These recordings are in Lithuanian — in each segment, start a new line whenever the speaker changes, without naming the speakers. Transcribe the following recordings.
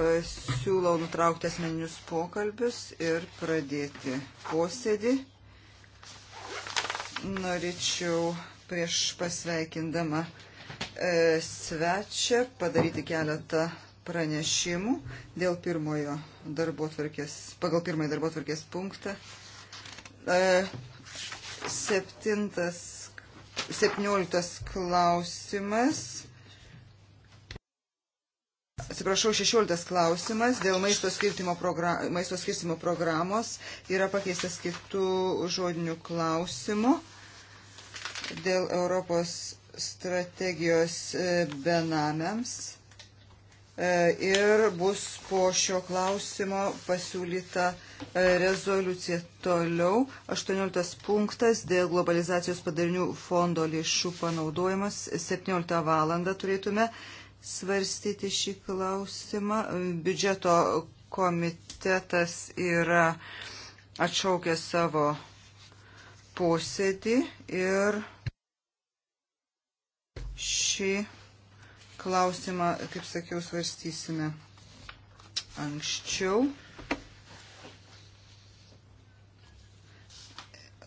E, siūlau nutraukti asmeninius pokalbius ir pradėti posėdį. Norėčiau prieš pasveikindama e, svečią padaryti keletą pranešimų dėl pirmojo darbo tvarkės, pagal pirmąjį darbo tvarkės punktą. E, septintas, septynioliktas klausimas Atsiprašau, 16 klausimas dėl maisto skirtimo, program, maisto skirtimo programos yra pakeistas kitų žodinių klausimų dėl Europos strategijos e, benamiams. E, ir bus po šio klausimo pasiūlyta e, rezoliucija toliau. 18 punktas dėl globalizacijos padarinių fondo lėšų panaudojimas. 17 valandą turėtume svarstyti šį klausimą. Biudžeto komitetas yra atšaukę savo posėdį ir šį klausimą, kaip sakiau, svarstysime anksčiau.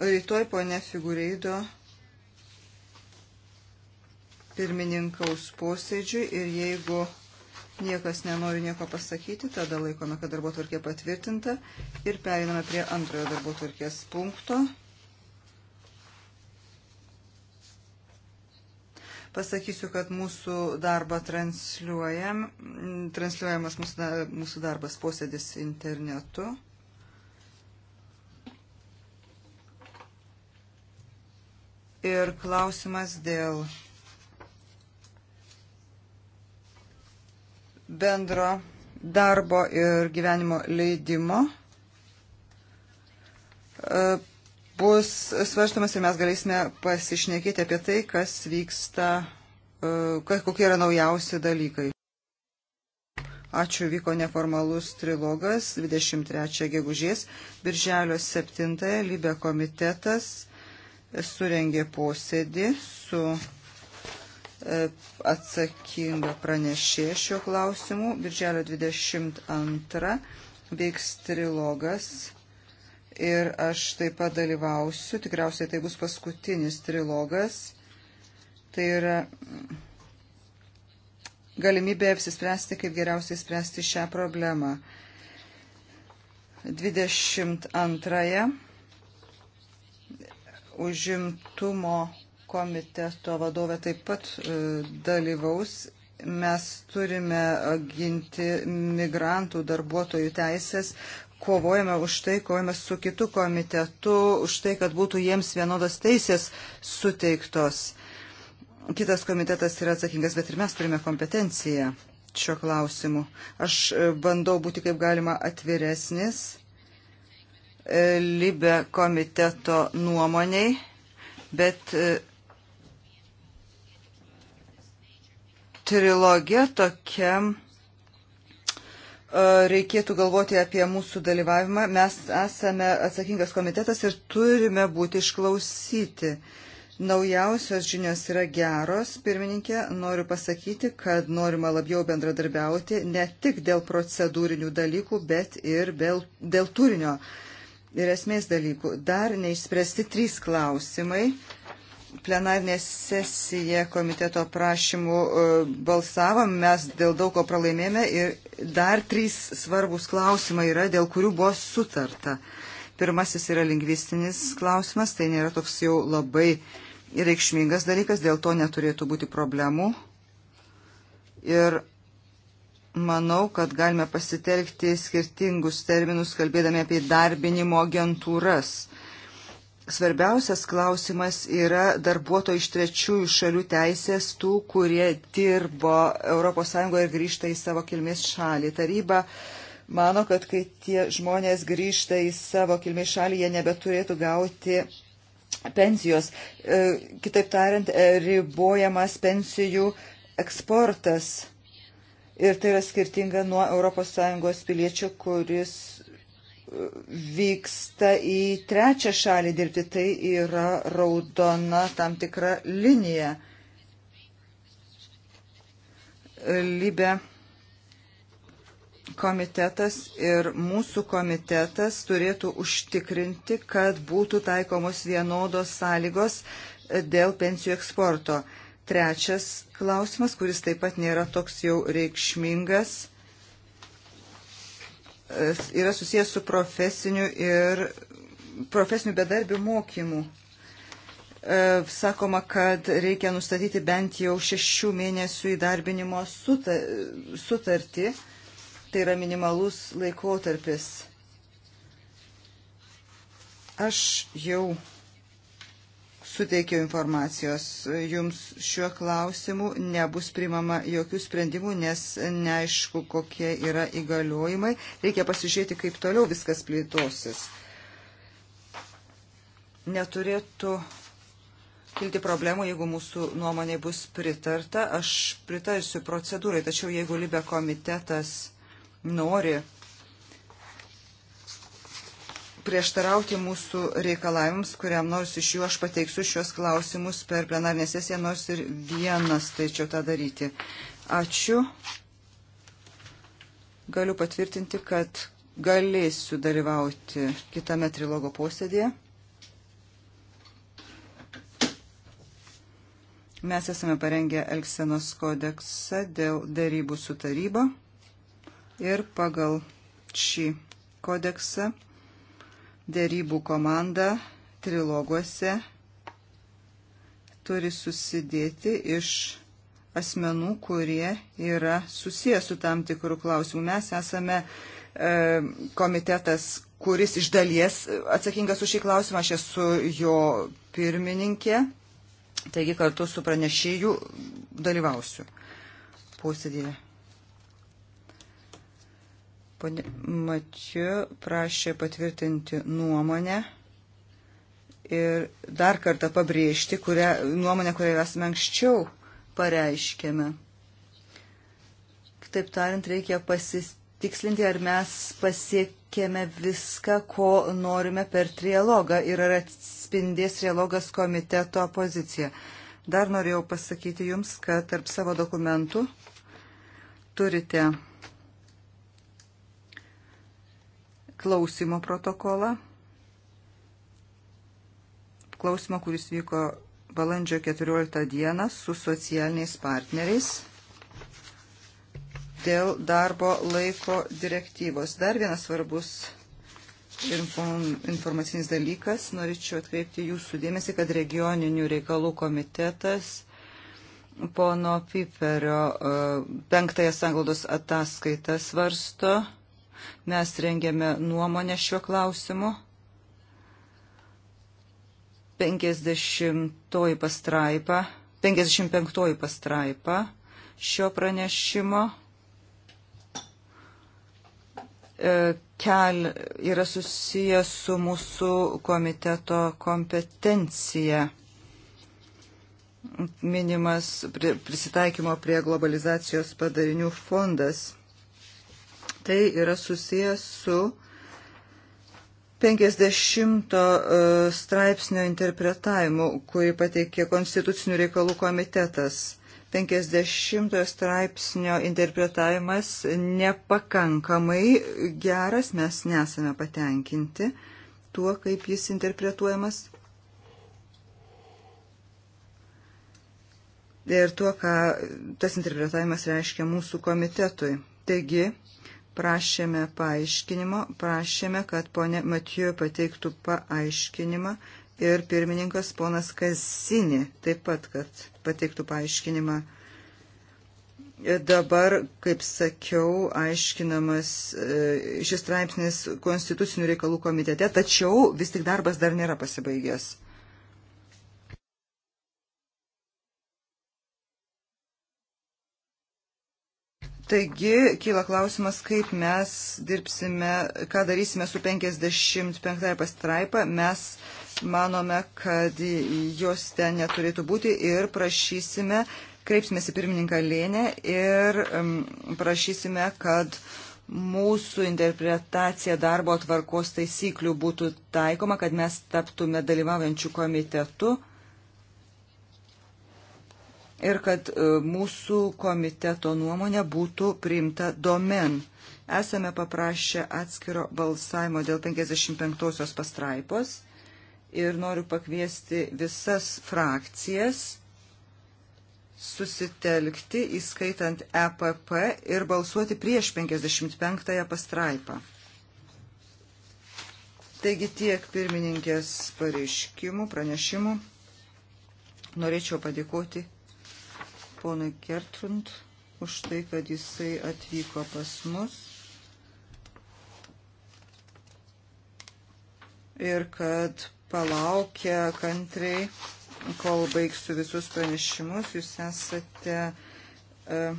Rytoj ponė Figureido pirmininkaus posėdžiui ir jeigu niekas nenori nieko pasakyti, tada laikome, kad darbo tvarkė patvirtinta ir periname prie antrojo darbo tvarkės punkto. Pasakysiu, kad mūsų darbą transliuojam, transliuojamas mūsų, mūsų darbas posėdis internetu. Ir klausimas dėl bendro darbo ir gyvenimo leidimo e, bus svarstamas ir mes galėsime pasišnekėti apie tai, kas vyksta, e, kokie yra naujausi dalykai. Ačiū vyko neformalus trilogas 23 gegužės, birželio 7 Libė komitetas surengė posėdį su E, atsakinga pranešė šiuo klausimu. Birželio 22 veiks trilogas ir aš taip pat dalyvausiu. Tikriausiai tai bus paskutinis trilogas. Tai yra galimybė apsispręsti, kaip geriausiai spręsti šią problemą. 22 užimtumo komiteto vadovė taip pat e, dalyvaus. Mes turime ginti migrantų darbuotojų teisės, kovojame už tai, kovojame su kitu komitetu, už tai, kad būtų jiems vienodos teisės suteiktos. Kitas komitetas yra atsakingas, bet ir mes turime kompetenciją šio klausimu. Aš e, bandau būti kaip galima atviresnis e, Libe komiteto nuomoniai, bet trilogija tokia e, reikėtų galvoti apie mūsų dalyvavimą. Mes esame atsakingas komitetas ir turime būti išklausyti. Naujausios žinios yra geros, pirmininkė, noriu pasakyti, kad norima labiau bendradarbiauti ne tik dėl procedūrinių dalykų, bet ir dėl, dėl turinio ir esmės dalykų. Dar neišspręsti trys klausimai. Uh, plenarnė sesija komiteto prašymų e, balsavom, mes dėl daug ko pralaimėjome ir dar trys svarbus klausimai yra, dėl kurių buvo sutarta. Pirmasis yra lingvistinis klausimas, tai nėra toks jau labai reikšmingas dalykas, dėl to neturėtų būti problemų. Ir manau, kad galime pasitelkti skirtingus terminus, kalbėdami apie darbinimo agentūras svarbiausias klausimas yra darbuotojų iš trečiųjų šalių teisės tų, kurie dirbo ES ir grįžta į savo kilmės šalį. Taryba mano, kad kai tie žmonės grįžta į savo kilmės šalį, jie nebeturėtų gauti pensijos. E, kitaip tariant, e, ribojamas pensijų eksportas. Ir tai yra skirtinga nuo ES piliečio, kuris vyksta į trečią šalį dirbti, tai yra raudona tam tikra linija. Libė komitetas ir mūsų komitetas turėtų užtikrinti, kad būtų taikomos vienodos sąlygos dėl pensijų eksporto. Trečias klausimas, kuris taip pat nėra toks jau reikšmingas yra susijęs su profesiniu ir profesinių bedarbių mokymu. E, sakoma, kad reikia nustatyti bent jau šešių mėnesių įdarbinimo sutartį. Tai yra minimalus laikotarpis. Aš jau suteikiau informacijos jums šiuo klausimu, nebus primama jokių sprendimų, nes neaišku, kokie yra įgaliojimai. Reikia pasižiūrėti, kaip toliau viskas plėtosis. Neturėtų kilti problemų, jeigu mūsų nuomonė bus pritarta. Aš pritarsiu procedūrai, tačiau jeigu Libė komitetas nori prieštarauti mūsų reikalavimams, kuriam nors iš jų aš pateiksiu šios klausimus per plenarinę sesiją, nors ir vienas taičiau tą daryti. Ačiū. Galiu patvirtinti, kad galėsiu dalyvauti kitame trilogo posėdėje. Mes esame parengę Elksenos kodeksą dėl darybų su taryba ir pagal šį kodeksą dėrybų komanda triloguose turi susidėti iš asmenų, kurie yra susijęs su tam tikrų klausimų. Mes esame e, komitetas, kuris iš dalies atsakingas už šį klausimą. Aš esu jo pirmininkė, taigi kartu su pranešėju dalyvausiu posėdėje. Pane Matiu prašė patvirtinti nuomonę ir dar kartą pabrėžti kurią, nuomonę, kurią esame anksčiau pareiškėme. Kitaip tariant, reikia pasitikslinti, ar mes pasiekėme viską, ko norime per trialogą ir ar atspindės trialogas komiteto poziciją. Dar norėjau pasakyti Jums, kad tarp savo dokumentų turite klausimo protokolą. Klausimo, kuris vyko balandžio 14 dieną su socialiniais partneriais dėl darbo laiko direktyvos. Dar vienas svarbus informacinis dalykas. Norėčiau atkreipti jūsų dėmesį, kad regioninių reikalų komitetas pono Piperio e, penktąją sanglaudos ataskaitą svarsto Mes rengėme nuomonę šiuo klausimu. 50 pastraipa, 55 pastraipa šio pranešimo e, kel yra susijęs su mūsų komiteto kompetencija. Minimas prisitaikymo prie globalizacijos padarinių fondas. Tai yra susijęs su 50 e, straipsnio interpretavimu, kurį pateikė Konstitucinių reikalų komitetas. 50 straipsnio interpretavimas nepakankamai geras, mes nesame patenkinti tuo, kaip jis interpretuojamas. Ir tuo, ką tas interpretavimas reiškia mūsų komitetui. Taigi, prašėme paaiškinimo, prašėme, kad ponė Matijo pateiktų paaiškinimą ir pirmininkas ponas Kasinė taip pat, kad pateiktų paaiškinimą. E, dabar, kaip sakiau, aiškinamas e, šis straipsnis Konstitucinių reikalų komitete, tačiau vis tik darbas dar nėra pasibaigęs. Taigi kyla klausimas, kaip mes dirbsime, ką darysime su 55 pastraipa. Mes manome, kad jos ten neturėtų būti ir prašysime, kreipsimės į pirmininką Lėnę ir mm, prašysime, kad mūsų interpretacija darbo tvarkos taisyklių būtų taikoma, kad mes taptume dalyvaujančių komitetu ir kad e, mūsų komiteto nuomonė būtų priimta domen. Esame paprašę atskiro balsavimo dėl 55 pastraipos ir noriu pakviesti visas frakcijas susitelkti, įskaitant EPP, ir balsuoti prieš 55 pastraipą. Taigi tiek pirmininkės pareiškimų, pranešimų. Norėčiau padėkoti ponui Kertrund už tai, kad jisai atvyko pas mus ir kad palaukia kantriai, kol baigsiu visus pranešimus. Jūs esate uh,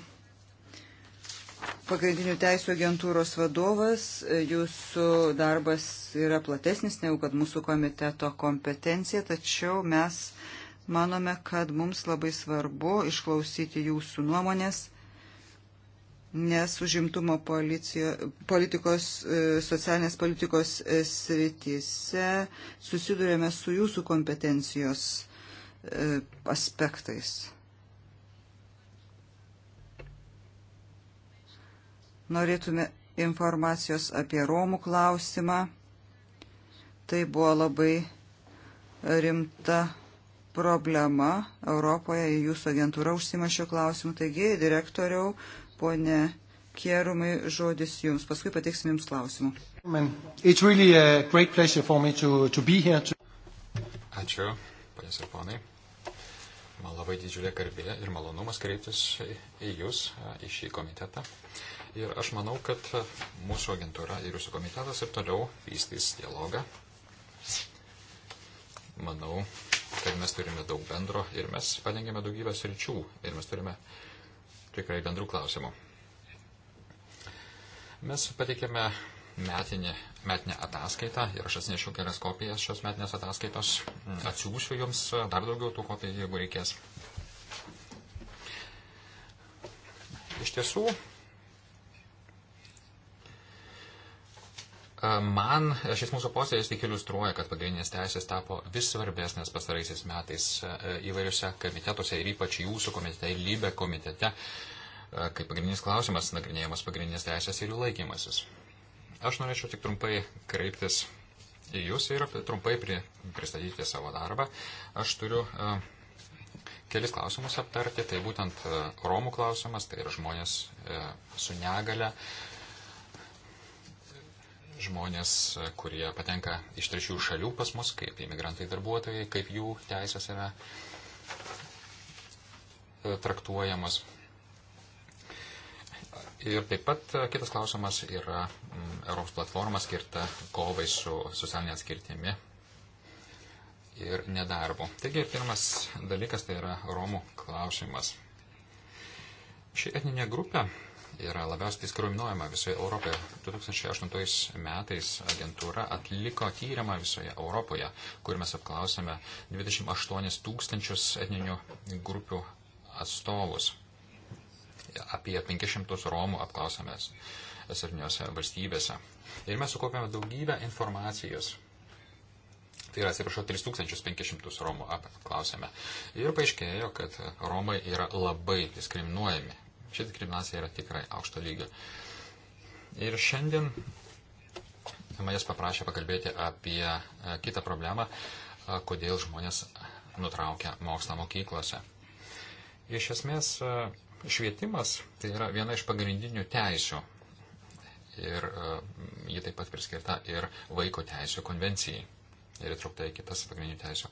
pagrindinių teisų agentūros vadovas, jūsų darbas yra platesnis negu kad mūsų komiteto kompetencija, tačiau mes manome, kad mums labai svarbu išklausyti jūsų nuomonės, nes užimtumo policijo, politikos, e, socialinės politikos e, srityse susidurėme su jūsų kompetencijos e, aspektais. Norėtume informacijos apie Romų klausimą. Tai buvo labai rimta problema Europoje, jūsų agentūra užsima šio klausimu. Taigi, direktoriau, ponė Kierumai, žodis jums. Paskui pateiksime jums
klausimų.
Really to, to to...
Ačiū, ponės ir ponai. Man labai didžiulė garbė ir malonumas kreiptis į jūs, į šį komitetą. Ir aš manau, kad mūsų agentūra ir jūsų komitetas ir toliau vystys dialogą. Manau, kad mes turime daug bendro ir mes padengėme daugybę sričių ir mes turime tikrai bendrų klausimų. Mes pateikėme metinį, metinę ataskaitą ir aš atsinešiau kelias kopijas šios metinės ataskaitos. Atsiųsiu jums dar daugiau tų kopijų, jeigu reikės. Iš tiesų, E, man šis mūsų posėdis tik iliustruoja, kad pagrindinės teisės tapo vis svarbesnės pastaraisiais metais e, įvairiuose komitetuose ir ypač jūsų komitete ir lybė komitete, e, kaip pagrindinis klausimas nagrinėjamas pagrindinės teisės ir jų laikymasis. Aš norėčiau tik trumpai kreiptis į jūs ir trumpai pri, pristatyti savo darbą. Aš turiu uh, kelis klausimus aptarti, tai būtent uh, Romų klausimas, tai yra žmonės uh, su negale. Uh, žmonės, e, kurie patenka iš trečių šalių pas mus, kaip imigrantai darbuotojai, kaip jų teisės yra e, traktuojamos. Ir taip pat e, kitas klausimas yra mm, Europos platforma skirta kovai su socialinė atskirtimi ir nedarbu. Taigi pirmas dalykas tai yra Romų klausimas. Ši etninė grupė yra labiausiai diskriminuojama visoje Europoje. 2008 metais agentūra atliko tyrimą visoje Europoje, kur mes apklausėme 28 tūkstančius etninių grupių atstovus. Apie 500 Romų apklausėme esarniuose valstybėse. Ir mes sukaupėme daugybę informacijos. Tai yra, atsiprašau, 3500 Romų apklausėme. Ir paaiškėjo, kad Romai yra labai diskriminuojami Ši diskriminacija yra tikrai aukšto lygio. Ir šiandien manęs paprašė pakalbėti apie e, kitą problemą, e, kodėl žmonės nutraukia mokslą mokyklose. Iš esmės, e, švietimas tai yra viena iš pagrindinių teisių. Ir ji taip pat priskirta ir vaiko teisų konvencijai. Ir įtraukta į kitas pagrindinių teisų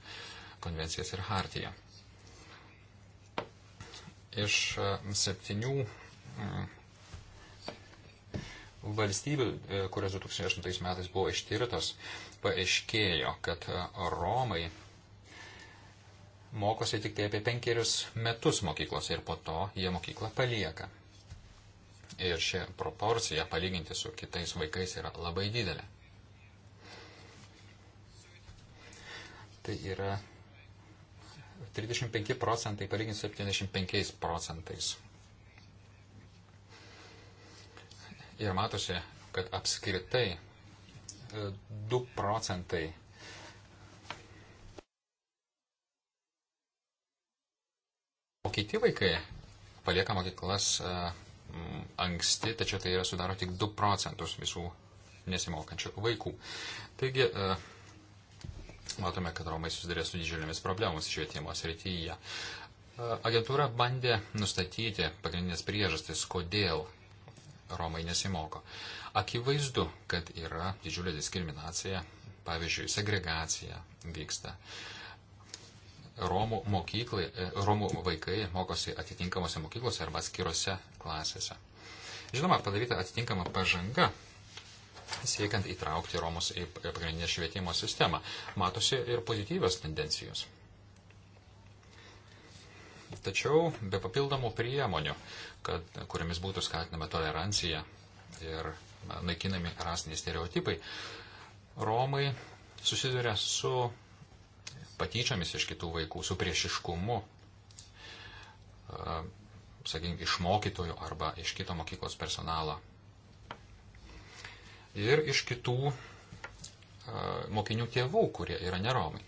konvencijas ir hartiją iš e, septynių mm, valstybių, e, kurios 2008 metais buvo ištirtos, paaiškėjo, kad e, Romai mokosi tik tai apie penkerius metus mokyklose ir po to jie mokyklą palieka. Ir ši proporcija palyginti su kitais vaikais yra labai didelė. Tai yra 35 procentai palyginti 75 procentais. Ir matosi, kad apskritai 2 e, procentai O kiti vaikai palieka mokyklas e, anksti, tačiau tai yra sudaro tik 2 procentus visų nesimokančių vaikų. Taigi, e, matome, kad Romai susidurė su didžiulėmis problemomis švietimo srityje. Agentūra bandė nustatyti pagrindinės priežastis, kodėl Romai nesimoko. Akivaizdu, kad yra didžiulė diskriminacija, pavyzdžiui, segregacija vyksta. Romų, mokyklai, e, Romų vaikai mokosi atitinkamose mokyklose arba atskirose klasėse. Žinoma, padaryta atitinkama pažanga siekiant įtraukti Romus į pagrindinę švietimo sistemą. Matosi ir pozityvios tendencijos. Tačiau be papildomų priemonių, kad, kuriamis būtų skatinama tolerancija ir naikinami rasiniai stereotipai, Romai susiduria su patyčiomis iš kitų vaikų, su priešiškumu, sakykime, iš mokytojų arba iš kito mokyklos personalo ir iš kitų mokinių tėvų, kurie yra neromai.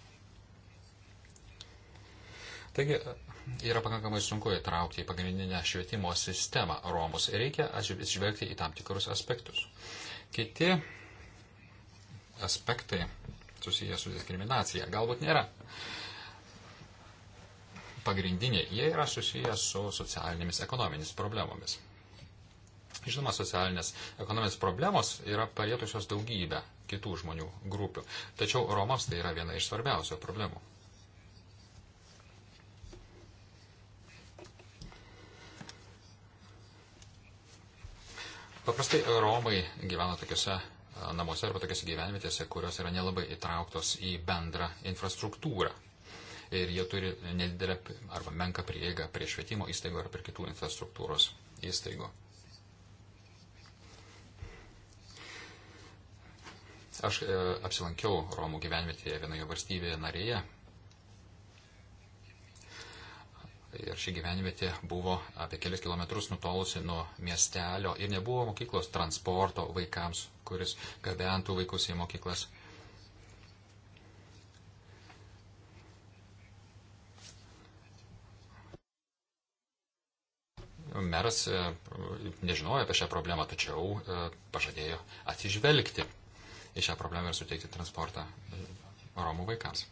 Taigi yra pakankamai sunku įtraukti į pagrindinę švietimo sistemą romus ir reikia atsižvelgti į tam tikrus aspektus. Kiti aspektai susiję su diskriminacija galbūt nėra pagrindiniai, jie yra susiję su socialinėmis ekonominėmis problemomis. Žinoma, socialinės ekonominės problemos yra palietusios daugybę kitų žmonių grupių. Tačiau Romams tai yra viena iš svarbiausių problemų. Paprastai Romai gyvena tokiuose namuose arba tokiuose gyvenvietėse, kurios yra nelabai įtrauktos į bendrą infrastruktūrą. Ir jie turi nedidelę arba menką prieigą prie švietimo įstaigų ar prie kitų infrastruktūros įstaigų. Aš e, apsilankiau Romų gyvenvietėje vienoje valstybėje narėje. Ir ši gyvenvietė buvo apie kelias kilometrus nutolusi nuo miestelio ir nebuvo mokyklos transporto vaikams, kuris gabentų vaikus į mokyklas. Meras e, nežinojo apie šią problemą, tačiau e, pažadėjo atsižvelgti į e šią problemą ir suteikti transportą Romų vaikams.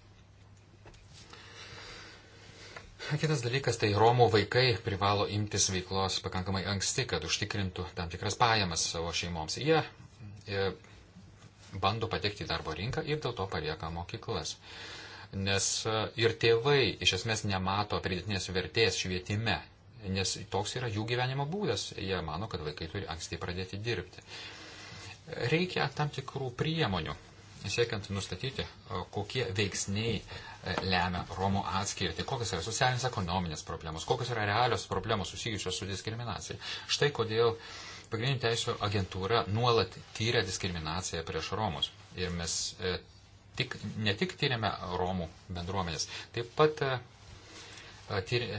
Kitas dalykas, tai Romų vaikai privalo imtis veiklos pakankamai anksti, kad užtikrintų tam tikras pajamas savo šeimoms. Jie e, bando patekti į darbo rinką ir e dėl to palieka mokyklas. Nes ir tėvai iš esmės nemato pridėtinės vertės švietime, nes toks yra jų gyvenimo būdas. Jie mano, kad vaikai turi anksti pradėti dirbti. Reikia tam tikrų priemonių, siekiant nustatyti, e, kokie veiksniai e, lemia Romų atskirtį, kokios yra socialinės ekonominės problemos, kokios yra realios problemos susijusios su diskriminacija. Štai kodėl pagrindinių teisų agentūra nuolat tyria diskriminaciją prieš Romus. Ir mes e, tik, ne tik tyriame Romų bendruomenės, taip pat tyri,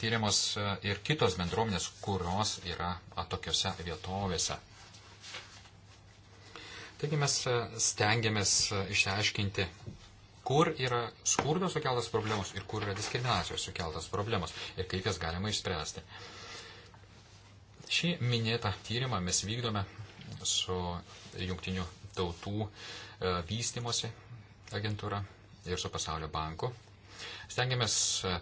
tyriamos ir kitos bendruomenės, kurios yra tokiuose vietovėse. Taigi mes e, stengiamės e, išsiaiškinti, kur yra skurdo sukeltas problemos ir kur yra diskriminacijos sukeltas problemos ir kaip jas galima išspręsti. Šį minėtą tyrimą mes vykdome su jungtinių tautų e, vystimosi agentūra ir su pasaulio banku. Stengiamės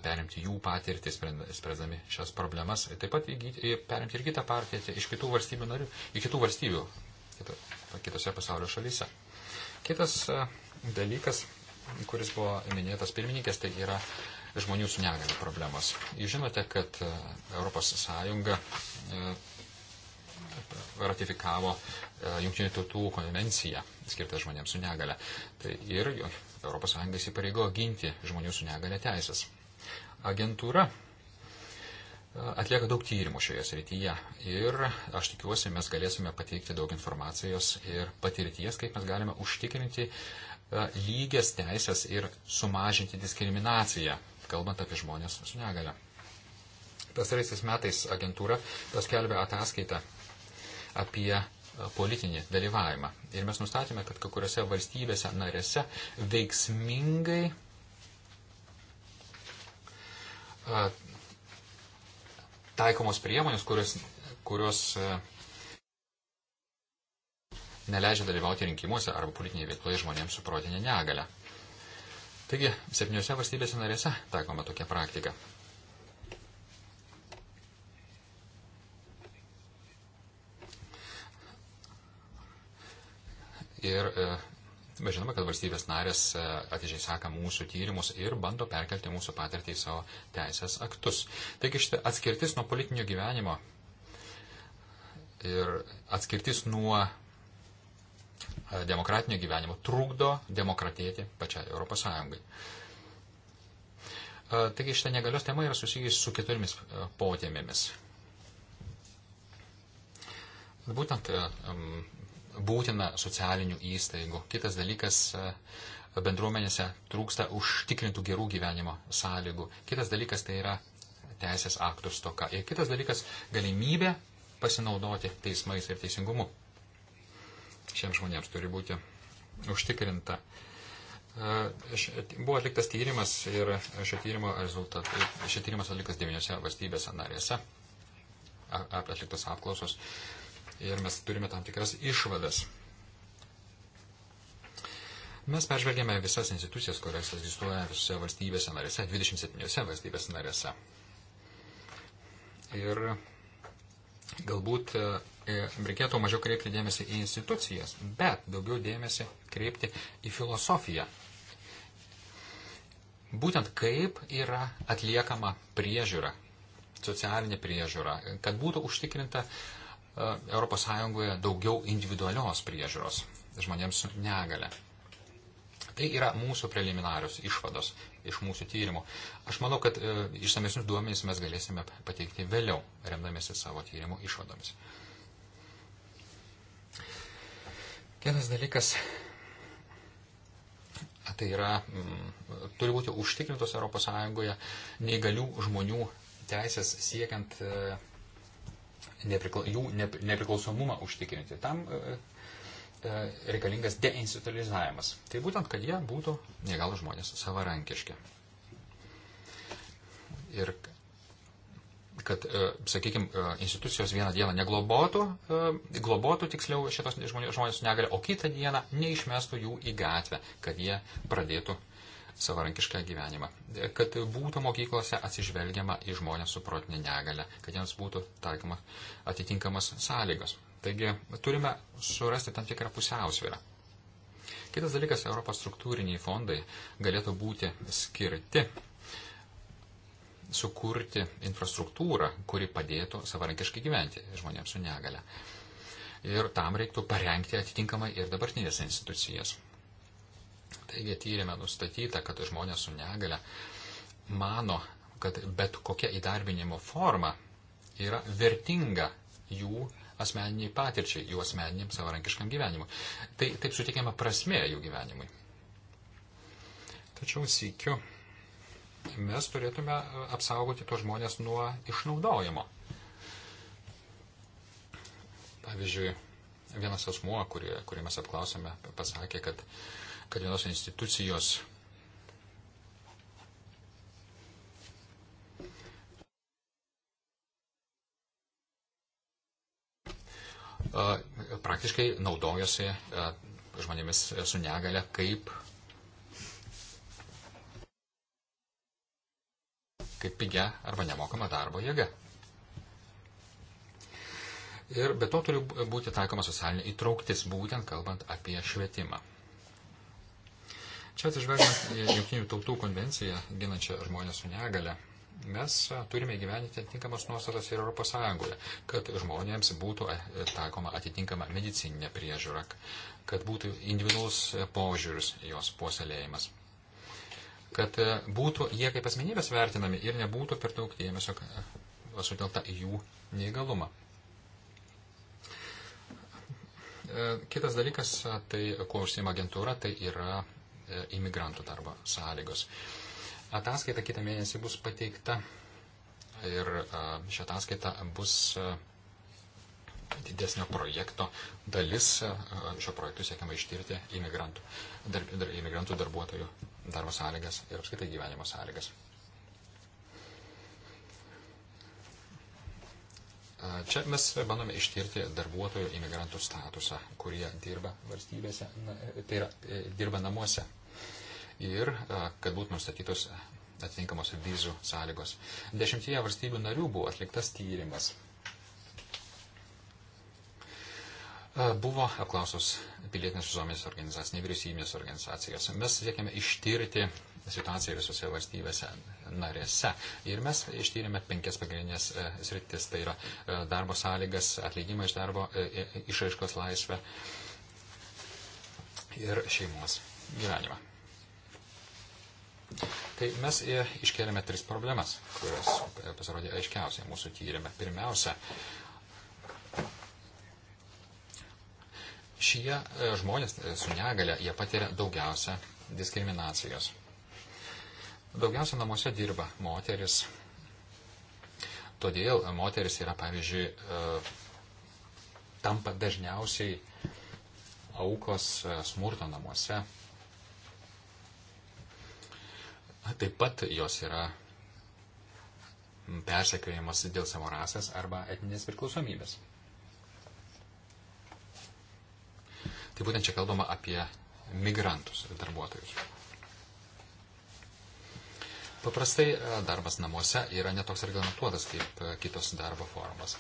perimti jų patirtį, spręsdami šias problemas, taip pat įgyti, perimti ir kitą patirtį iš kitų valstybių narių, iš kitų valstybių, kitose pasaulio šalyse. Kitas e, dalykas, kuris buvo minėtas pirmininkės, tai yra žmonių su negaliu problemos. Jūs žinote, kad ES e, ratifikavo e, Junktinių tautų konvenciją skirtą žmonėms su negale. Tai ir ES įsipareigo ginti žmonių su negale teisės. Agentūra atlieka daug tyrimų šioje srityje ir aš tikiuosi, mes galėsime pateikti daug informacijos ir patirties, kaip mes galime užtikrinti e, lygias teisės ir sumažinti diskriminaciją, kalbant apie žmonės su negale. Pastaraisiais metais agentūra paskelbė ataskaitą apie e, politinį dalyvavimą. Ir mes nustatėme, kad kai kuriuose valstybėse narėse veiksmingai e, taikomos priemonės, kurios, kurios e, neleidžia dalyvauti rinkimuose arba politinėje veikloje žmonėms su protinė negale. Taigi, septyniose valstybėse narėse taikoma tokia praktika. Ir e, Bet žinoma, kad valstybės narės e, atidžiai seka mūsų tyrimus ir bando perkelti mūsų patirtį į savo teisės aktus. Taigi šitą atskirtis nuo politinio gyvenimo ir atskirtis nuo e, demokratinio gyvenimo trukdo demokratėti pačiai Europos Sąjungai. E, taigi šitą negalios temą yra susijusi su keturiomis potėmėmis. Būtent būtina socialinių įstaigų. Kitas dalykas, e, bendruomenėse trūksta užtikrintų gerų gyvenimo sąlygų. Kitas dalykas tai yra teisės aktų stoka. Ir kitas dalykas galimybė pasinaudoti teismais ir teisingumu. Šiems žmonėms turi būti užtikrinta. E, buvo atliktas tyrimas ir šio tyrimo rezultatai. Šio tyrimas atliktas devyniose valstybėse narėse. Atliktas apklausos ir mes turime tam tikras išvadas. Mes peržvelgėme visas institucijas, kurios egzistuoja visose valstybėse narėse, 27 valstybės narėse. Ir galbūt e, reikėtų mažiau kreipti dėmesį į institucijas, bet daugiau dėmesį kreipti į filosofiją. Būtent kaip yra atliekama priežiūra, socialinė priežiūra, kad būtų užtikrinta uh, ES daugiau individualios priežiūros žmonėms su negale. Tai yra mūsų preliminarios išvados iš mūsų tyrimų. Aš manau, kad e, išsamesnius duomenys mes galėsime pateikti vėliau, remdamėsi savo tyrimų išvadomis. Kitas dalykas tai yra, m, mm, turi būti užtikrintos ES neįgalių žmonių teisės siekiant e, neprikla, jų nepriklausomumą užtikrinti. Tam e, e, reikalingas deinstitucionalizavimas. Tai būtent, kad jie būtų negalų žmonės savarankiški. Ir kad, e, sakykime, institucijos vieną dieną neglobotų, e, globotų tiksliau šitos žmonės su negale, o kitą dieną neišmestų jų į gatvę, kad jie pradėtų savarankišką gyvenimą. Kad būtų mokyklose atsižvelgiama į žmonės su protinė negalė, kad jiems būtų taikoma atitinkamas sąlygos. Taigi turime surasti tam tikrą pusiausvyrą. Kitas dalykas, Europos struktūriniai fondai galėtų būti skirti sukurti infrastruktūrą, kuri padėtų savarankiškai gyventi žmonėms su negale. Ir tam reiktų parengti atitinkamai ir dabartinės institucijas. Taigi tyrimė nustatyta, kad žmonės su negale mano, kad bet kokia įdarbinimo forma yra vertinga jų asmeniniai patirčiai, jų asmeniniam savarankiškam gyvenimui. Tai taip suteikiama prasmė jų gyvenimui. Tačiau sėkiu mes turėtume e, apsaugoti tos žmonės nuo išnaudojimo. Pavyzdžiui, vienas asmuo, kurį, kurį mes apklausėme, pasakė, kad uh, kad vienos institucijos praktiškai naudojosi žmonėmis su negale kaip, kaip pigia arba nemokama darbo jėga. Ir be to turi būti taikoma socialinė įtrauktis, būtent kalbant apie švietimą. Čia atsižvelgiant į Junktinių tautų konvenciją ginančią žmonės su negale, mes turime gyventi atitinkamas nuostatas ir Europos Sąjungoje, kad žmonėms būtų taikoma atitinkama medicininė priežiūra, kad būtų individualus požiūris jos puoselėjimas kad būtų jie kaip asmenybės vertinami ir nebūtų per daug dėmesio sutelta į jų neįgalumą. Kitas dalykas, tai kuo užsima agentūra, tai yra E, imigrantų darbo sąlygos. Ataskaita kitą mėnesį bus pateikta ir e, šią ataskaitą bus e, didesnio projekto dalis. Šio projektu siekiama ištirti imigrantų, dar, dar, imigrantų darbuotojų darbo sąlygas ir apskaitai gyvenimo sąlygas. Čia mes bandome ištirti darbuotojų imigrantų statusą, kurie dirba valstybėse, tai yra dirba namuose ir e, kad būtų nustatytos atitinkamos vizų sąlygos. Dešimtyje valstybių narių buvo atliktas tyrimas. E, buvo apklausos pilietinės visuomenės organizacijos, nevyriausybinės organizacijos. Mes siekėme ištirti situaciją visose valstybėse narėse. Ir mes ištyrėme penkias pagrindinės e, sritis. Tai yra darbo sąlygas, atleidimą iš darbo, išaiškos laisvę ir šeimos gyvenimą. Tai mes e, iškeliame tris problemas, kurios e, pasirodė aiškiausiai mūsų tyrimė. Pirmiausia, šie e, žmonės su negale, jie patiria daugiausia diskriminacijos. Daugiausia namuose dirba moteris. Todėl moteris yra, pavyzdžiui, tampa dažniausiai aukos smurto namuose Taip pat jos yra persekiojamas dėl savo rasės arba etinės priklausomybės. Tai būtent čia kalbama apie migrantus darbuotojus. Paprastai e, darbas namuose yra netoks reglamentuotas kaip e, kitos darbo formos.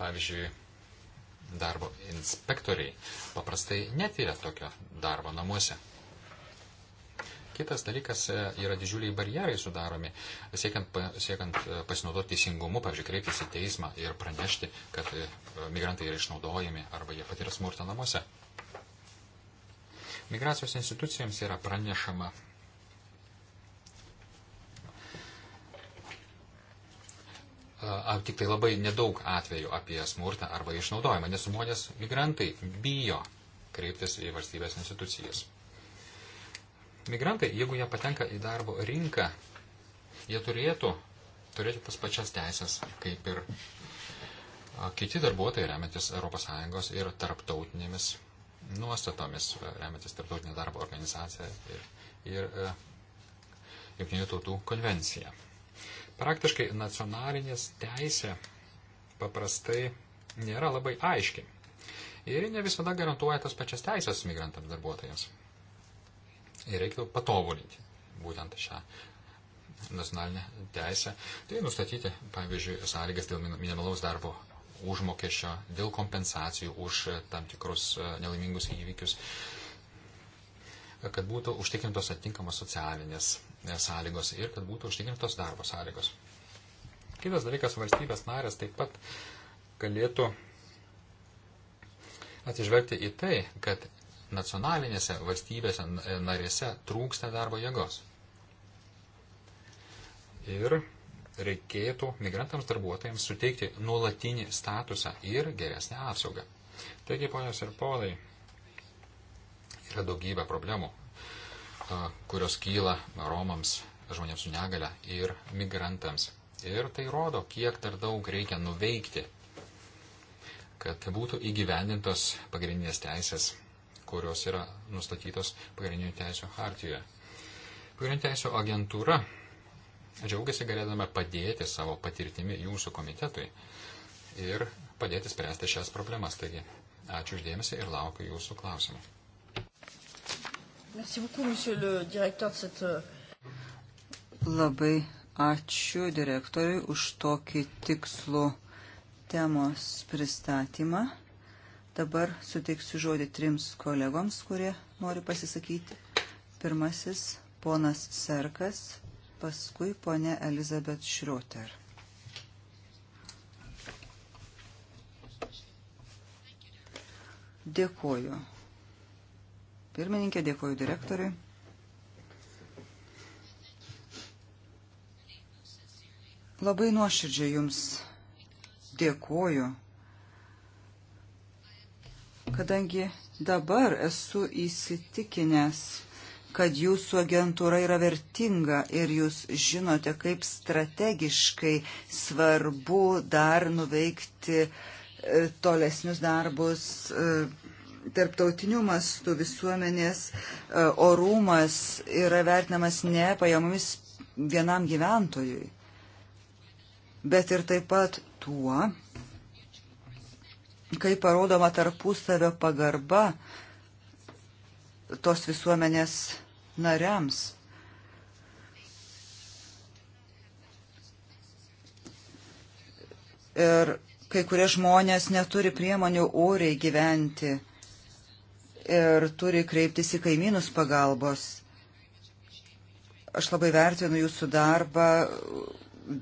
Pavyzdžiui, darbo inspektoriai paprastai netyria tokio darbo namuose. Kitas dalykas e, yra didžiuliai barjerai sudaromi, siekiant, siekiant e, pasinaudoti teisingumu, pavyzdžiui, kreiptis į teismą ir pranešti, kad e, migrantai yra išnaudojami arba jie patiria smurtą namuose. Migracijos institucijams yra pranešama tik tai labai nedaug atvejų apie smurtą arba išnaudojimą, nes žmonės migrantai bijo kreiptis į valstybės institucijas migrantai, jeigu jie patenka į darbo rinką, jie turėtų turėti tas pačias teisės, kaip ir kiti darbuotojai remiantis ES ir tarptautinėmis nuostatomis, remiantis tarptautinė darbo organizacija ir, ir e, Junktinių tautų konvencija. Praktiškai nacionalinės teisė paprastai nėra labai aiški. Ir ne visada garantuoja tas pačias teisės migrantams darbuotojams ir reiktų patobulinti būtent šią nacionalinę teisę. Tai nustatyti, pavyzdžiui, sąlygas dėl minimalaus darbo užmokesčio, dėl kompensacijų už tam tikrus e, nelaimingus įvykius, kad būtų užtikrintos atitinkamos socialinės e, sąlygos ir kad būtų užtikrintos darbo sąlygos. Kitas dalykas, valstybės narės taip pat galėtų atsižvelgti į tai, kad nacionalinėse valstybėse e, narėse trūksta darbo jėgos. Ir reikėtų migrantams darbuotojams suteikti nuolatinį statusą ir geresnę apsaugą. Taigi, ponios ir ponai, yra daugybė problemų, kurios kyla Romams, žmonėms su negale ir migrantams. Ir tai rodo, kiek dar daug reikia nuveikti, kad būtų įgyvendintos pagrindinės teisės kurios yra nustatytos pagrindinių teisų hartijoje. Pagrindinių teisų agentūra džiaugiasi galėdama padėti savo patirtimi jūsų komitetui ir padėti spręsti šias problemas. Taigi, ačiū uždėmesi ir laukiu jūsų klausimų.
Euh,
Labai ačiū direktoriui už tokį tikslų temos pristatymą. Dabar suteiksiu žodį trims kolegoms, kurie nori pasisakyti. Pirmasis – ponas Serkas, paskui ponė Elizabeth Schroeter. Dėkuoju. Pirmininkė, dėkuoju direktoriui. Labai nuoširdžiai Jums dėkuoju kadangi dabar esu įsitikinęs, kad jūsų agentūra yra vertinga ir jūs žinote, kaip strategiškai svarbu dar nuveikti e, tolesnius darbus e, tarptautiniu mastu visuomenės e, orumas yra vertinamas ne pajamomis vienam gyventojui, bet ir taip pat tuo, kai parodoma tarpusavio pagarba tos visuomenės nariams. Ir kai kurie žmonės neturi priemonių oriai gyventi ir turi kreiptis į kaimynus pagalbos. Aš labai vertinu jūsų darbą,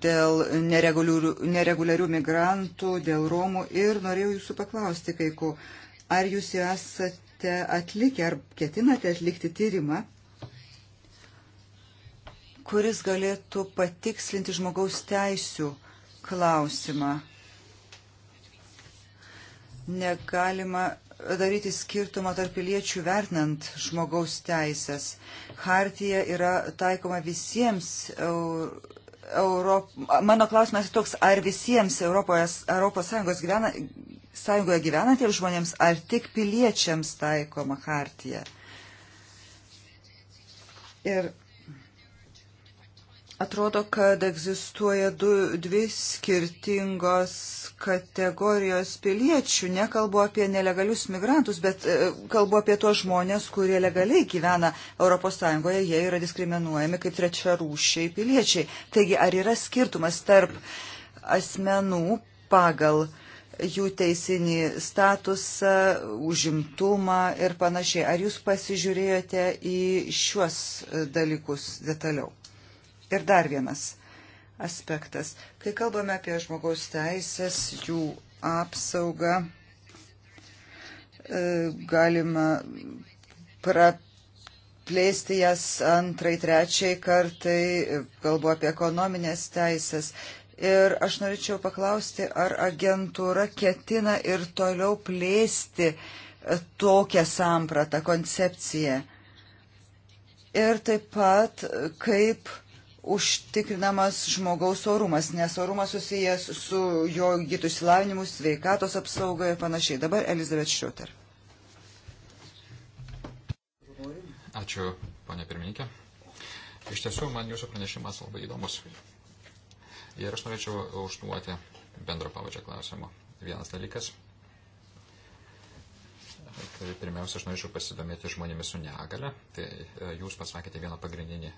dėl nereguliarių migrantų, dėl Romų ir norėjau jūsų paklausti, kai ku, ar jūs jau esate atlikę ar ketinate atlikti tyrimą, kuris galėtų patikslinti žmogaus teisių klausimą. Negalima daryti skirtumą tarp piliečių vertinant žmogaus teisės. Hartija yra taikoma visiems Europ... Mano klausimas toks, ar visiems Europos, Europos Sąjungos gyvena, Sąjungoje gyvenantiems žmonėms, ar tik piliečiams taikoma hartija? Ir Atrodo, kad egzistuoja du, dvi skirtingos kategorijos piliečių. Nekalbu apie nelegalius migrantus, bet e, kalbu apie tuos žmonės, kurie legaliai gyvena ES, jie yra diskriminuojami kaip trečiarūšiai piliečiai. Taigi, ar yra skirtumas tarp asmenų pagal jų teisinį statusą, užimtumą ir panašiai. Ar jūs pasižiūrėjote į šiuos dalykus detaliau? Ir dar vienas aspektas. Kai kalbame apie žmogaus teisės, jų apsaugą, e, galima praplėsti jas antrai, trečiai kartai, kalbu apie ekonominės teisės. Ir aš norėčiau paklausti, ar agentūra ketina ir toliau plėsti tokią sampratą, koncepciją. Ir taip pat, kaip užtikrinamas žmogaus orumas, nes orumas susijęs su jo gytų išsilavinimu, sveikatos apsauga ir panašiai. Dabar Elizabeth Šioter.
Ačiū, ponė pirmininkė. Iš tiesų, man jūsų pranešimas labai įdomus. Ir aš norėčiau užduoti bendro pavadžio klausimą. Vienas dalykas. Tai pirmiausia, aš norėčiau pasidomėti žmonėmis su negale. Tai e, jūs pasakėte vieną pagrindinį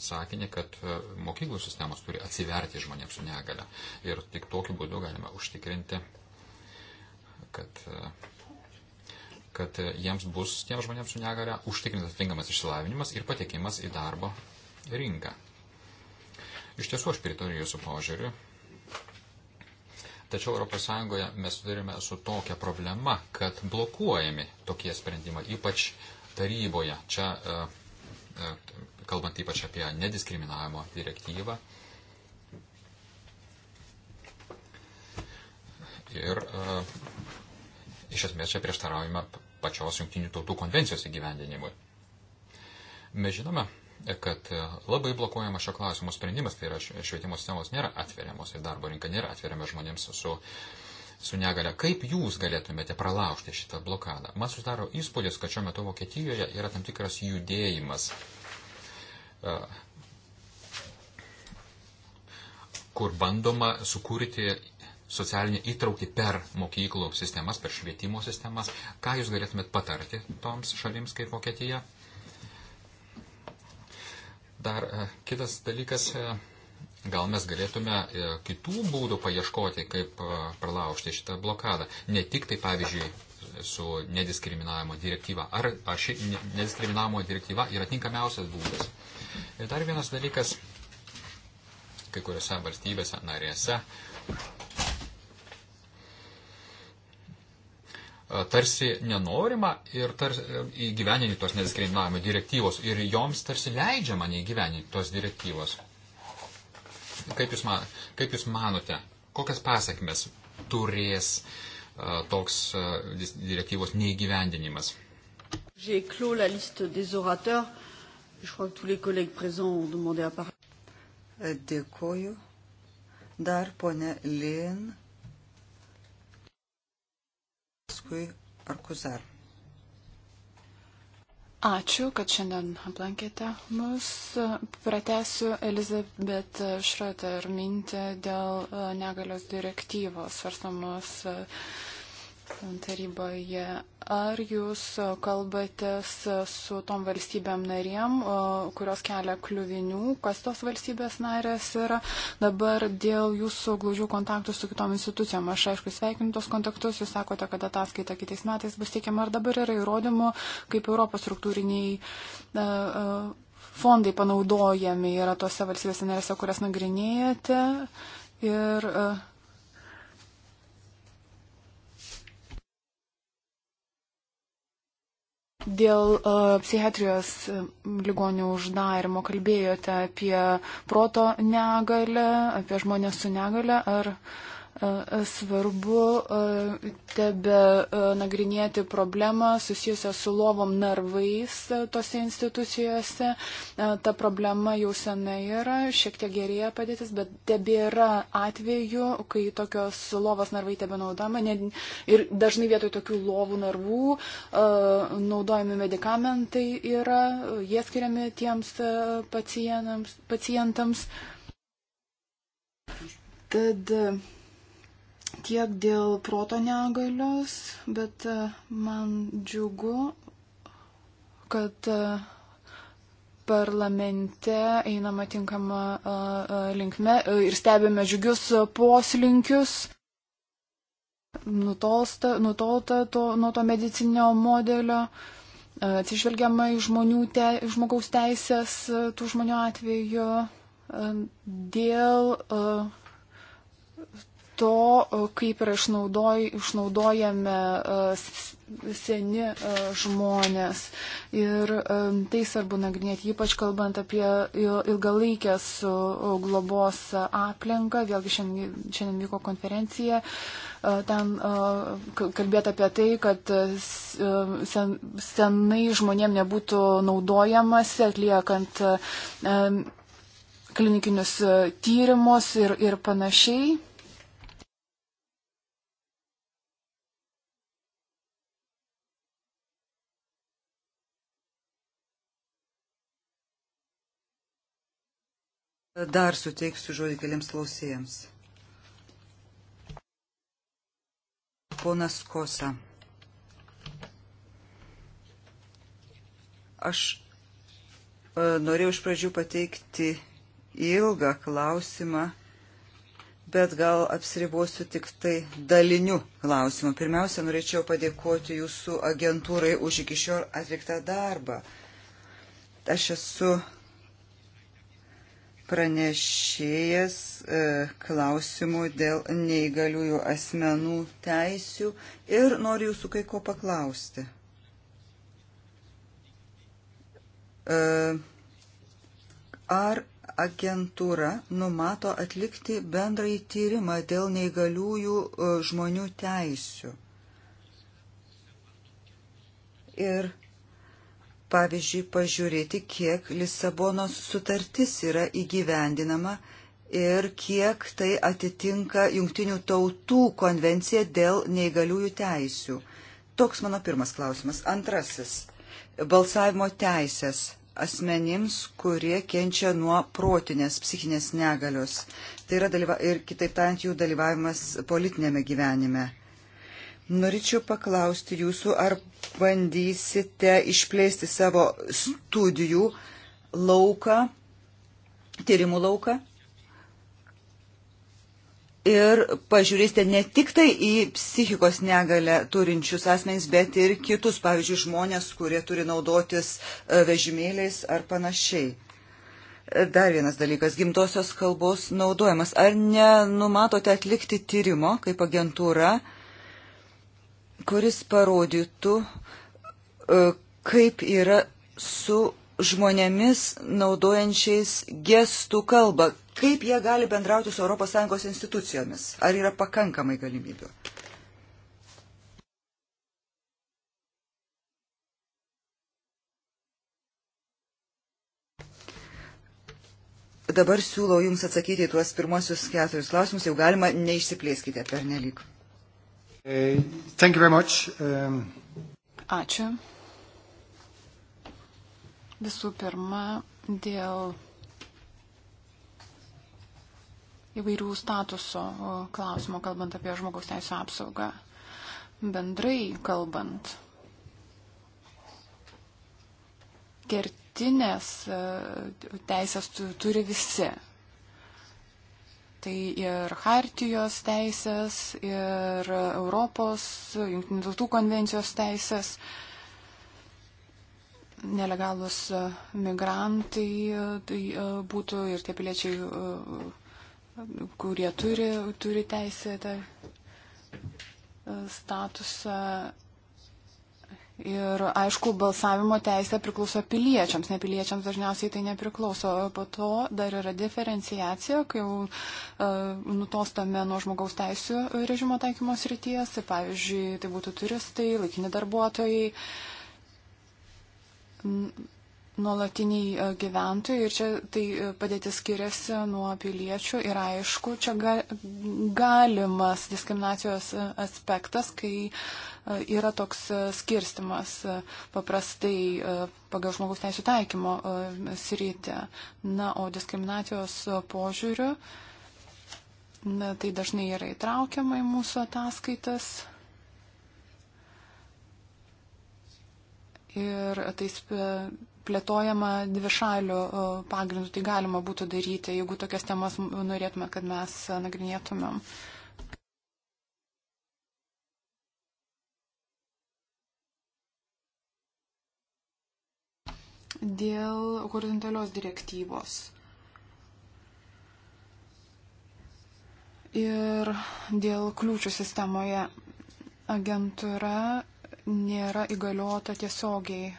sakinį, kad e, mokyklų sistemos turi atsiverti žmonėms su negale. Ir tik tokiu būdu galime užtikrinti, kad, e, kad e, jiems bus, tiems žmonėms su negale, užtikrintas tinkamas išsilavinimas ir patekimas į darbo rinką. Iš tiesų aš pritariu jūsų požiūriu. Tačiau ES mes turime su tokia problema, kad blokuojami tokie sprendimai, ypač taryboje. Čia kalbant ypač apie nediskriminavimo direktyvą. Ir e, iš esmės čia prieštaraujame pačios jungtinių tautų konvencijos įgyvendinimui. Mes žinome, kad e, labai blokuojama šio klausimo sprendimas, tai yra švietimo sistemos nėra atveriamos ir darbo rinka nėra atveriama žmonėms su, su negale. Kaip jūs galėtumėte pralaužti šitą blokadą? Man susidaro įspūdis, kad šiuo metu Vokietijoje yra tam tikras judėjimas kur bandoma sukurti socialinį įtraukį per mokyklų sistemas, per švietimo sistemas. Ką jūs galėtumėt patarti toms šalims kaip Vokietija? Dar kitas dalykas, gal mes galėtume kitų būdų paieškoti, kaip pralaužti šitą blokadą. Ne tik tai, pavyzdžiui, su nediskriminavimo direktyva. Ar, ar ši nediskriminavimo direktyva yra tinkamiausias būdas? Ir dar vienas dalykas, kai kuriuose valstybėse narėse e, tarsi nenorima ir tarsi įgyveninti tos nediskriminavimo direktyvos ir joms tarsi leidžiama neįgyveninti tos direktyvos. Kaip jūs, man, kaip jūs manote, kokias pasakmes turės uh, toks uh, direktyvos neįgyvendinimas?
J'ai clos la liste des orateurs. Dėkoju.
Dar ponė Lin. Paskui Arkuzar.
Ačiū, kad šiandien aplankėte mus. Pratesiu Elizabet Šrater mintį dėl e, negalios direktyvos svarstamos. Uh, e, taryboje. Ar jūs kalbatės su tom valstybėm narėm, kurios kelia kliuvinių, kas tos valstybės narės yra dabar dėl jūsų glaudžių kontaktų su kitom institucijom? Aš aišku sveikinu tos kontaktus, jūs sakote, kad ataskaita kitais metais bus teikiama, ar dabar yra įrodymų, kaip Europos struktūriniai e, e, fondai panaudojami yra tose valstybėse narėse, kurias nagrinėjate. Ir uh, Dėl uh, psichiatrijos ligonių uždarimo kalbėjote apie proto negalę, apie žmonės su negale. Ar uh, svarbu tebe nagrinėti problemą susijusią su lovom narvais tose institucijose. Ta problema jau senai yra, šiek tiek gerėja padėtis, bet tebėra atveju, kai tokios lovos narvai tebe naudojama ir dažnai vietoj tokių lovų narvų naudojami medikamentai yra, jie skiriami tiems pacientams. pacientams. Tad tiek dėl proto negalios, bet e, man džiugu, kad e, parlamente einama tinkama e, linkme ir stebime džiugius poslinkius. Nutolsta, nutolta to, nuo to medicinio modelio, atsižvelgiama į žmonių te, žmogaus teisės tų žmonių atveju dėl uh, to, e, kaip yra išnaudoj, išnaudojami e, seni e, žmonės. Ir tai svarbu nagrinėti, ypač kalbant apie ilgalaikės globos aplinką. Vėlgi šiandien, šiandien vyko konferencija. Ten kalbėt apie tai, kad sen, senai žmonėm nebūtų naudojamasi atliekant klinikinius tyrimus ir, ir panašiai.
Dar suteiksiu žodį keliams klausėjams. Ponas Kosa. Aš e, norėjau iš pradžių pateikti ilgą klausimą, bet gal apsiribosiu tik tai daliniu klausimu. Pirmiausia, norėčiau padėkoti jūsų agentūrai už iki šiol atliktą darbą. Aš esu pranešėjas e, klausimų dėl neįgaliųjų asmenų teisių ir noriu jūsų kai ko paklausti. E, ar agentūra numato atlikti bendrąjį tyrimą dėl neįgaliųjų e, žmonių teisių? Ir pavyzdžiui, pažiūrėti, kiek Lisabonos sutartis yra įgyvendinama ir kiek tai atitinka jungtinių tautų konvencija dėl neįgaliųjų teisių. Toks mano pirmas klausimas. Antrasis. Balsavimo teisės asmenims, kurie kenčia nuo protinės psichinės negalios. Tai yra dalyva, ir kitaip tariant jų dalyvavimas politinėme gyvenime. Norėčiau paklausti jūsų, ar bandysite išplėsti savo studijų lauką, tyrimų lauką ir pažiūrėsite ne tik tai į psichikos negalę turinčius asmenys, bet ir kitus, pavyzdžiui, žmonės, kurie turi naudotis e, vežimėliais ar panašiai. E, dar vienas dalykas - gimtosios kalbos naudojimas. Ar nenumatote atlikti tyrimo kaip agentūra? kuris parodytų, e, kaip yra su žmonėmis naudojančiais gestų kalbą, kaip jie gali bendrauti su ES institucijomis. Ar yra pakankamai galimybių? Dabar siūlau Jums atsakyti į tuos pirmosius keturis klausimus, jau galima neišsiplėskite
per nelik. Um... Ačiū. Visų pirma, dėl įvairių statuso klausimo, kalbant apie žmogaus teisų apsaugą. Bendrai kalbant, kertinės e, teisės turi visi Tai ir Hartijos teisės, ir Europos, Junktinių tautų konvencijos teisės. Nelegalus migrantai tai e, būtų ir tie piliečiai, e, kurie turi, turi teisę tą e, statusą Ir aišku, balsavimo teisė priklauso piliečiams, ne piliečiams dažniausiai tai nepriklauso. Po to dar yra diferenciacija, kai jau uh, nutostame nuo žmogaus teisų režimo taikymos ryties, tai pavyzdžiui, tai būtų turistai, laikini darbuotojai nuolatiniai e, gyventojai ir čia tai e, padėtis skiriasi nuo piliečių ir aišku, čia ga, galimas diskriminacijos e, aspektas, kai yra toks skirstimas paprastai pagal žmogaus teisų taikymo sritį. Na, o diskriminacijos požiūriu, na, tai dažnai yra įtraukiama į mūsų ataskaitas. Ir tai plėtojama dvišalių e, pagrindų, tai galima būtų daryti, jeigu tokias temas norėtume, kad mes nagrinėtumėm. Dėl horizontalios direktyvos. Ir dėl kliūčių sistemoje agentūra nėra įgaliota tiesiogiai e,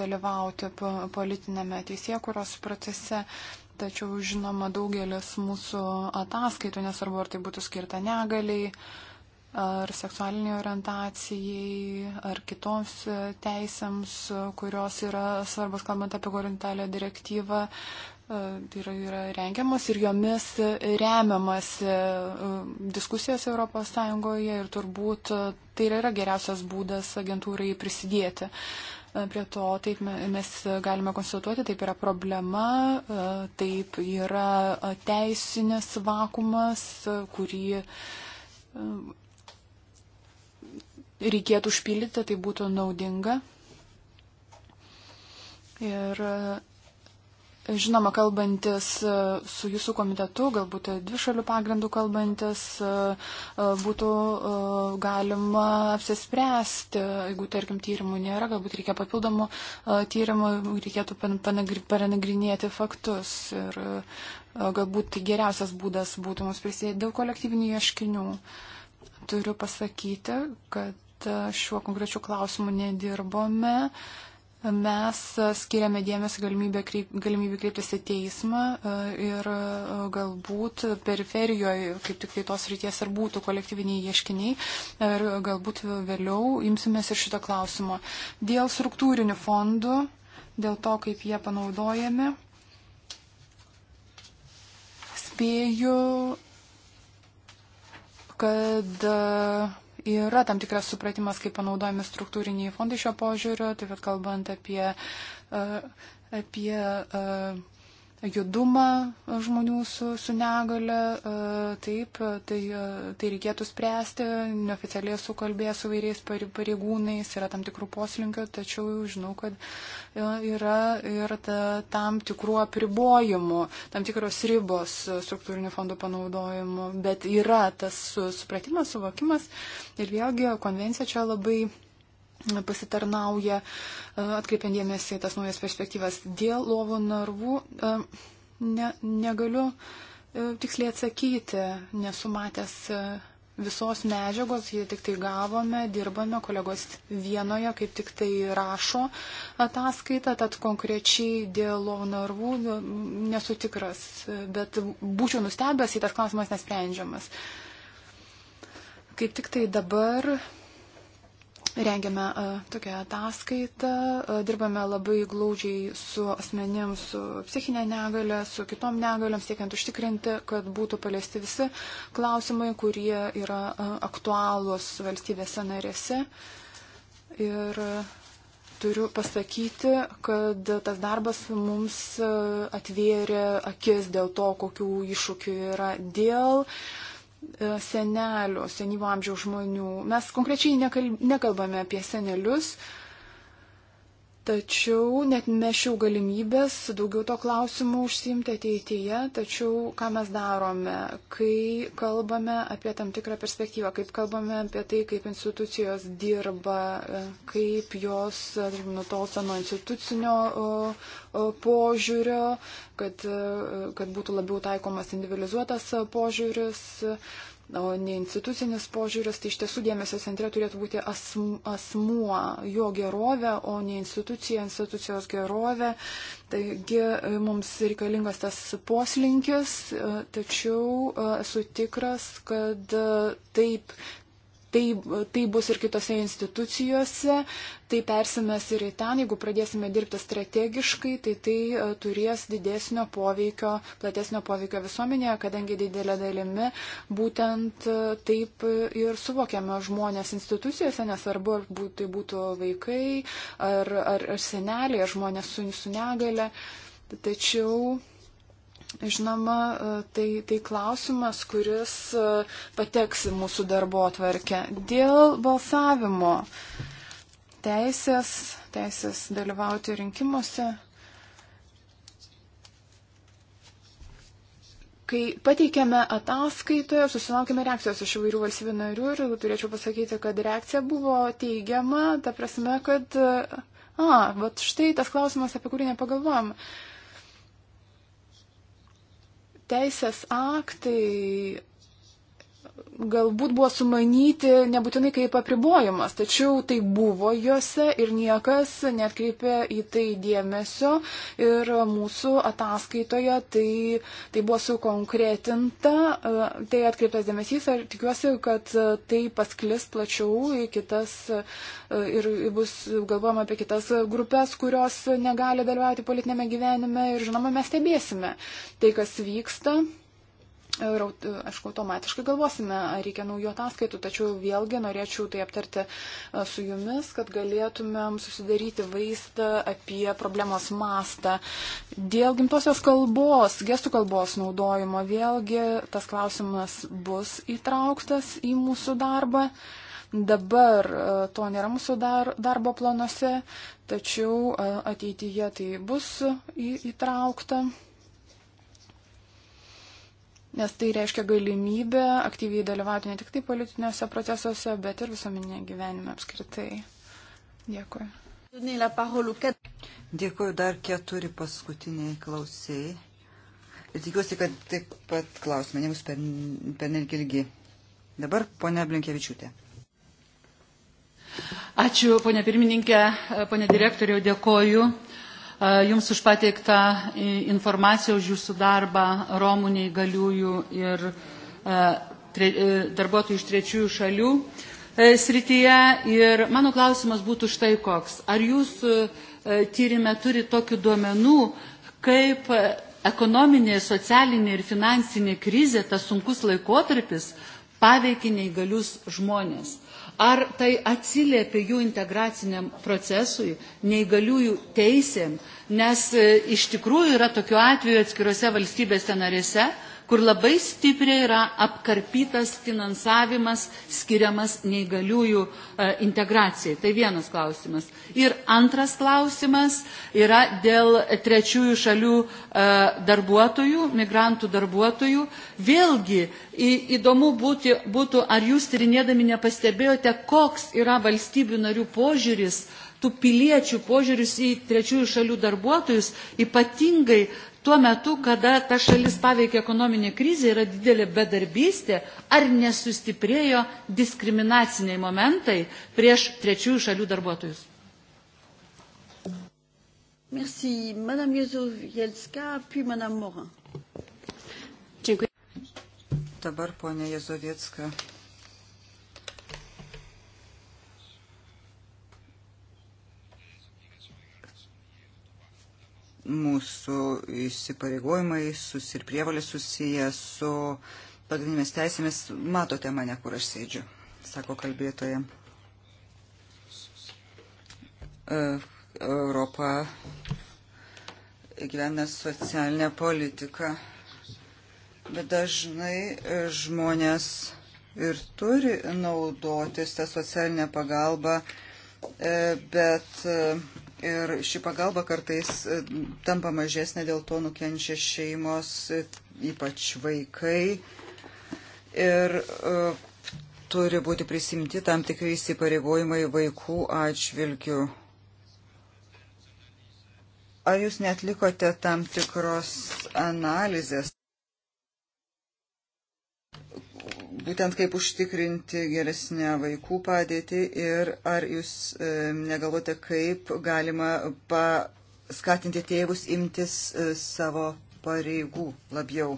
dalyvauti politinėme teisėkuros procese. Tačiau žinoma daugelis mūsų ataskaitų, nesvarbu ar tai būtų skirta negaliai, ar seksualiniai orientacijai, ar kitoms e, teisėms, kurios yra svarbus, kalbant apie horizontalią direktyvą, E, tai yra, yra rengiamas ir jomis remiamas e, diskusijos ES ir turbūt e, tai yra geriausias būdas agentūrai prisidėti. Prie to taip mes galime konstatuoti, taip yra problema, taip yra teisinės vakumas, kurį reikėtų užpildyti, tai būtų naudinga. Ir Žinoma, kalbantis e, su jūsų komitetu, galbūt tai dvi šalių pagrindų kalbantis, e, e, būtų galima apsispręsti, jeigu, tarkim, tyrimų nėra, galbūt reikia papildomų tyrimų, reikėtų panagrinėti faktus. Ir galbūt geriausias būdas būtų mums prisidėti dėl kolektyvinių ieškinių. Turiu pasakyti, kad šiuo konkrečiu klausimu nedirbome. Uh, Mes skiriame dėmesį galimybę, kreip, galimybę kreiptis į teismą e, ir e, galbūt periferijoje, kaip tik tai tos ryties ir būtų kolektyviniai ieškiniai, ir galbūt vėliau imsimės ir šito klausimo. Dėl struktūrinių fondų, dėl to, kaip jie panaudojami, spėju, kad yra tam tikras supratimas, kaip panaudojami struktūriniai fondai šio požiūrio, taip pat kalbant apie, e, apie e, judumą žmonių su, su negale. E, taip, tai, e, tai reikėtų spręsti. Neoficialiai esu kalbėjęs su vairiais pareigūnais, yra tam tikrų poslinkių, tačiau žinau, kad e, yra ir ta, tam tikrų apribojimų, tam tikros ribos struktūrinių fondų panaudojimo, bet yra tas supratimas, suvokimas ir vėlgi konvencija čia labai pasitarnauja, e, atkreipiant dėmesį į tas naujas perspektyvas. Dėl lovų narvų e, ne, negaliu e, tiksliai atsakyti, nesu matęs visos medžiagos, jį tik tai gavome, dirbame, kolegos vienoje kaip tik tai rašo ataskaitą, tad konkrečiai dėl lovų narvų nu, nesu tikras, bet būčiau nustebęs, jei tas klausimas nesprendžiamas. Kaip tik tai dabar rengiame e, tokią ataskaitą, e, dirbame labai glaudžiai su asmenim, su psichinė negalė, su kitom negaliam, siekiant užtikrinti, kad būtų paliesti visi klausimai, kurie yra e, aktualūs valstybėse narėse. Ir turiu pasakyti, kad tas darbas mums atvėrė akis dėl to, kokių iššūkių yra dėl E, senelių, senyvo amžiaus žmonių. Mes konkrečiai nekalbame apie senelius, Tačiau net mešiau galimybės daugiau to klausimų užsiimti ateityje, tačiau ką mes darome, kai kalbame apie tam tikrą perspektyvą, kaip kalbame apie tai, kaip institucijos dirba, e, kaip jos e, nutolsta nuo institucinio požiūrio, kad, e, kad būtų labiau taikomas individualizuotas požiūris o ne institucinis požiūris, tai iš tiesų dėmesio centre turėtų būti asmuo, jo gerovė, o ne institucija, institucijos gerovė. Taigi e, mums reikalingas tas poslinkis, e, tačiau e, esu tikras, kad taip tai, tai bus ir kitose institucijose, tai persimės ir į ten, jeigu pradėsime dirbti strategiškai, tai tai e, turės didesnio poveikio, platesnio poveikio visuomenėje, kadangi didelė dalimi būtent e, taip ir suvokiame žmonės institucijose, nesvarbu, ar tai būtų vaikai, ar, ar, ar seneliai, ar žmonės su, su negale. Tačiau Žinoma, e, tai, tai klausimas, kuris e, pateks į mūsų darbo atvarkę. Dėl balsavimo teisės, teisės dalyvauti rinkimuose. Kai pateikėme ataskaitoje, susilaukėme reakcijos iš įvairių valstybių narių ir turėčiau pasakyti, kad reakcija buvo teigiama, ta prasme, kad, a, bet štai tas klausimas, apie kurį nepagalvojom. Uh, teisės aktai galbūt buvo sumanyti nebūtinai kaip apribojimas, tačiau tai buvo juose ir niekas netkreipė į tai dėmesio ir mūsų ataskaitoje tai, tai buvo sukonkretinta, e, tai atkreiptas dėmesys ir tikiuosi, kad tai pasklis plačiau į kitas e, ir bus galvojama apie kitas grupės, kurios negali dalyvauti politinėme gyvenime ir žinoma, mes stebėsime tai, kas vyksta. Ir, aišku, automatiškai galvosime, ar reikia naujų ataskaitų, tačiau vėlgi norėčiau tai aptarti e, su jumis, kad galėtumėm susidaryti vaizdą apie problemos mastą. Dėl gimtosios kalbos, gestų kalbos naudojimo, vėlgi tas klausimas bus įtrauktas į mūsų darbą. Dabar e, to nėra mūsų dar, darbo planuose, tačiau e, ateityje tai bus į, įtraukta nes tai reiškia galimybę aktyviai dalyvauti ne tik tai politiniuose procesuose, bet ir visuomenėje gyvenime apskritai. Dėkui.
Dėkuoju dar keturi paskutiniai klausiai. Ir tikiuosi, kad taip pat klausimai nebus per, per nelgilgi. Dabar ponia Blinkievičiūtė.
Ačiū, ponia pirmininkė, ponia direktoriau, dėkoju. Jums už pateiktą informaciją, už Jūsų darbą Romų neįgaliųjų ir e, darbuotojų iš trečiųjų šalių e, srityje. Ir mano klausimas būtų štai koks. Ar Jūs e, tyrimė turi tokių duomenų, kaip ekonominė, socialinė ir finansinė krizė, tas sunkus laikotarpis paveikė neįgalius žmonės? Ar tai atsiliepia jų integraciniam procesui, neįgaliųjų teisėm, nes e, iš tikrųjų yra tokių atvejų atskiruose valstybėse narėse, kur labai stipriai yra apkarpytas finansavimas skiriamas neįgaliųjų e, integracijai. Tai vienas klausimas. Ir antras klausimas yra dėl trečiųjų šalių e, darbuotojų, migrantų darbuotojų. Vėlgi įdomu būti, būtų, ar jūs tyrinėdami nepastebėjote, koks yra valstybių narių požiūris tų piliečių požiūris į trečiųjų šalių darbuotojus, ypatingai tuo metu, kada ta šalis paveikia ekonominė krizė, yra didelė bedarbystė, ar nesustiprėjo diskriminaciniai momentai prieš trečiųjų šalių darbuotojus?
Merci. Madame Jezovielska, puis Madame Morin.
Dziękuję. Dabar ponia Jezovielska. mūsų įsipareigojimai sus ir prievalės susiję su pagrindinėmis teisėmis. Matote mane, kur aš sėdžiu, sako kalbėtoja. E, Europa gyvena socialinę politiką, bet dažnai žmonės ir turi naudotis tą socialinę pagalbą, e, bet ir ši pagalba kartais e, tampa mažesnė, dėl to nukenčia šeimos, e, ypač vaikai. Ir e, turi būti prisimti tam tikrai įsipareigojimai vaikų atžvilgių. Ar jūs netlikote tam tikros analizės? būtent kaip užtikrinti geresnę vaikų padėtį ir ar jūs e, negalvote, kaip galima paskatinti tėvus imtis e, savo pareigų labiau.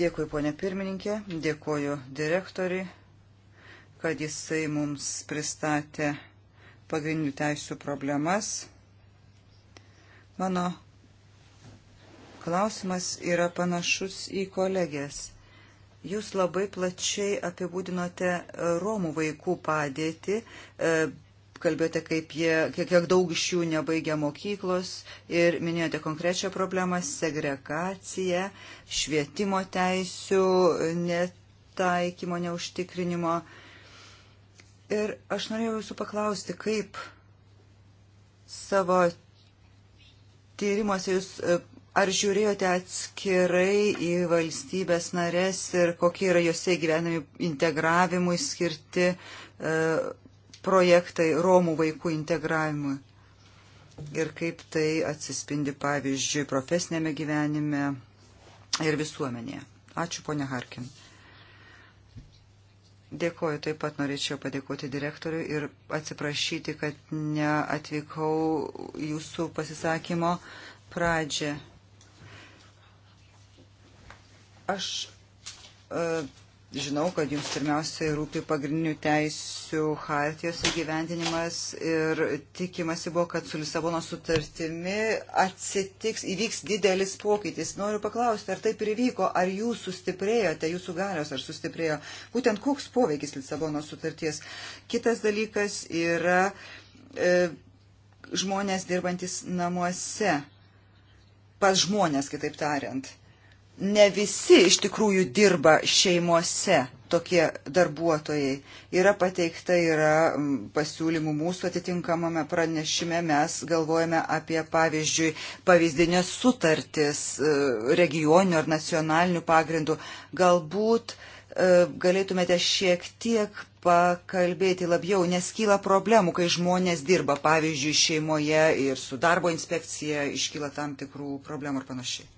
Dėkui, ponė pirmininkė, dėkoju direktoriui, kad jisai mums pristatė pagrindinių teisų problemas. Mano klausimas yra panašus į kolegės Jūs labai plačiai apibūdinote Romų vaikų padėtį, e, kalbėjote, kaip jie, kiek, kiek daug iš jų nebaigia mokyklos ir minėjote konkrečią problemą - segregaciją, švietimo teisių netaikymo, neužtikrinimo. Ir aš norėjau jūsų paklausti, kaip savo tyrimuose jūs e, Ar žiūrėjote atskirai į valstybės narės ir kokie yra jose gyvenami integravimui skirti e, projektai Romų vaikų integravimui? Ir kaip tai atsispindi, pavyzdžiui, profesinėme gyvenime ir visuomenėje? Ačiū, ponia Harkin. Dėkoju, taip pat norėčiau padėkoti direktoriui ir atsiprašyti, kad neatvykau jūsų pasisakymo pradžią Aš e, žinau, kad jums pirmiausiai rūpi pagrindinių teisių hartijos įgyvendinimas ir tikimasi buvo, kad su Lisabono sutartimi atsitiks, įvyks didelis pokytis. Noriu paklausti, ar taip ir įvyko, ar jūs sustiprėjote, jūsų galios ar sustiprėjo, būtent koks poveikis Lisabono sutarties. Kitas dalykas yra. E, žmonės dirbantis namuose, pas žmonės, kitaip tariant ne visi iš tikrųjų dirba šeimose tokie darbuotojai. Yra pateikta, yra pasiūlymų mūsų atitinkamame pranešime, mes galvojame apie, pavyzdžiui, pavyzdinės sutartis e, regioninių ar nacionalinių pagrindų. Galbūt e, galėtumėte šiek tiek pakalbėti labiau, nes kyla problemų, kai žmonės dirba, pavyzdžiui, šeimoje ir su darbo inspekcija iškyla tam tikrų problemų ir panašiai.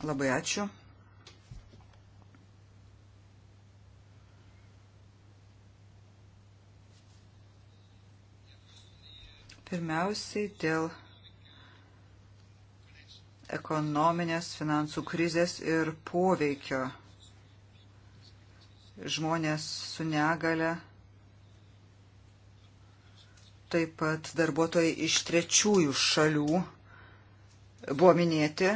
Labai ačiū. Pirmiausiai dėl ekonominės finansų krizės ir poveikio. Žmonės su negale, taip pat darbuotojai iš trečiųjų šalių buvo minėti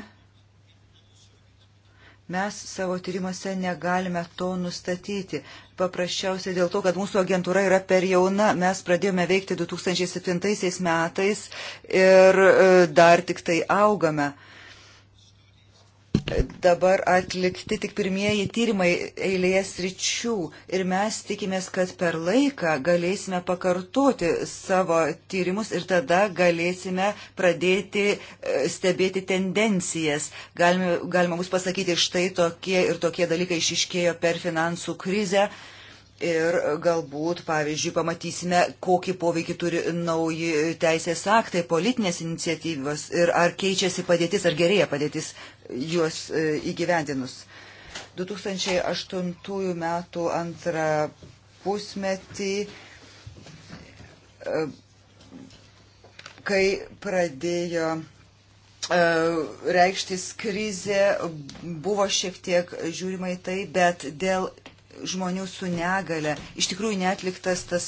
Mes savo tyrimuose negalime to nustatyti. Paprasčiausiai dėl to, kad mūsų agentūra yra per jauna. Mes pradėjome veikti 2007 metais ir e, dar tik tai augame dabar atlikti tik pirmieji tyrimai eilėje sričių ir mes tikimės, kad per laiką galėsime pakartoti savo tyrimus ir tada galėsime pradėti e, stebėti tendencijas. Galime, galima bus pasakyti, štai tokie ir tokie dalykai išiškėjo per finansų krizę. Ir galbūt, pavyzdžiui, pamatysime, kokį poveikį turi nauji teisės aktai, politinės iniciatyvos ir ar keičiasi padėtis, ar gerėja padėtis juos e, įgyvendinus. 2008 metų antrą pusmetį, e, kai pradėjo e, reikštis krizė, buvo šiek tiek žiūrima į tai, bet dėl žmonių su negale iš tikrųjų netliktas tas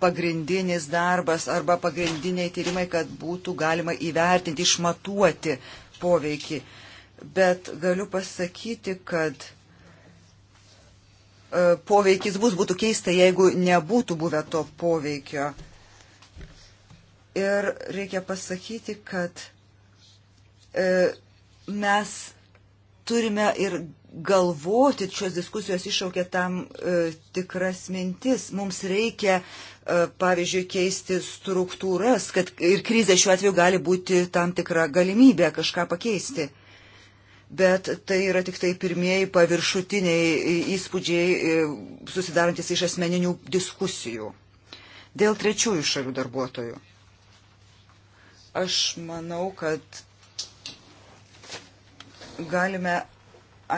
pagrindinis darbas arba pagrindiniai tyrimai, kad būtų galima įvertinti, išmatuoti poveikį. Uh, bet galiu pasakyti, kad e, poveikis bus, būtų keista, jeigu nebūtų buvę to poveikio. Ir reikia pasakyti, kad e, mes turime ir galvoti, šios diskusijos iššaukia tam e, tikras mintis. Mums reikia, e, pavyzdžiui, keisti struktūras, kad ir krizė šiuo atveju gali būti tam tikra galimybė kažką pakeisti bet tai yra tik tai pirmieji paviršutiniai įspūdžiai e, susidarantis iš asmeninių diskusijų. Dėl trečiųjų šalių darbuotojų. Aš manau, kad galime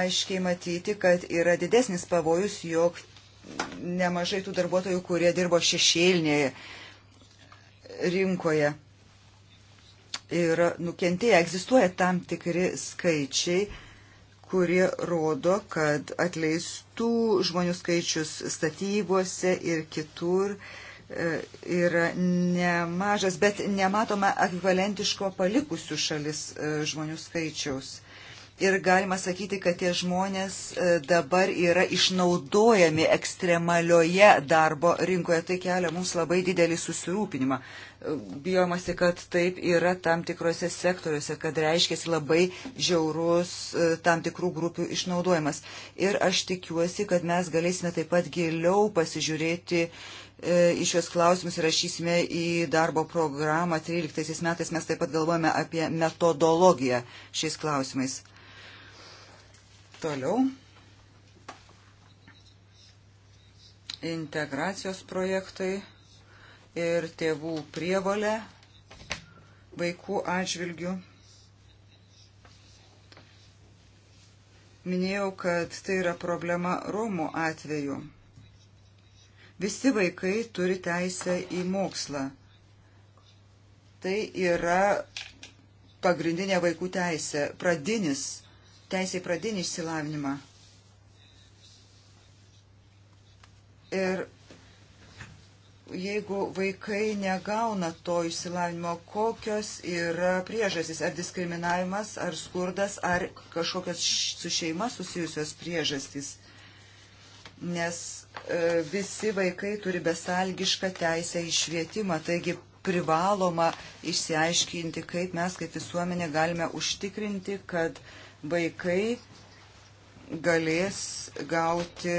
aiškiai matyti, kad yra didesnis pavojus, jog nemažai tų darbuotojų, kurie dirbo šešėlinėje rinkoje yra nukentėję. Egzistuoja tam tikri skaičiai, kurie rodo, kad atleistų žmonių skaičius statybose ir kitur e, yra nemažas, bet nematome ekvivalentiško palikusių šalis e, žmonių skaičiaus ir galima sakyti, kad tie žmonės e, dabar yra išnaudojami ekstremalioje darbo rinkoje. Tai kelia mums labai didelį susirūpinimą. E, bijomasi, kad taip yra tam tikrose sektoriuose, kad reiškiasi labai žiaurus e, tam tikrų grupių išnaudojimas. Ir aš tikiuosi, kad mes galėsime taip pat giliau pasižiūrėti į šios klausimus rašysime į darbo programą. 13 metais mes taip pat galvojame apie metodologiją šiais klausimais. Toliau. Integracijos projektai ir tėvų prievalė vaikų atžvilgių. Minėjau, kad tai yra problema Romų atveju. Visi vaikai turi teisę į mokslą. Tai yra pagrindinė vaikų teisė, pradinis teisė į pradinį išsilavinimą. Ir jeigu vaikai negauna to išsilavinimo, kokios yra priežastys, ar diskriminavimas, ar skurdas, ar kažkokios su šeima susijusios priežastys. Nes e, visi vaikai turi besalgišką teisę į švietimą, taigi privaloma išsiaiškinti, kaip mes kaip visuomenė galime užtikrinti, kad e, vaikai galės gauti,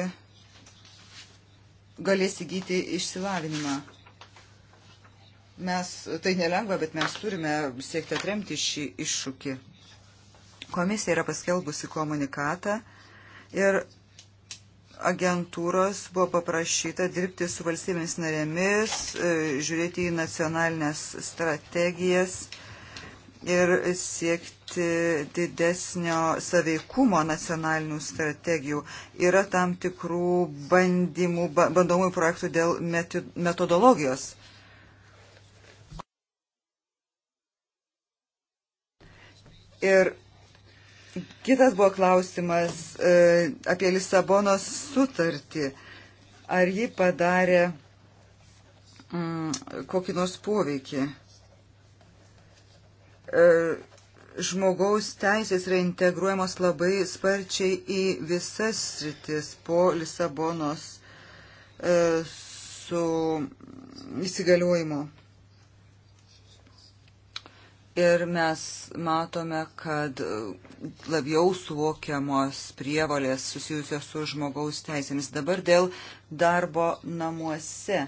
galės įgyti išsilavinimą. Mes, tai nelengva, bet mes turime siekti atremti šį iššūkį. Komisija yra paskelbusi komunikatą ir agentūros buvo paprašyta dirbti su valstybėmis narėmis, e, žiūrėti į nacionalinės strategijas ir siekti didesnio saveikumo nacionalinių strategijų. Yra tam tikrų bandymų, bandomųjų projektų dėl metodologijos. Ir kitas buvo klausimas e, apie Lisabonos sutartį. Ar ji padarė mm, kokį nors poveikį? E, žmogaus teisės yra integruojamos labai sparčiai į visas sritis po Lisabonos e, su įsigaliojimo. Ir mes matome, kad labiau suvokiamos prievalės susijusios su žmogaus teisėmis dabar dėl darbo namuose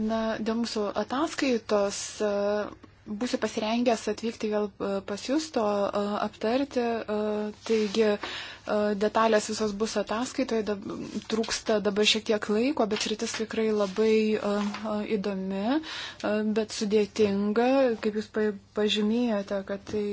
Na, dėl mūsų ataskaitos e, būsiu pasirengęs atvykti vėl e, pas jūs to e, aptarti. Taigi detalės visos bus ataskaitoje, dab, trūksta dabar šiek tiek laiko, bet sritis tikrai labai įdomi, bet sudėtinga, kaip jūs pažymėjote, kad tai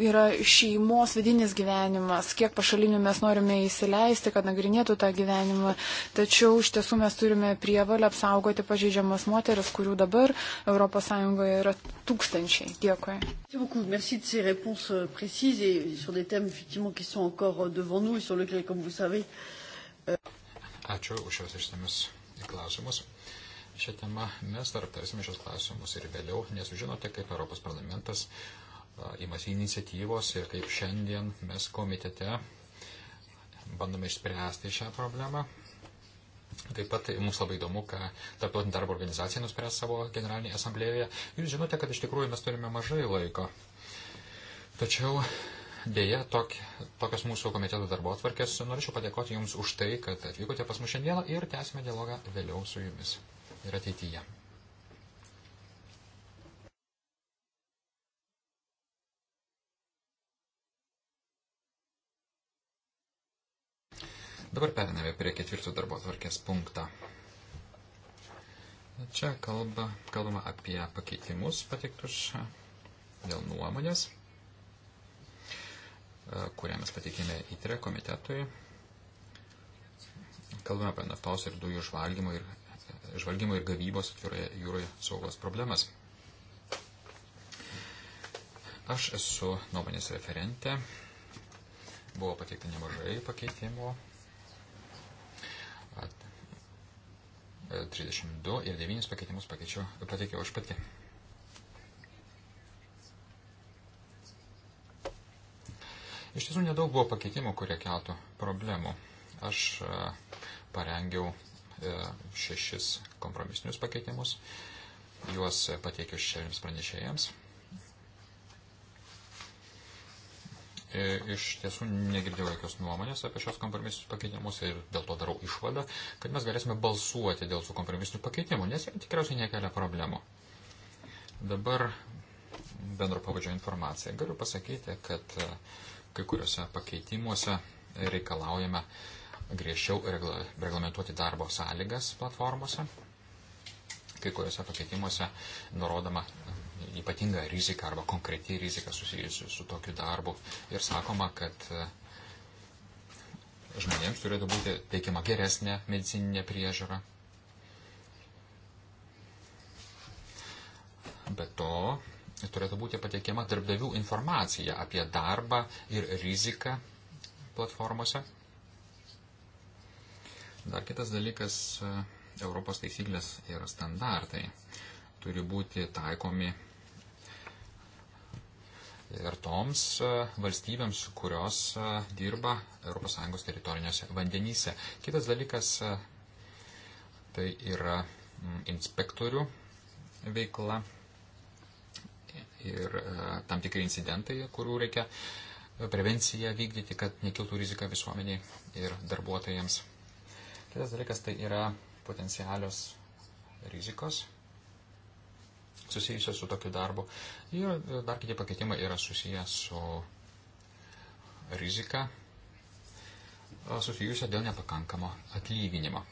yra šeimos vidinis gyvenimas, kiek pašalinių mes norime įsileisti, kad nagrinėtų tą gyvenimą. Tačiau iš tiesų mes turime prievalę apsaugoti pažeidžiamas moteris, kurių dabar ES yra tūkstančiai. Dėkui.
Merci de ces réponses euh, précises et sur des thèmes effectivement qui sont encore euh, devant nous et sur lesquels, comme vous savez. Euh,
Ačiū už šios išsamius klausimus šią temą. Mes dar aptarsime šios klausimus ir vėliau, nes žinote, kaip Europos parlamentas imasi iniciatyvos ir kaip šiandien mes komitete bandome išspręsti šią problemą. Taip pat mums labai įdomu, ką Tarptautinė darbo organizacija nuspręs savo generalinėje asamblėje. Jūs žinote, kad iš tikrųjų mes turime mažai laiko. Tačiau dėja, tok, tokios mūsų komiteto darbo atvarkės. Norėčiau padėkoti Jums už tai, kad atvykote pas mus šiandieną ir tęsime dialogą vėliau su Jumis ir ateityje. Dabar periname prie ketvirto darbo tvarkės punktą. Čia kalba, kalbama apie pakeitimus pateiktus dėl nuomonės, kurią mes pateikėme įtre komitetui. Kalbame apie naftos ir dujų žvalgymo ir, žvalgymo ir gavybos atviroje jūroje saugos problemas. Aš esu nuomonės referentė. Buvo pateikta nemažai pakeitimų 32 ir 9 pakeitimus pateikiau aš pati. Iš tiesų nedaug buvo pakeitimų, kurie keltų problemų. Aš e, parengiau e, šešis kompromisinius pakeitimus, juos pateikiu šešėliams pranešėjams. E, iš tiesų negirdėjau jokios nuomonės apie šios kompromisinius pakeitimus ir dėl to darau išvadą, kad mes galėsime balsuoti dėl tų kompromisinių pakeitimų, nes jie tikriausiai nekelia problemų. Dabar bendro pavadžio informacija. Galiu pasakyti, kad e, kai kuriuose pakeitimuose reikalaujame griežčiau regla, reglamentuoti darbo sąlygas platformose. Kai kuriuose pakeitimuose nurodoma ypatinga rizika arba konkreti rizika susijusi su tokiu darbu ir sakoma, kad e, žmonėms turėtų būti teikiama geresnė medicininė priežiūra. Be to, turėtų būti pateikiama darbdavių informacija apie darbą ir riziką platformose. Dar kitas dalykas e, - Europos taisyklės ir standartai turi būti taikomi ir toms e, valstybėms, kurios e, dirba ES teritoriniuose vandenyse. Kitas dalykas e, tai yra inspektorių veikla ir tam tikri incidentai, kurių reikia prevenciją vykdyti, kad nekiltų rizika visuomeniai ir darbuotojams. Kitas dalykas tai yra potencialios rizikos susijusios su tokiu darbu. Ir dar kiti pakeitimai yra susijęs su rizika susijusia dėl nepakankamo atlyginimo.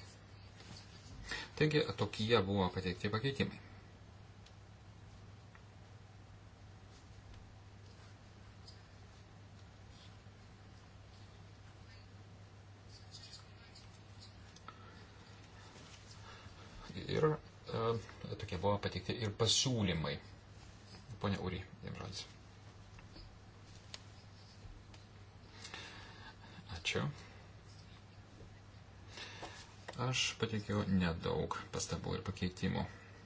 Taigi tokie buvo pateikti pakeitimai. Ir e, tokie buvo pateikti ir pasiūlymai. Pone Uri, jums žodis. Ačiū. Aš pateikiau nedaug pastabų ir pakeitimų.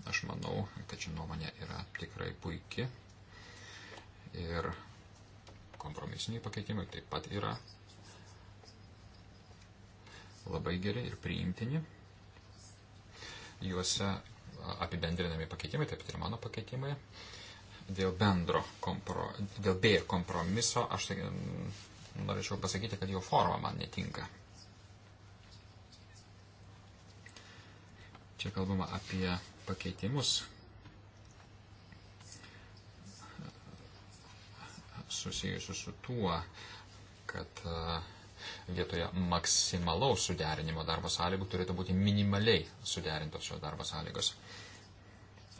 Aš manau, kad ši nuomonė yra tikrai puikia. Ir kompromisiniai pakeitimai taip pat yra labai geri ir priimtini. Juose apibendrinami pakeitimai, taip pat ir mano pakeitimai. Dėl bendro, kompro, dėl B kompromiso, aš tai, mm, norėčiau pasakyti, kad jo forma man netinka. Čia kalbama apie pakeitimus susijusius su tuo, kad uh, vietoje maksimalaus suderinimo darbo sąlygų turėtų būti minimaliai suderintos šios darbo sąlygos.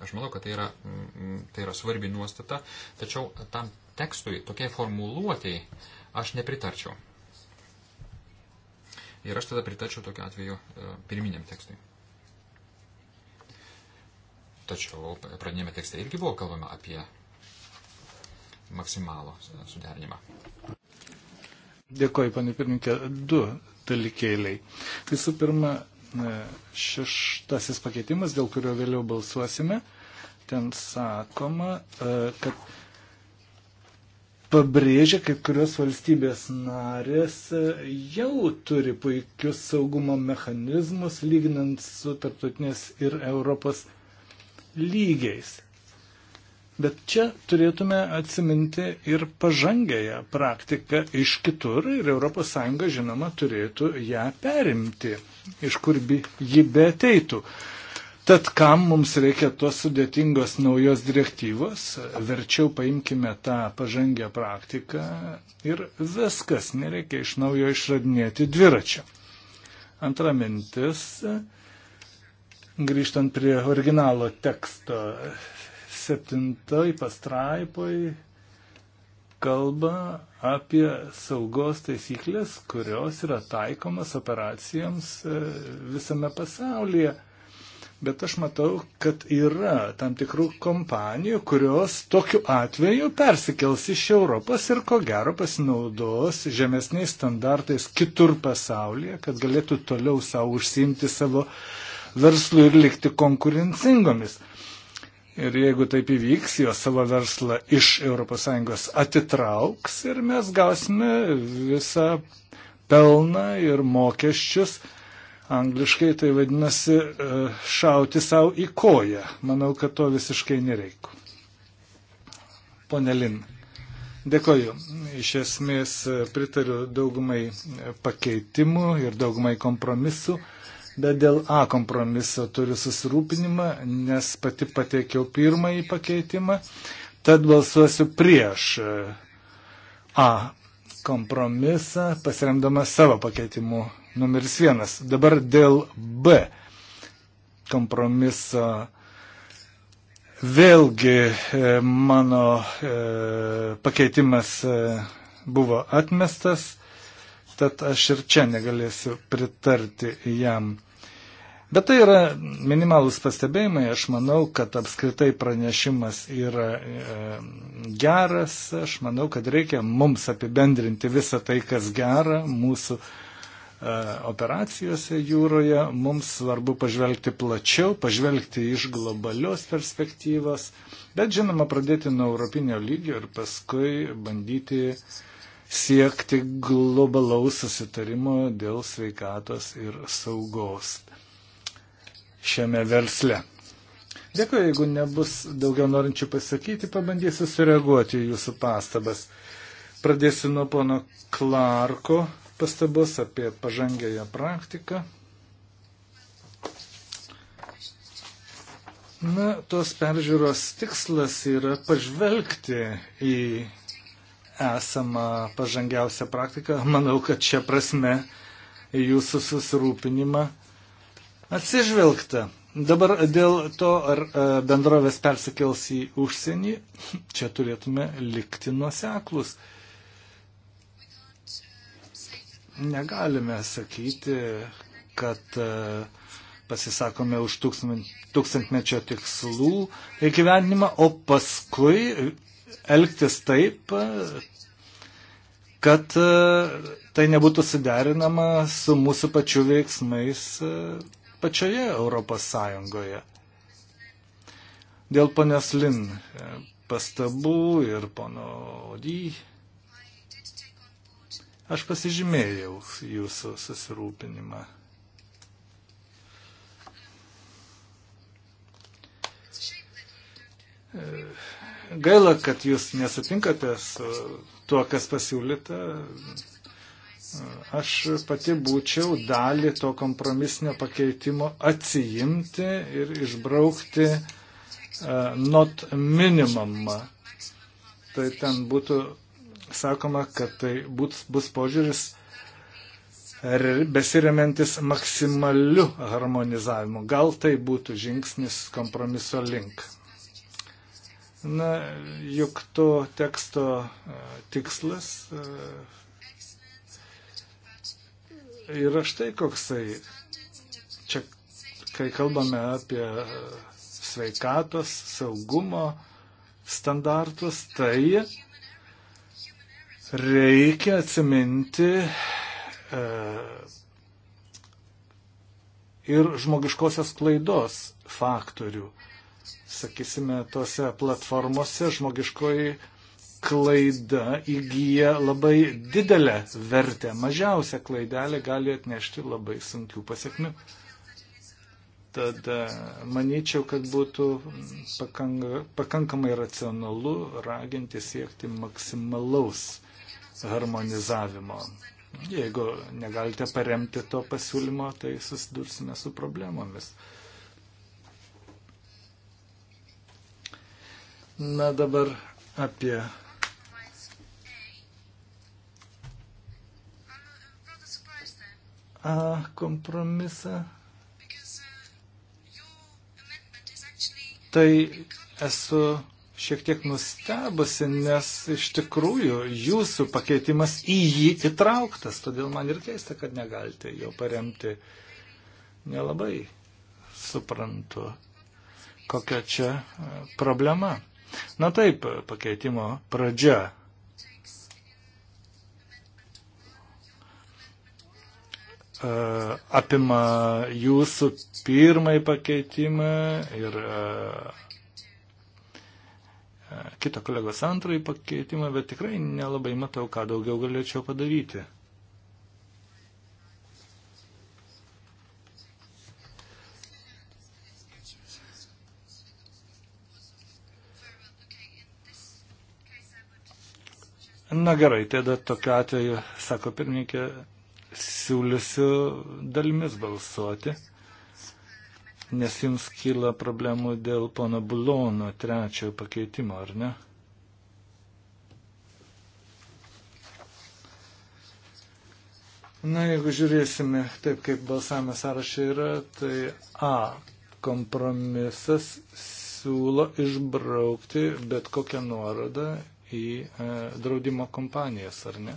Aš manau, kad tai yra, mm, tai yra svarbi nuostata, tačiau tam tekstui, tokiai formuluotėjai, aš nepritarčiau. Ir aš tada pritarčiau tokiu atveju e, pirminiam tekstui. Tačiau pradinėme tekste irgi buvo kalbama apie maksimalų e, suderinimą.
Dėkoju, panė pirminkė, du dalykėliai. Visų pirma, e, šeštasis pakeitimas, dėl kurio vėliau balsuosime, ten sakoma, e, kad pabrėžia, kai kurios valstybės narės jau turi puikius saugumo mechanizmus, lyginant su tarptautinės ir Europos lygiais. Bet čia turėtume atsiminti ir pažangėją praktiką iš kitur ir ES žinoma turėtų ją perimti, iš kur ji beateitų. Tad kam mums reikia tos sudėtingos naujos direktyvos, verčiau paimkime tą pažangę praktiką ir viskas, nereikia iš naujo išradinėti dviračio. Antra mintis, grįžtant prie originalo teksto, septintai pastraipai kalba apie saugos taisyklės, kurios yra taikomas operacijoms e, visame pasaulyje. Bet aš matau, kad yra tam tikrų kompanijų, kurios tokiu atveju persikels iš Europos ir ko gero pasinaudos žemesniais standartais kitur pasaulyje, kad galėtų toliau savo užsimti savo verslų ir likti konkurencingomis. Ir jeigu taip įvyks, jos savo verslą iš ES atitrauks ir mes gausime visą pelną ir mokesčius. Angliškai tai vadinasi e, šauti savo į koją. Manau, kad to visiškai nereikų. Pone Lin, dėkoju. Iš esmės pritariu daugumai pakeitimų ir daugumai kompromisų bet dėl A kompromiso turiu susirūpinimą, nes pati pateikiau pirmąjį pakeitimą, tad balsuosiu prieš e, A kompromisą, pasiremdama savo pakeitimu numeris vienas. Dabar dėl B kompromiso. Vėlgi e, mano e, pakeitimas e, buvo atmestas, tad aš ir čia negalėsiu pritarti jam. Bet tai yra minimalus pastebėjimai, aš manau, kad apskritai pranešimas yra e, geras, aš manau, kad reikia mums apibendrinti visą tai, kas gera mūsų e, operacijose jūroje, mums svarbu pažvelgti plačiau, pažvelgti iš globalios perspektyvos, bet žinoma, pradėti nuo europinio lygio ir paskui bandyti e, siekti globalaus susitarimo dėl sveikatos ir saugos šiame versle. Dėkuoju, jeigu nebus daugiau norinčių pasakyti, pabandysiu sureaguoti jūsų pastabas. Pradėsiu nuo pono Klarko pastabos apie pažangėją praktiką. Na, tos peržiūros tikslas yra pažvelgti į esamą pažangiausią praktiką. Manau, kad čia prasme jūsų susirūpinimą atsižvelgta. Dabar dėl to, ar e, bendrovės persikels į užsienį, čia turėtume likti nuoseklus. Negalime sakyti, kad e, pasisakome už tūkstantmečio tikslų įgyvendinimą, o paskui elgtis taip, kad e, tai nebūtų suderinama su mūsų pačių veiksmais e, pačioje Europos Sąjungoje. Dėl ponios Lin e, pastabų ir pono Odį. Aš pasižymėjau jūsų susirūpinimą. E, Gaila, kad jūs nesutinkate su tuo, kas pasiūlyta. Aš pati būčiau dalį to kompromisinio pakeitimo atsijimti ir išbraukti e, not minimum. Tai ten būtų sakoma, kad tai bus, bus požiūris besiriamentis maksimaliu harmonizavimu. Gal tai būtų žingsnis kompromiso link. Na, juk to teksto e, tikslas e, yra štai koksai. Čia, kai kalbame apie sveikatos, saugumo standartus, tai reikia atsiminti e, ir žmogiškosios klaidos faktorių sakysime, tose platformose žmogiškoji klaida įgyja labai didelę vertę. Mažiausia klaidelė gali atnešti labai sunkių pasiekmių. Tad e, manyčiau, kad būtų pakank, pakankamai racionalu raginti siekti maksimalaus harmonizavimo. Jeigu negalite paremti to pasiūlymo, tai susidursime su problemomis. Na dabar apie. A kompromisą. Tai esu šiek tiek nustebusi, nes iš tikrųjų jūsų pakeitimas į jį įtrauktas, todėl man ir keista, kad negalite jo paremti. Nelabai suprantu, kokia čia problema. Na taip, pakeitimo pradžia. E, apima jūsų pirmąjį pakeitimą ir e, e, kito kolegos antrąjį pakeitimą, bet tikrai nelabai matau, ką daugiau galėčiau padaryti. Na gerai, tada tokiu atveju, sako pirmininkė, siūlysiu dalimis balsuoti, nes jums kyla problemų dėl pono Bulono trečiojo pakeitimo, ar ne? Na, jeigu žiūrėsime taip, kaip balsavimo sąrašai yra, tai A. Kompromisas siūlo išbraukti bet kokią nuorodą į e, draudimo kompanijas, ar ne?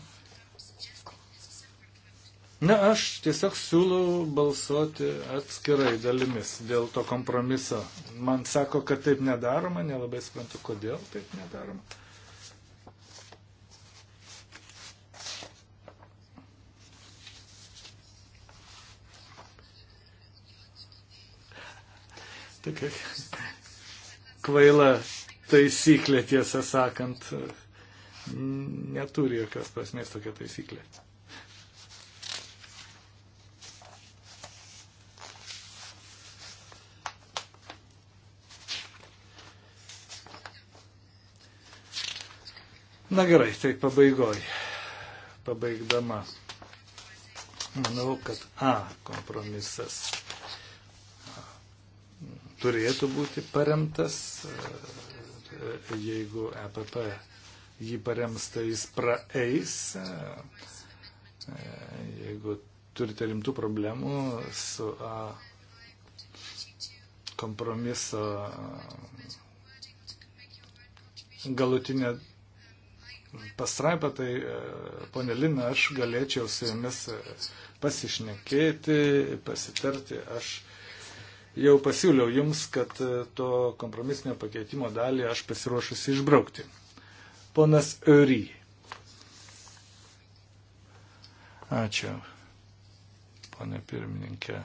Na, aš tiesiog siūlau balsuoti atskirai dalimis dėl to kompromiso. Man sako, kad taip nedaroma, nelabai suprantu, kodėl taip nedaroma. Tik kvaila taisyklė, tiesą sakant, neturi jokios prasmės tokia taisyklė. Na gerai, tai pabaigoj. Pabaigdama. Manau, kad A kompromisas turėtų būti paremtas jeigu EPP jį parems, tai jis praeis. Jeigu turite rimtų problemų su a, kompromiso galutinė pastraipą, tai ponė Lina, aš galėčiau su jumis pasišnekėti, pasitarti, aš jau pasiūliau jums, kad e, to kompromisinio pakeitimo dalį aš pasiruošusi išbraukti. Ponas Eury. Ačiū, ponė pirmininkė.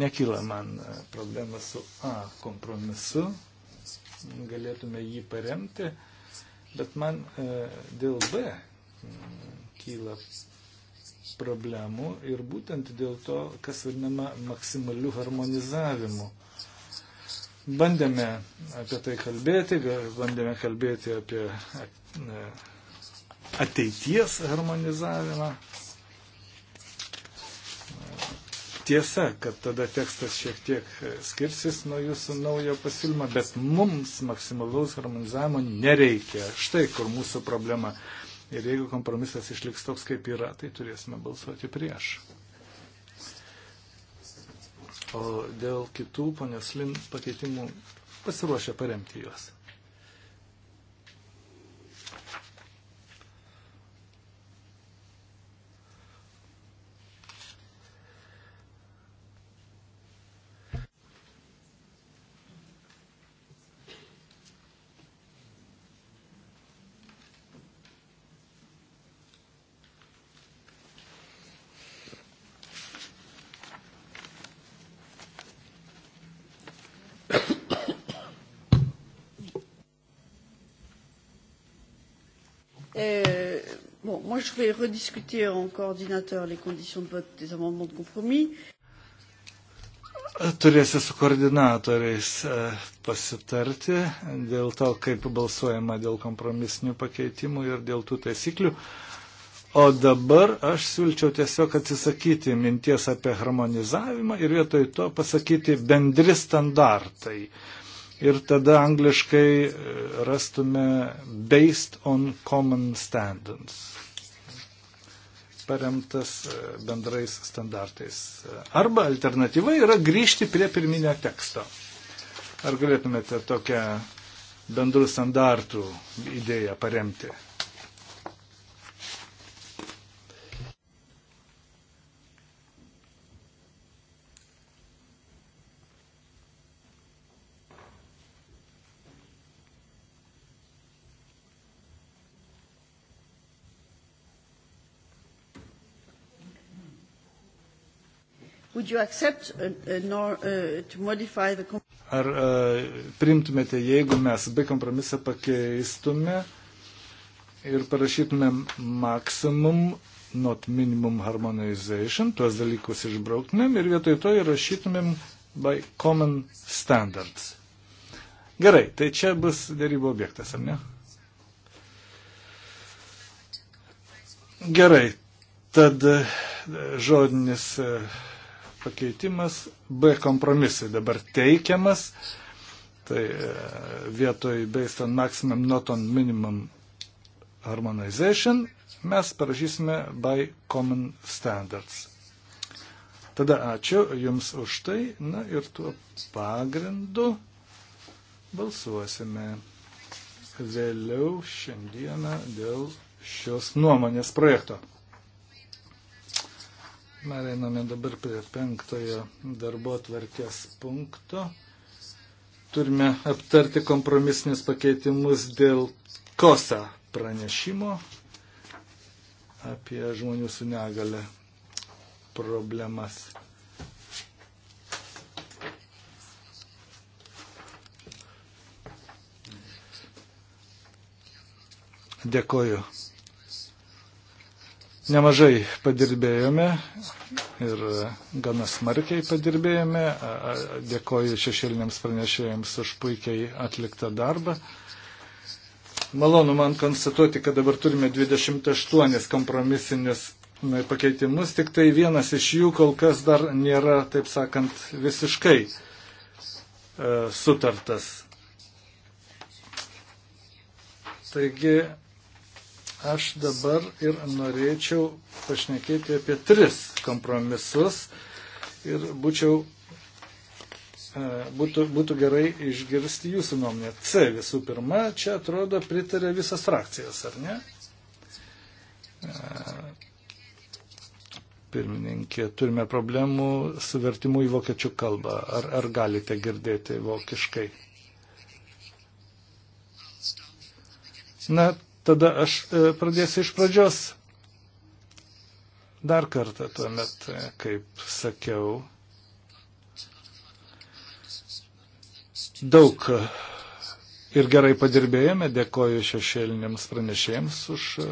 Nekyla man e, problema su A kompromisu, galėtume jį paremti, bet man e, dėl B kyla problemų ir būtent dėl to, kas vadinama maksimaliu harmonizavimu. Bandėme apie tai kalbėti, bandėme kalbėti apie e, ateities harmonizavimą. Tiesa, kad tada tekstas šiek tiek e, skirsis nuo jūsų naujo pasiūlymo, bet mums maksimalaus harmonizavimo nereikia. Štai kur mūsų problema. Ir jeigu kompromisas išliks toks, kaip yra, tai turėsime balsuoti prieš. O dėl kitų ponios Lin pakeitimų pasiruošę paremti juos.
je vais rediscuter en coordinateur les conditions de vote des amendements de compromis.
Turėsiu su koordinatoriais e, pasitarti dėl to, kaip balsuojama dėl kompromisinių pakeitimų ir dėl tų taisyklių. O dabar aš siūlyčiau tiesiog atsisakyti minties apie harmonizavimą ir vietoj to pasakyti bendri standartai. Ir tada angliškai e, rastume based on common standards paremtas e, bendrais standartais. E, arba alternatyva yra grįžti prie pirminio teksto. Ar galėtumėte tokią bendrų standartų idėją paremti?
Would you accept a, uh, a uh, nor, uh, to modify the
Ar uh, primtumėte, jeigu mes be kompromisą pakeistume ir parašytume maximum, not minimum harmonization, tuos dalykus išbrauktumėm ir vietoj to įrašytumėm by common standards. Gerai, tai čia bus dėrybų objektas, ar ne? Gerai, tad uh, žodinis pakeitimas B kompromisui dabar teikiamas. Tai e, vietoj based on maximum, not on minimum harmonization mes parašysime by common standards. Tada ačiū Jums už tai, na ir tuo pagrindu balsuosime vėliau šiandieną dėl šios nuomonės projekto. Pereiname dabar prie penktojo darbo tvarkės punkto. Turime aptarti kompromisinius pakeitimus dėl kosa pranešimo apie žmonių su negale problemas. Dėkoju nemažai padirbėjome ir gana smarkiai padirbėjome. Dėkoju šešėliniams pranešėjams už puikiai atliktą darbą. Malonu man konstatuoti, kad dabar turime 28 kompromisinius pakeitimus, tik tai vienas iš jų kol kas dar nėra, taip sakant, visiškai e, sutartas. Taigi Aš dabar ir norėčiau pašnekėti apie tris kompromisus ir būčiau, e, būtų, būtų gerai išgirsti jūsų nuomonę. C visų pirma, čia atrodo pritarė visas frakcijas, ar ne? E, pirmininkė, turime problemų su vertimu į vokiečių kalbą. Ar, ar galite girdėti vokiškai? Na, Tada aš e, pradėsiu iš pradžios. Dar kartą tuomet, e, kaip sakiau, daug ir gerai padirbėjome, dėkoju šešėliniams pranešėjams už e,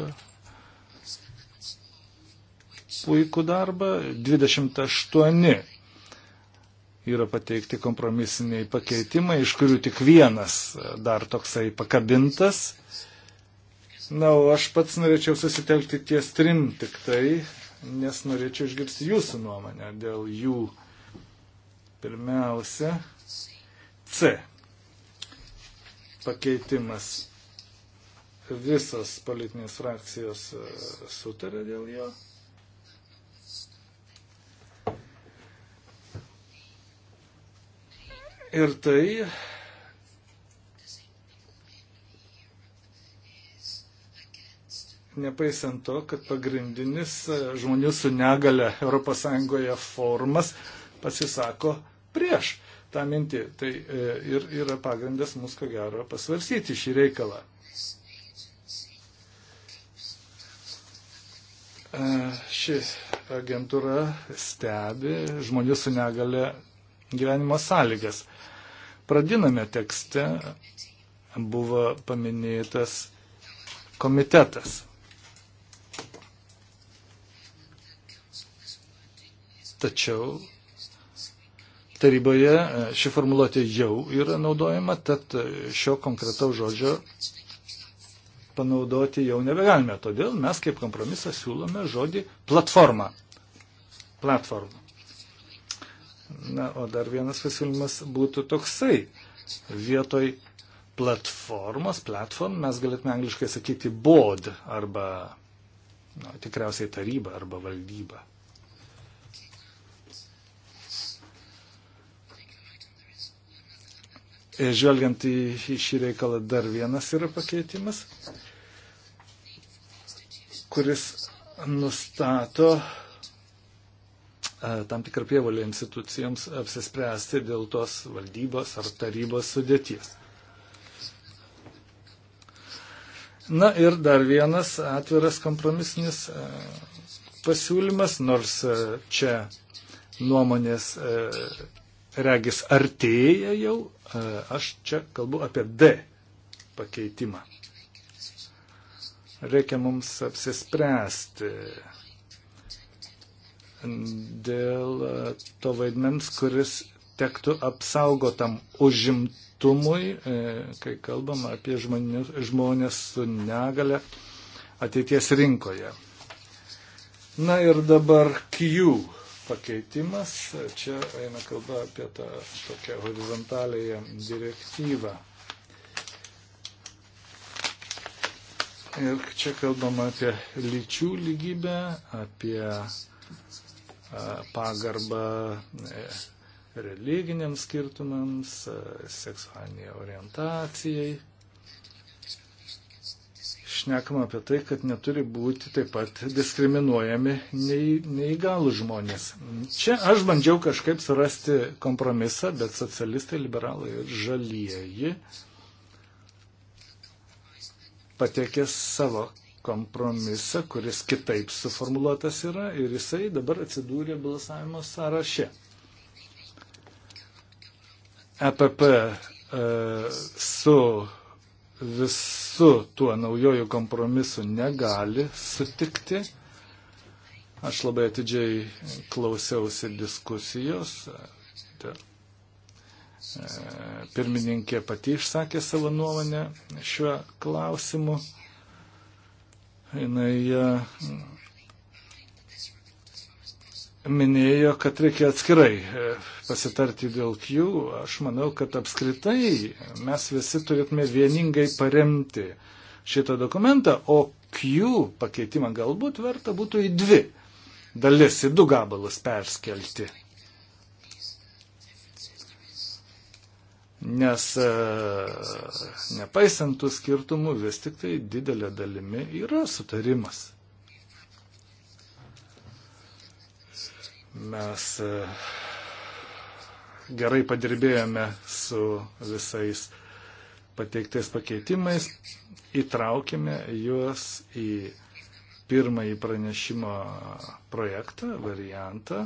puikų darbą. 28 yra pateikti kompromisiniai pakeitimai, iš kurių tik vienas dar toksai pakabintas. Na, o aš pats norėčiau susitelkti ties trim tik tai, nes norėčiau išgirsti jūsų nuomonę dėl jų. Pirmiausia, C. Pakeitimas. Visos politinės frakcijos e, sutarė dėl jo. Ir tai nepaisant to, kad pagrindinis e, žmonių su negale ES formas pasisako prieš tą mintį. Tai e, ir yra pagrindas mus, ko gero, pasvarsyti šį reikalą. E, ši agentūra stebi žmonių su negale gyvenimo sąlygas. Pradiname tekste buvo paminėtas komitetas. Tačiau taryboje e, ši formuluotė jau yra naudojama, tad e, šio konkretaus žodžio panaudoti jau nebegalime. Todėl mes kaip kompromisą siūlome žodį platforma. Platforma. Na, o dar vienas pasiūlymas būtų toksai. Vietoj platformos, platform, mes galėtume angliškai sakyti board arba na, tikriausiai taryba arba valdyba. E, žvelgiant į, į šį reikalą dar vienas yra pakeitimas, kuris nustato e, tam tikrą prievalę institucijoms apsispręsti dėl tos valdybos ar tarybos sudėties. Na ir dar vienas atviras kompromisinis e, pasiūlymas, nors čia nuomonės regis artėja jau. E, aš čia kalbu apie D pakeitimą. Reikia mums apsispręsti dėl e, to vaidmens, kuris tektų apsaugotam užimtumui, e, kai kalbam apie žmonės, žmonės su negale ateities rinkoje. Na ir dabar Q pakeitimas. Čia eina kalba apie tą tokią horizontalėje direktyvą. Ir čia kalbama apie lyčių lygybę, apie pagarbą e, religiniams skirtumams, seksualiniai orientacijai šnekama apie tai, kad neturi būti taip pat diskriminuojami neįgalų žmonės. Čia aš bandžiau kažkaip surasti kompromisą, bet socialistai, liberalai ir žalieji patiekė savo kompromisą, kuris kitaip suformuluotas yra ir jisai dabar atsidūrė balsavimo sąraše. EPP e, su visų tuo naujojų kompromisu negali sutikti. Aš labai atidžiai klausiausi diskusijos. E, pirmininkė pati išsakė savo nuomonę šiuo klausimu. Jis minėjo, kad reikia atskirai e, pasitarti dėl jų. Aš manau, kad apskritai mes visi turėtume vieningai paremti šitą dokumentą, o Q pakeitimą galbūt verta būtų į dvi dalis, į du gabalus perskelti. Nes e, nepaisantų skirtumų vis tik tai didelė dalimi yra sutarimas. Mes e, gerai padirbėjome su visais pateiktais pakeitimais, įtraukime juos į pirmąjį pranešimo projektą, variantą.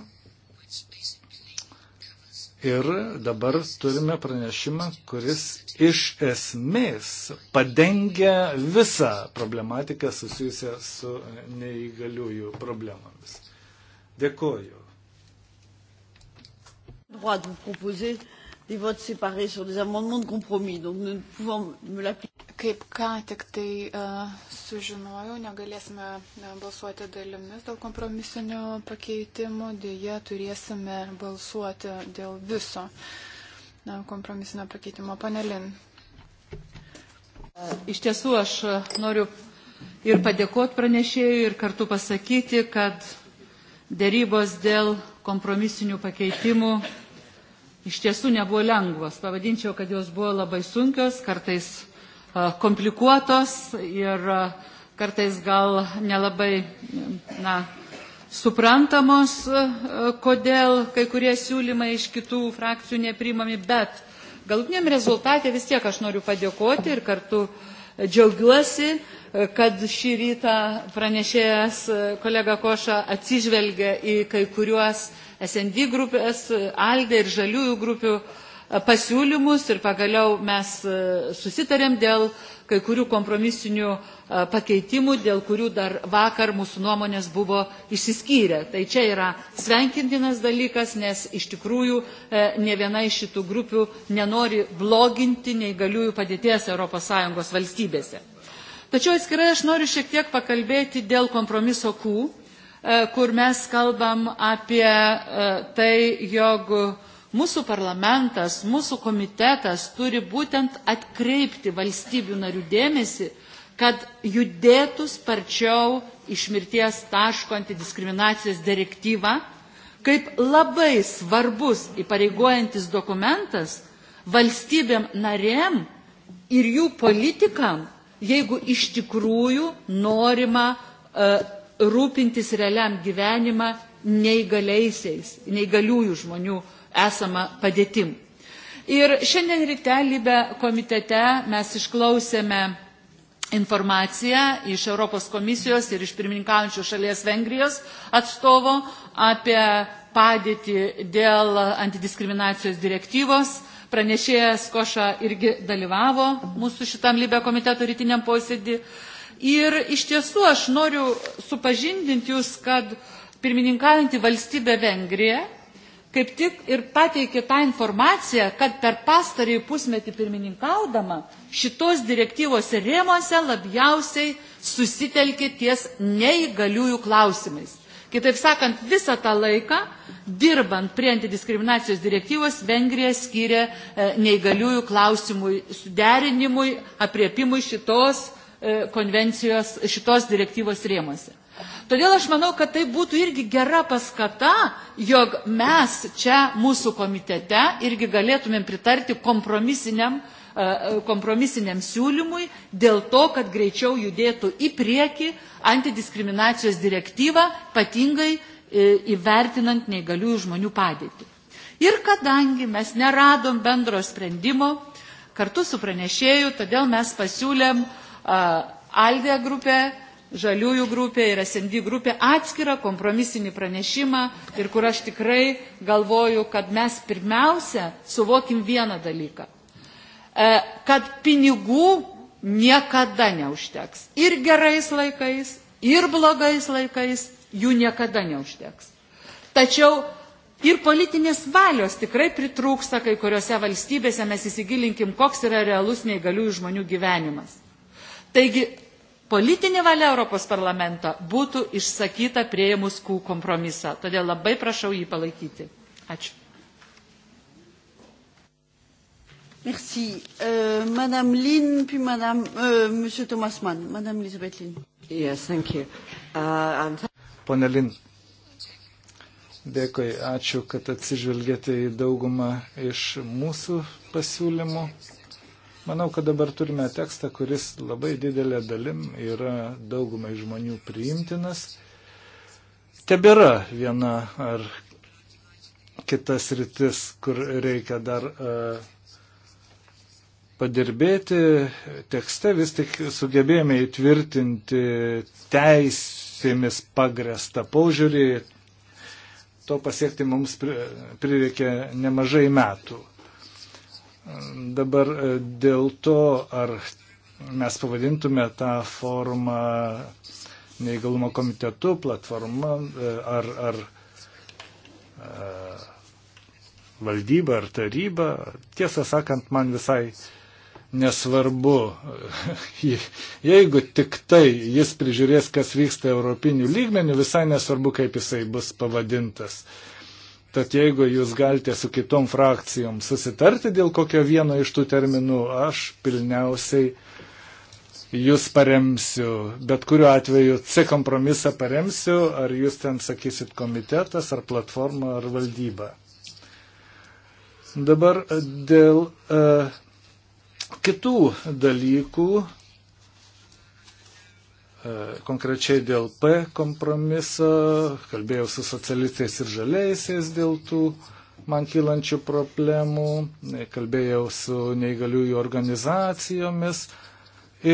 Ir dabar turime pranešimą, kuris iš esmės padengia visą problematiką susijusią su neįgaliųjų problemomis. Dėkoju
droit de vous proposer des votes séparés sur des amendements de compromis, donc nous ne pouvons me l'appliquer. Kaip ką tik tai
uh, sužinojau, negalėsime uh, balsuoti dalimis dėl kompromisinio pakeitimo, dėje turėsime balsuoti dėl viso na, uh, kompromisinio pakeitimo. Panelin.
Uh, iš tiesų aš noriu ir padėkoti pranešėjui ir kartu pasakyti, kad dėrybos dėl kompromisinių pakeitimų iš tiesų nebuvo lengvos. Pavadinčiau, kad jos buvo labai sunkios, kartais komplikuotos ir kartais gal nelabai na, suprantamos, kodėl kai kurie siūlymai iš kitų frakcijų neprimami, bet galutiniam rezultatė vis tiek aš noriu padėkoti ir kartu džiaugiuosi, kad šį rytą pranešėjas kolega Koša atsižvelgia į kai kuriuos SND grupės, ALDE ir žaliųjų grupių e, pasiūlymus ir pagaliau mes e, susitarėm dėl kai kurių kompromisinių e, pakeitimų, dėl kurių dar vakar mūsų nuomonės buvo išsiskyrę. Tai čia yra sveikintinas dalykas, nes iš tikrųjų ne viena iš šitų grupių nenori bloginti neįgaliųjų padėties ES valstybėse. Tačiau atskirai aš noriu šiek tiek pakalbėti dėl kompromiso Q, E, kur mes kalbam apie e, tai, jog mūsų parlamentas, mūsų komitetas turi būtent atkreipti valstybių narių dėmesį, kad judėtų sparčiau iš mirties taško antidiskriminacijos direktyva, kaip labai svarbus įpareigojantis dokumentas valstybėm narėm ir jų politikam, jeigu iš tikrųjų norima uh, rūpintis realiam gyvenimą neįgaliaisiais, neįgaliųjų žmonių esama padėtim. Ir šiandien ryte Libe komitete mes išklausėme informaciją iš Europos komisijos ir iš pirmininkaujančių šalies Vengrijos atstovo apie padėtį dėl antidiskriminacijos direktyvos. Pranešėjas Koša irgi dalyvavo mūsų šitam Libė komiteto rytiniam posėdį. Uh, Ir iš tiesų aš noriu supažindinti jūs, kad pirmininkaujantį valstybę Vengriją kaip tik ir pateikė tą informaciją, kad per pastarąjį pusmetį pirmininkaudama šitos direktyvos rėmose labiausiai susitelkė ties neįgaliųjų klausimais. Kitaip sakant, visą tą laiką, dirbant prie antidiskriminacijos direktyvos, Vengrija skyrė e, neįgaliųjų klausimui suderinimui, apriepimui šitos direktyvos E, konvencijos šitos direktyvos rėmose. Todėl aš manau, kad tai būtų irgi gera paskata, jog mes čia mūsų komitete irgi galėtumėm pritarti kompromisiniam, e, kompromisiniam siūlymui dėl to, kad greičiau judėtų į priekį antidiskriminacijos direktyvą, ypatingai e, įvertinant neįgaliųjų žmonių padėtį. Ir kadangi mes neradom bendro sprendimo kartu su pranešėju, todėl mes pasiūlėm uh, Aldė grupė, Žaliųjų grupė ir SND grupė atskirą kompromisinį pranešimą ir kur aš tikrai galvoju, kad mes pirmiausia suvokim vieną dalyką, e, kad pinigų niekada neužteks. Ir gerais laikais, ir blogais laikais jų niekada neužteks. Tačiau Ir politinės valios tikrai pritrūksta kai kuriuose valstybėse, mes įsigilinkim, koks yra realus neįgaliųjų žmonių gyvenimas. Taigi, politinė valia Europos parlamento būtų išsakyta prieimus kų kompromisą. Todėl labai prašau jį palaikyti. Ačiū.
Merci. Euh, Madame Lynn, puis Madame, euh, Monsieur Thomas Mann. Madame Elisabeth Lynn.
Yes, thank you. Uh, and... Pone Lynn, dėkui, ačiū, kad atsižvelgėte į daugumą iš mūsų pasiūlymų. Manau, kad dabar turime tekstą, kuris labai didelė dalim yra daugumai žmonių priimtinas. Tebėra viena ar kitas rytis, kur reikia dar uh, padirbėti. Tekste vis tik sugebėjome įtvirtinti teisėmis pagrestą paužiūrį. To pasiekti mums prireikė nemažai metų. Dabar e, dėl to, ar mes pavadintume tą formą neįgalumo komitetu, platforma, e, ar, ar, ar e, valdyba, ar taryba, tiesą sakant, man visai nesvarbu, jeigu tik tai jis prižiūrės, kas vyksta europinių lygmenių, visai nesvarbu, kaip jisai bus pavadintas. Uh, Tad jeigu jūs galite su kitom frakcijom susitarti dėl kokio vieno iš tų terminų, aš pilniausiai jūs paremsiu. Bet kuriuo atveju C kompromisą paremsiu, ar jūs ten sakysit komitetas, ar platforma, ar valdyba. Dabar dėl e, kitų dalykų, E, konkrečiai dėl P kompromiso, kalbėjau su socialistais ir žaliaisiais dėl tų man kylančių problemų, e, kalbėjau su neįgaliųjų organizacijomis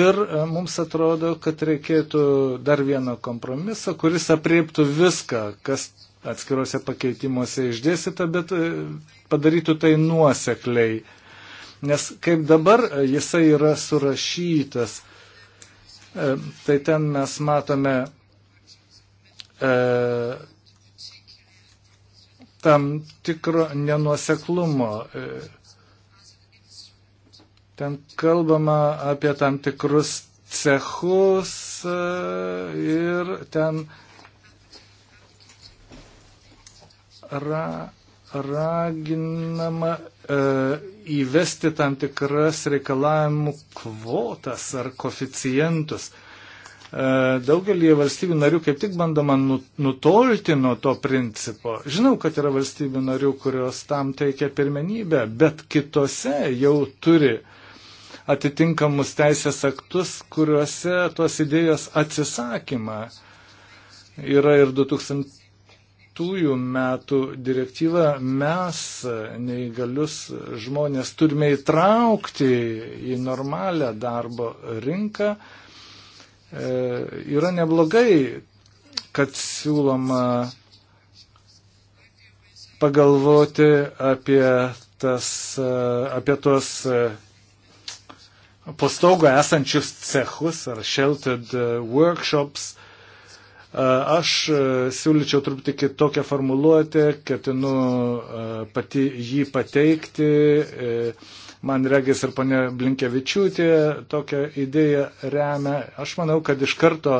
ir e, mums atrodo, kad reikėtų dar vieno kompromiso, kuris apriektų viską, kas atskiruose pakeitimuose išdėsita, bet padarytų tai nuosekliai. Nes kaip dabar jisai yra surašytas, E, tai ten mes matome e, tam tikro nenuoseklumo. E, ten kalbama apie tam tikrus cechus e, ir ten ra, raginama E, įvesti tam tikras reikalavimų kvotas ar koficijantus. E, Daugelį valstybių narių kaip tik bandoma nu, nutolti nuo to principo. Žinau, kad yra valstybių narių, kurios tam teikia pirmenybę, bet kitose jau turi atitinkamus teisės aktus, kuriuose tos idėjos atsisakymą. Yra ir 2000 2009 metų direktyvą mes neįgalius žmonės turime įtraukti į normalią darbo rinką. E, yra neblogai, kad siūloma pagalvoti apie, tas, e, apie tuos e, po staugo esančius cechus ar sheltered e, workshops, E, aš e, siūlyčiau truputį kitokią formuluotę, ketinu e, pati jį pateikti. Man regis ir ponė Blinkevičiūtė tokią idėją remia. Aš manau, kad iš karto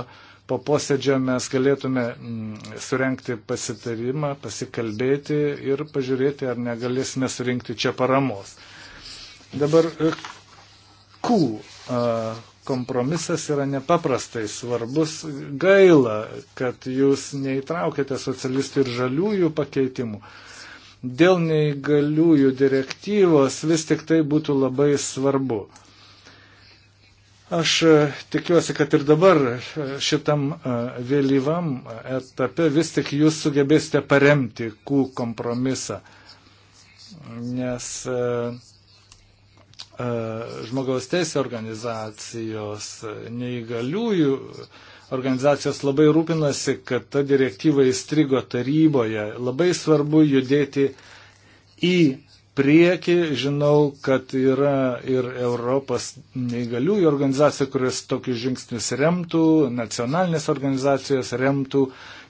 po posėdžio mes galėtume mm, surenkti pasitarimą, pasikalbėti ir pažiūrėti, ar negalėsime surinkti čia paramos. Dabar Q kompromisas yra nepaprastai svarbus. Gaila, kad jūs neįtraukėte socialistų ir žaliųjų pakeitimų. Dėl neįgaliųjų direktyvos vis tik tai būtų labai svarbu. Aš e, tikiuosi, kad ir dabar e, šitam e, vėlyvam etape vis tik jūs sugebėsite paremti kų kompromisą, nes E, žmogaus teisė organizacijos, e, neįgaliųjų organizacijos labai rūpinasi, kad ta direktyva įstrigo taryboje. Labai svarbu judėti į priekį. Žinau, kad yra ir Europos neįgaliųjų organizacija, kuris tokius žingsnius remtų, nacionalinės organizacijos remtų.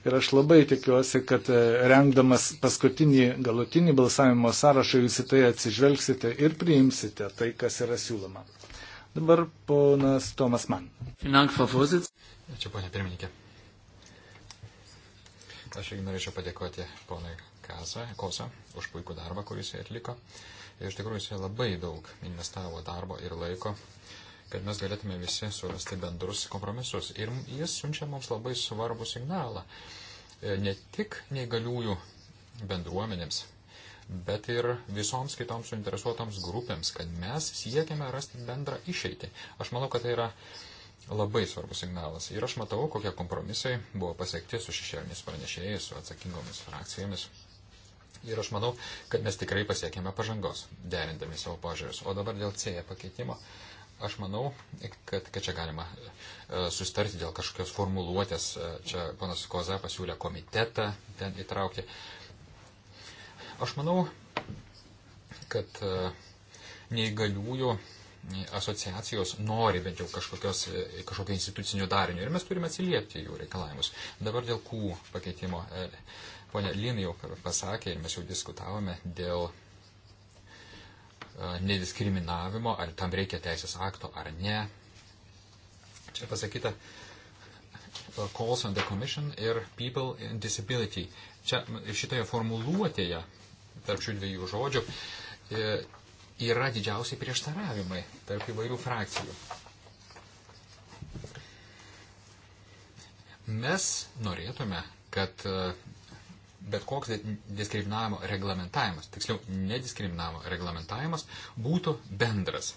Ir aš labai tikiuosi, kad e, rengdamas paskutinį galutinį balsavimo sąrašą jūs į tai atsižvelgsite ir priimsite tai, kas yra siūloma. Dabar ponas Tomas Mann.
Ačiū, ponė pirmininkė. Aš irgi norėčiau padėkoti ponui Kasa, Kosa už puikų darbą, kurį jis atliko. Ir iš tikrųjų jis labai daug investavo darbo ir laiko, kad mes galėtume visi surasti bendrus kompromisus. Ir jis siunčia mums labai svarbų signalą. E, ne tik neįgaliųjų bendruomenėms, bet ir visoms kitoms suinteresuotoms grupėms, kad mes siekiame rasti bendrą išeitį. Aš manau, kad tai yra labai svarbus signalas. Ir aš matau, kokie kompromisai buvo pasiekti su šešėliniais pranešėjais, su atsakingomis frakcijomis. Ir aš manau, kad mes tikrai pasiekėme pažangos, derindami savo požiūrius. O dabar dėl C pakeitimo. Aš manau, kad, kad čia galima e, sustarti dėl kažkokios formuluotės. E, čia ponas Koza pasiūlė komitetą ten įtraukti. Aš manau, kad e, neįgaliųjų asociacijos nori bent jau kažkokios, kažkokio institucinio darinio ir mes turime atsiliepti jų reikalavimus. Dabar dėl kų pakeitimo Pone Lin jau pasakė ir mes jau diskutavome dėl e, nediskriminavimo, ar tam reikia teisės akto ar ne. Čia pasakyta e, calls on the commission ir people in disability. Čia šitoje formuluotėje tarp šių dviejų žodžių e, yra didžiausiai prieštaravimai tarp įvairių frakcijų. Mes norėtume, kad bet koks diskriminavimo reglamentavimas, tiksliau, nediskriminavimo reglamentavimas būtų bendras.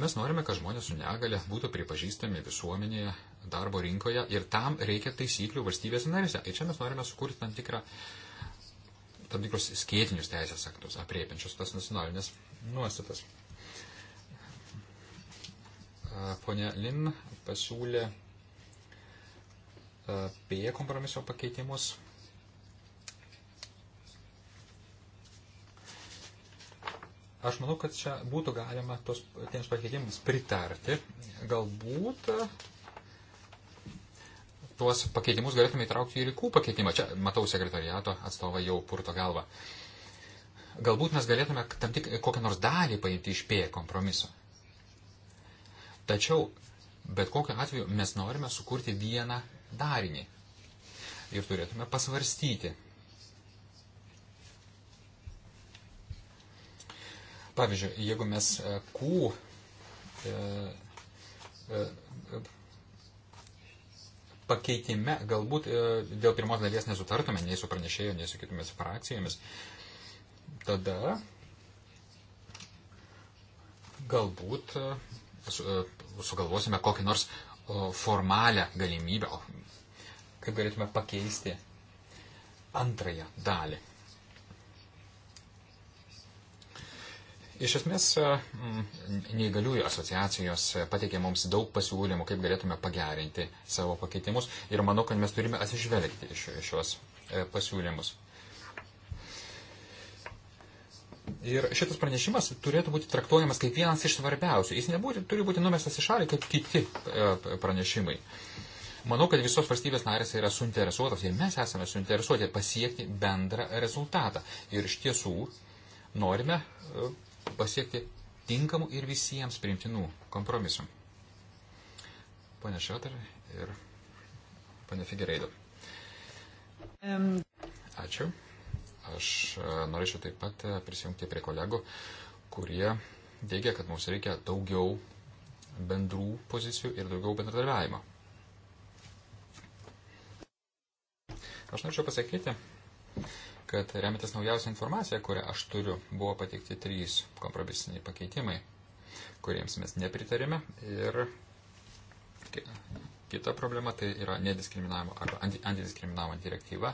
Mes norime, kad žmonės su negale būtų pripažįstami visuomenėje, darbo rinkoje ir tam reikia taisyklių valstybės narėse. Ir čia mes norime sukurti tam, tikrą, tam tikrus skėtinius teisės aktus, apriepiančius tas nacionalinės nuostatas. Pone Lin pasiūlė B kompromiso pakeitimus. Aš manau, kad čia būtų galima tos, tiems pakeitimams pritarti. Galbūt e, tuos pakeitimus galėtume įtraukti ir į kų pakeitimą. Čia matau sekretariato atstovą jau purto galvą. Galbūt mes galėtume tam tik kokią nors dalį paimti iš P kompromiso. Tačiau, bet kokiu atveju, mes norime sukurti vieną darinį. Ir turėtume pasvarstyti. Pavyzdžiui, jeigu mes e, Q e, e, pakeitime galbūt dėl pirmos dalies nesutartume nei su pranešėjo, nei su kitomis frakcijomis, tada galbūt sugalvosime kokį nors formalią galimybę, kaip galėtume pakeisti antrąją dalį. Iš esmės, mm, neįgaliųjų asociacijos pateikė mums daug pasiūlymų, kaip galėtume pagerinti savo pakeitimus ir manau, kad mes turime atsižvelgti iš šios e, pasiūlymus. Ir šitas pranešimas turėtų būti traktuojamas kaip vienas iš svarbiausių. Jis nebūti, turi būti numestas į šalį kaip kiti e, pranešimai. Manau, kad visos valstybės narės yra suinteresuotos ir mes esame suinteresuoti pasiekti bendrą rezultatą. Ir iš tiesų norime e, pasiekti tinkamų ir visiems priimtinų kompromisų. Pane Šiotar ir pane Figereido. Ačiū. Aš e, norėčiau taip pat e, prisijungti prie kolegų, kurie teigia, kad mums reikia daugiau bendrų pozicijų ir daugiau bendradarbiavimo. Aš norėčiau pasakyti, kad remiantis naujausią informaciją, kurią aš turiu, buvo pateikti trys kompromisiniai pakeitimai, kuriems mes nepritarėme. Ir kita problema tai yra nediskriminavimo arba antidiskriminavimo direktyva.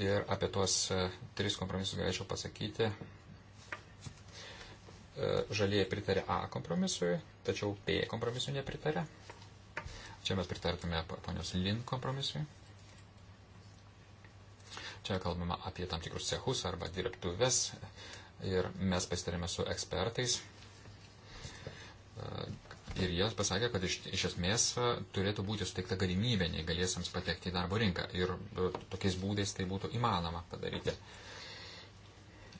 Ir apie tuos e, tris kompromisus galėčiau pasakyti. E, žalieji pritarė A kompromisui, tačiau B kompromisui nepritarė. Čia mes pritartume ponios Lin kompromisui. Čia kalbama apie tam tikrus cechus arba dirbtuves ir mes pasitarėme su ekspertais e, Ir jos pasakė, kad iš, iš esmės e, turėtų būti suteikta galimybė neįgaliesiams patekti į darbo rinką. Ir e, tokiais būdais tai būtų įmanoma padaryti.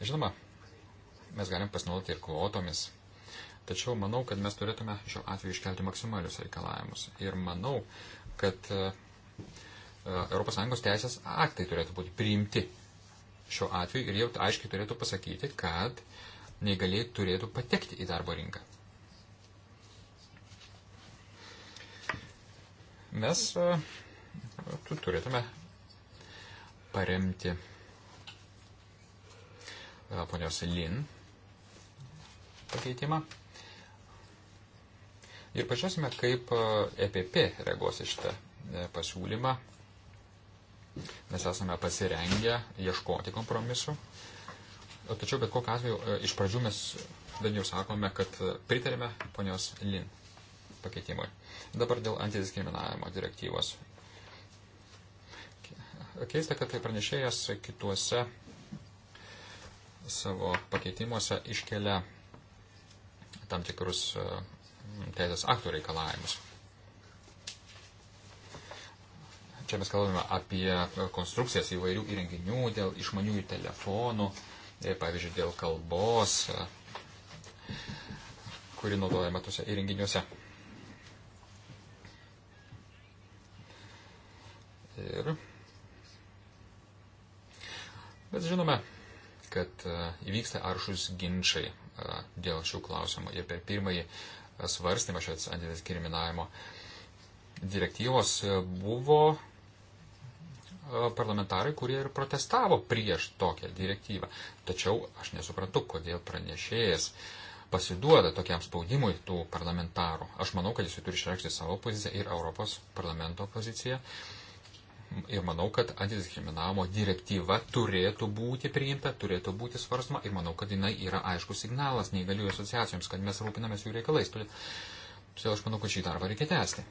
Žinoma, mes galim pasinaudoti ir kvotomis. Tačiau manau, kad mes turėtume šiuo atveju iškelti maksimalius reikalavimus. Ir manau, kad e, ES teisės aktai turėtų būti priimti šiuo atveju ir jau aiškiai turėtų pasakyti, kad neįgaliai turėtų patekti į darbo rinką. mes e, turėtume paremti e, ponios Lin pakeitimą. Ir pažiūrėsime, kaip EPP e reaguos į šitą pasiūlymą. Mes esame pasirengę ieškoti kompromisu. Tačiau bet kokiu atveju iš pradžių mes bent jau sakome, kad pritarėme ponios Lin pakeitimui. Dabar dėl antidiskriminavimo direktyvos. Keista, kad tai pranešėjas kituose savo pakeitimuose iškelia tam tikrus e, teisės aktų reikalavimus. Čia mes kalbame apie konstrukcijas įvairių įrenginių, dėl išmaniųjų telefonų, e, pavyzdžiui, dėl kalbos, e, kuri naudojama tuose įrenginiuose. Ir... Bet žinome, kad e, įvyksta aršus ginčiai e, dėl šių klausimų. Ir per pirmąjį e, svarstymą šios antidiskriminavimo direktyvos buvo parlamentarai, kurie ir protestavo prieš tokią direktyvą. Tačiau aš nesuprantu, kodėl pranešėjas pasiduoda tokiam spaudimui tų parlamentarų. Aš manau, kad jis turi išreikšti savo poziciją ir Europos parlamento poziciją. Uh, ir manau, kad antidiskriminavimo direktyva turėtų būti priimta, turėtų būti svarstama ir manau, kad jinai yra aiškus signalas neįgaliųjų asociacijoms, kad mes rūpinamės jų reikalais. Todėl aš manau, kad šį darbą reikia tęsti.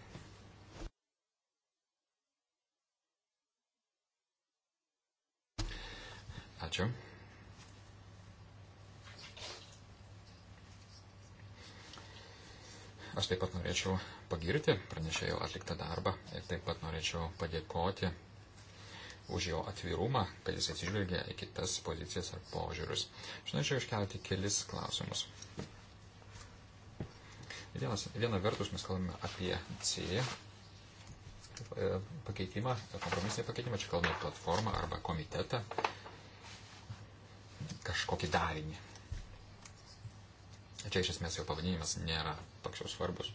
Ačiū. Aš taip pat norėčiau pagirti pranešėjo atliktą darbą ir taip pat norėčiau padėkoti už jo atvirumą, kad jis atsižvelgia į kitas pozicijas ar požiūrius. Aš norėčiau iškelti kelis klausimus. Vienas, viena vertus mes kalbame apie C e, pakeitimą, kompromisinį pakeitimą, čia kalbame platformą arba komitetą, kažkokį darinį. Čia iš esmės jau pavadinimas nėra toks jau svarbus.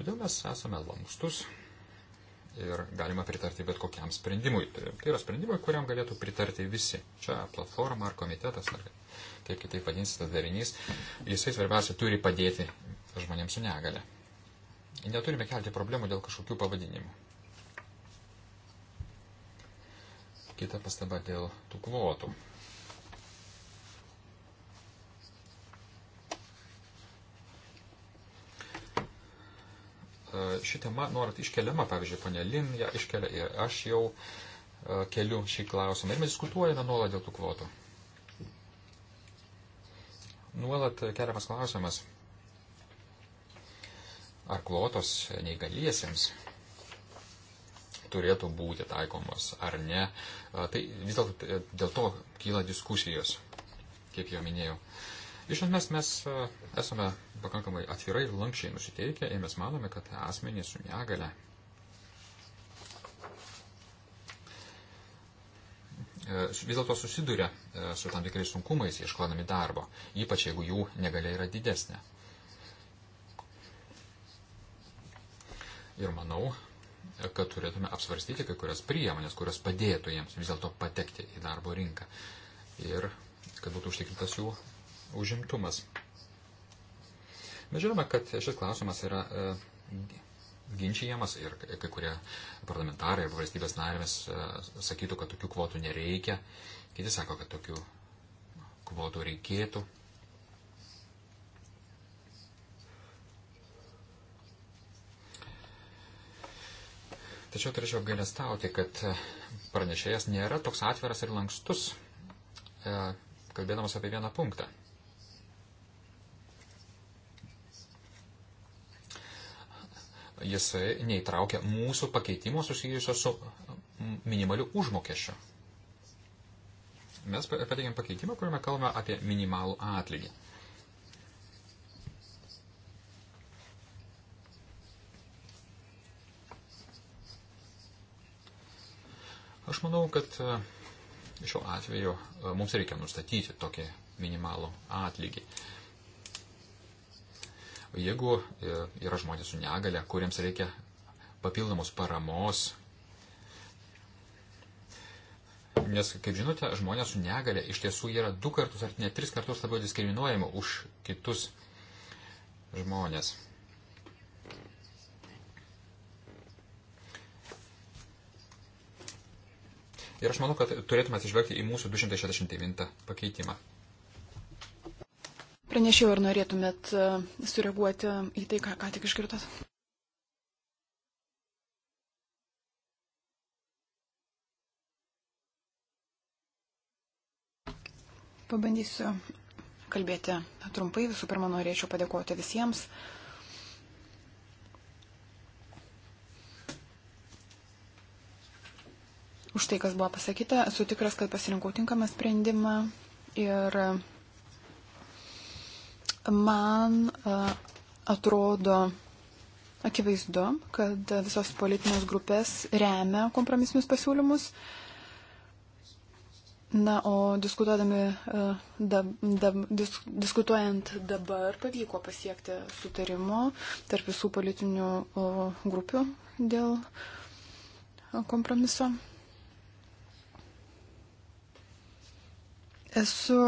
Todėl mes esame lankstus ir galima pritarti bet kokiam sprendimui. Tai, tai yra sprendimui, kuriam galėtų pritarti visi. Čia platforma ar komitetas, ar kaip kitaip vadinsis tas darinys, jisai svarbiausia turi padėti žmonėms su negale. Neturime kelti problemų dėl kažkokių pavadinimų. Kita pastaba dėl tų kvotų. E, ši tema nuolat iškeliama, pavyzdžiui, ponė Lin ją iškelia ir aš jau e, keliu šį klausimą. Ir mes diskutuojame nuolat dėl tų kvotų. Nuolat keliamas klausimas, ar kvotos neįgaliesiems turėtų būti taikomos ar ne. E, tai vis dėlto dėl to kyla diskusijos, kaip jau minėjau. Uh, Iš esmės mes e, esame pakankamai atvirai ir lankščiai nusiteikę ir mes manome, kad asmenys su negale e, vis dėlto susiduria e, su tam tikrais sunkumais ieškodami darbo, ypač jeigu jų negalia yra didesnė. Ir manau, kad turėtume apsvarstyti kai kurias priemonės, kurios padėtų jiems vis dėlto patekti į darbo rinką ir kad būtų užtikrintas jų užimtumas. Mes žinome, kad šis klausimas yra e, ginčiamas ir kai kurie parlamentarai ir valstybės narėmis e, sakytų, kad tokių kvotų nereikia, kiti sako, kad tokių kvotų reikėtų. Tačiau turėčiau apgailestauti, kad pranešėjas nėra toks atviras ir lankstus, e, kalbėdamas apie vieną punktą. jisai neįtraukia mūsų pakeitimo susijusio su minimaliu užmokesčiu. Mes pateikėm pakeitimą, kuriame kalbame apie minimalų atlygį. Aš manau, kad e, šiuo atveju e, mums reikia nustatyti tokį minimalų atlygį. Uh, Jeigu e, yra žmonės su negale, kuriems reikia papildomos paramos, nes, kaip žinote, žmonės su negale iš tiesų yra du kartus ar net tris kartus labiau diskriminuojami už kitus žmonės. Ir aš manau, kad turėtume atsižvelgti į mūsų 269 pakeitimą.
Pranešiau, ar norėtumėt e, sureaguoti į tai, ką, ką tik išgirtas. Pabandysiu kalbėti trumpai. Visų pirma, norėčiau padėkoti visiems. Už tai, kas buvo pasakyta, esu tikras, kad pasirinkau tinkamą sprendimą ir Man atrodo akivaizdu, kad visos politinės grupės remia kompromisinius pasiūlymus. Na, o diskutuodami, dab, dab, disk, diskutuojant dabar pavyko pasiekti sutarimo tarp visų politinių grupių dėl kompromiso. Esu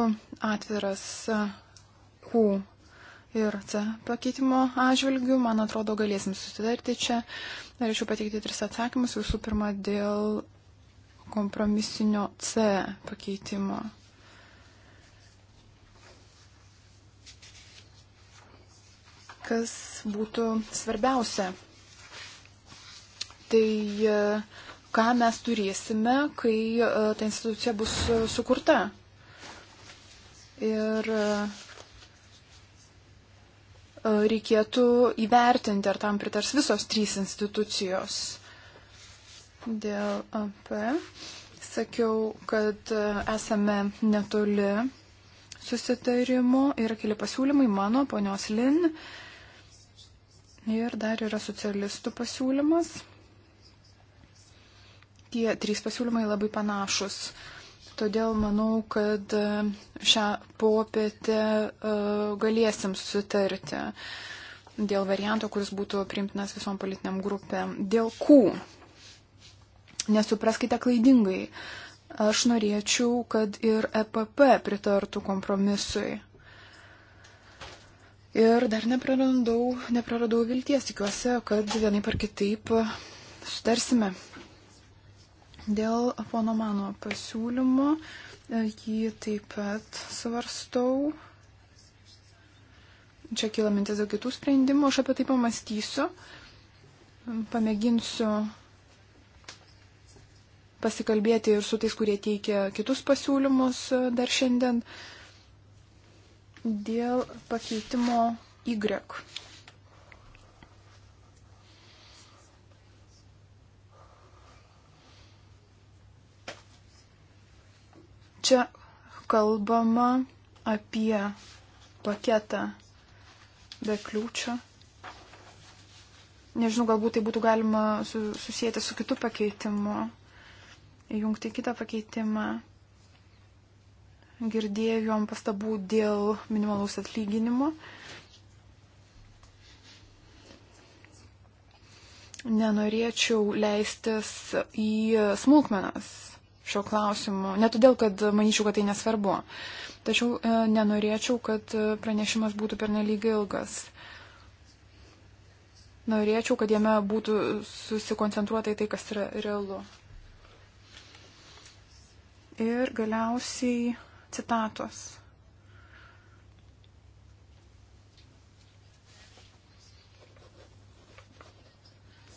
atviras Q ir C pakeitimo atžvilgių. Man atrodo, galėsim susidarti čia. Norėčiau pateikti tris atsakymus. Visų pirma, dėl kompromisinio C pakeitimo. Kas būtų svarbiausia? Tai e, ką mes turėsime, kai e, ta institucija bus e, sukurta. Ir uh, E, reikėtų įvertinti, ar tam pritars visos trys institucijos. Dėl AP sakiau, kad e, esame netoli susitarimu, yra keli pasiūlymai mano, ponios Lin. Ir dar yra socialistų pasiūlymas. Tie trys pasiūlymai labai panašus. Uh, Todėl manau, kad e, šią popietę e, galėsim susitarti dėl varianto, kuris būtų priimtinas visom politiniam grupėm. Dėl kų. Nesupraskite klaidingai. Aš norėčiau, kad ir EPP pritartų kompromisui. Ir dar nepraradau, nepraradau vilties, tikiuosi, kad vienaip ar kitaip e, sutarsime Dėl pono mano pasiūlymo e, jį taip pat svarstau. Čia kyla mintis dėl kitų sprendimų, aš apie tai pamastysiu, pamėginsiu pasikalbėti ir su tais, kurie teikia kitus pasiūlymus e, dar šiandien dėl pakeitimo Y. Čia kalbama apie paketą be kliūčio. Nežinau, galbūt tai būtų galima susijęti su kitu pakeitimu, įjungti kitą pakeitimą. Girdėjom pastabų dėl minimalaus atlyginimo. Nenorėčiau leistis į smulkmenas šio klausimu. Ne todėl, kad manyčiau, kad tai nesvarbu. Tačiau e, nenorėčiau, kad e, pranešimas būtų pernelyg ilgas. Norėčiau, kad jame būtų susikoncentruota į tai, kas yra realu. Ir galiausiai citatos.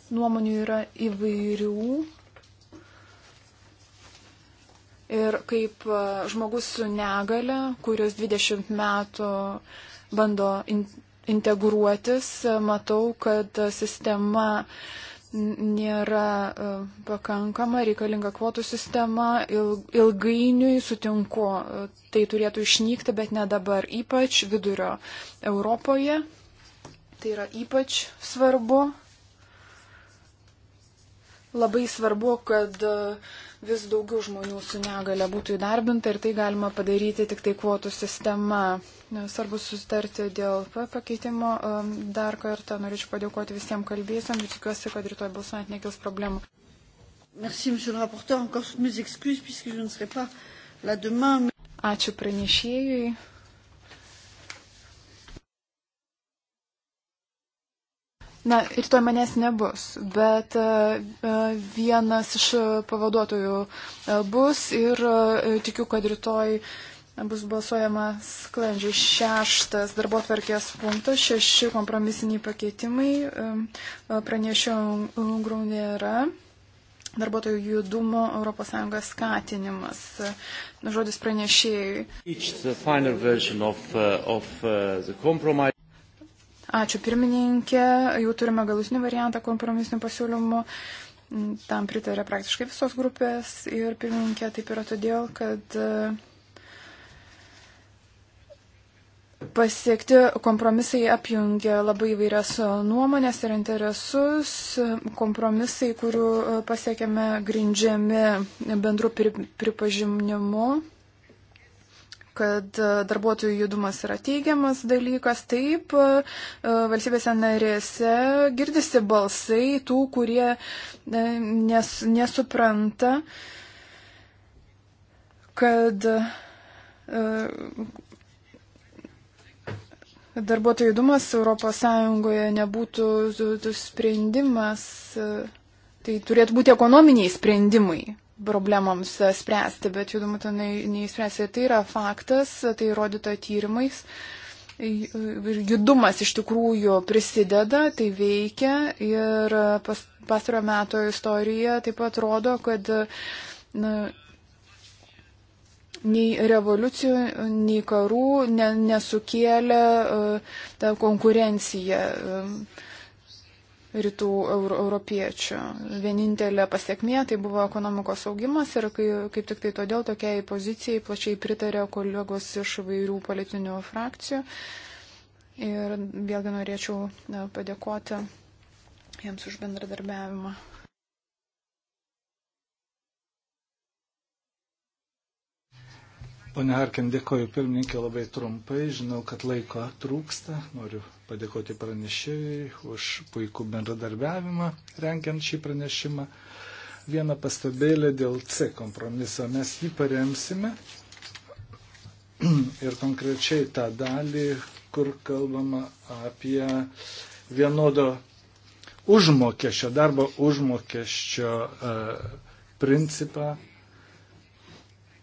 Nuomonių yra įvairių, Ir kaip e, žmogus su negale, kuris 20 metų bando in integruotis, e, matau, kad sistema nėra e, pakankama, reikalinga kvotų sistema, ilgainiui sutinku, tai turėtų išnykti, bet ne dabar, ypač vidurio Europoje. Tai yra ypač svarbu. Labai svarbu, kad vis daugiau žmonių su negale būtų įdarbinta ir tai galima padaryti tik tai kvotų sistema. Svarbu sustarti dėl pakeitimo. Um, dar kartą norėčiau padėkoti visiems kalbėsiam ir tikiuosi, kad rytoj balsuojant nekils problemų.
Merci, monsieur le rapporteur. Encore mes excuses, puisque je ne serai pas là demain. Ačiū pranešėjui.
Na, ir to manęs nebus, bet e, e, vienas iš pavaduotojų e, bus ir tikiu, kad rytoj bus balsuojama sklandžiai. Šeštas darbo tvarkės punktas, šeši kompromisiniai pakeitimai, pranešio Ungrų nėra. Darbuotojų judumo ES skatinimas. Žodis pranešėjai. Ačiū pirmininkė, jau turime galutinį variantą kompromisinių pasiūlymų. Tam pritarė praktiškai visos grupės ir pirmininkė taip yra todėl, kad e, pasiekti kompromisai apjungia labai įvairias nuomonės ir interesus. Kompromisai, kurių e, pasiekėme grindžiami bendru pripažinimu kad e, darbuotojų judumas yra teigiamas dalykas. Taip, e, e, valstybėse narėse girdisi balsai tų, kurie nes, nesupranta, kad darbuotojų judumas ES nebūtų sprendimas, tai turėtų būti ekonominiai sprendimai problemams e, spręsti, bet judumo to neįspręsti. Tai yra faktas, tai įrodyta tyrimais. E, judumas iš tikrųjų prisideda, tai veikia ir pas, pastaro meto istorija taip pat rodo, kad na, nei revoliucijų, nei karų ne, nesukėlė uh, ta konkurencija. Uh, rytų europiečių. Vienintelė pasiekmė tai buvo ekonomikos augimas ir kai, kaip tik tai todėl tokiai pozicijai plačiai pritarė kolegos iš vairių politinių frakcijų. Ir vėlgi norėčiau padėkoti jiems už bendradarbiavimą.
Pane Arkin, dėkoju pirmininkė labai trumpai, žinau, kad laiko trūksta, noriu padėkoti pranešėjai už puikų bendradarbiavimą renkiant šį pranešimą. Vieną pastabėlę dėl C kompromiso mes jį paremsime ir konkrečiai tą dalį, kur kalbama apie vienodo užmokesčio, darbo užmokesčio e, principą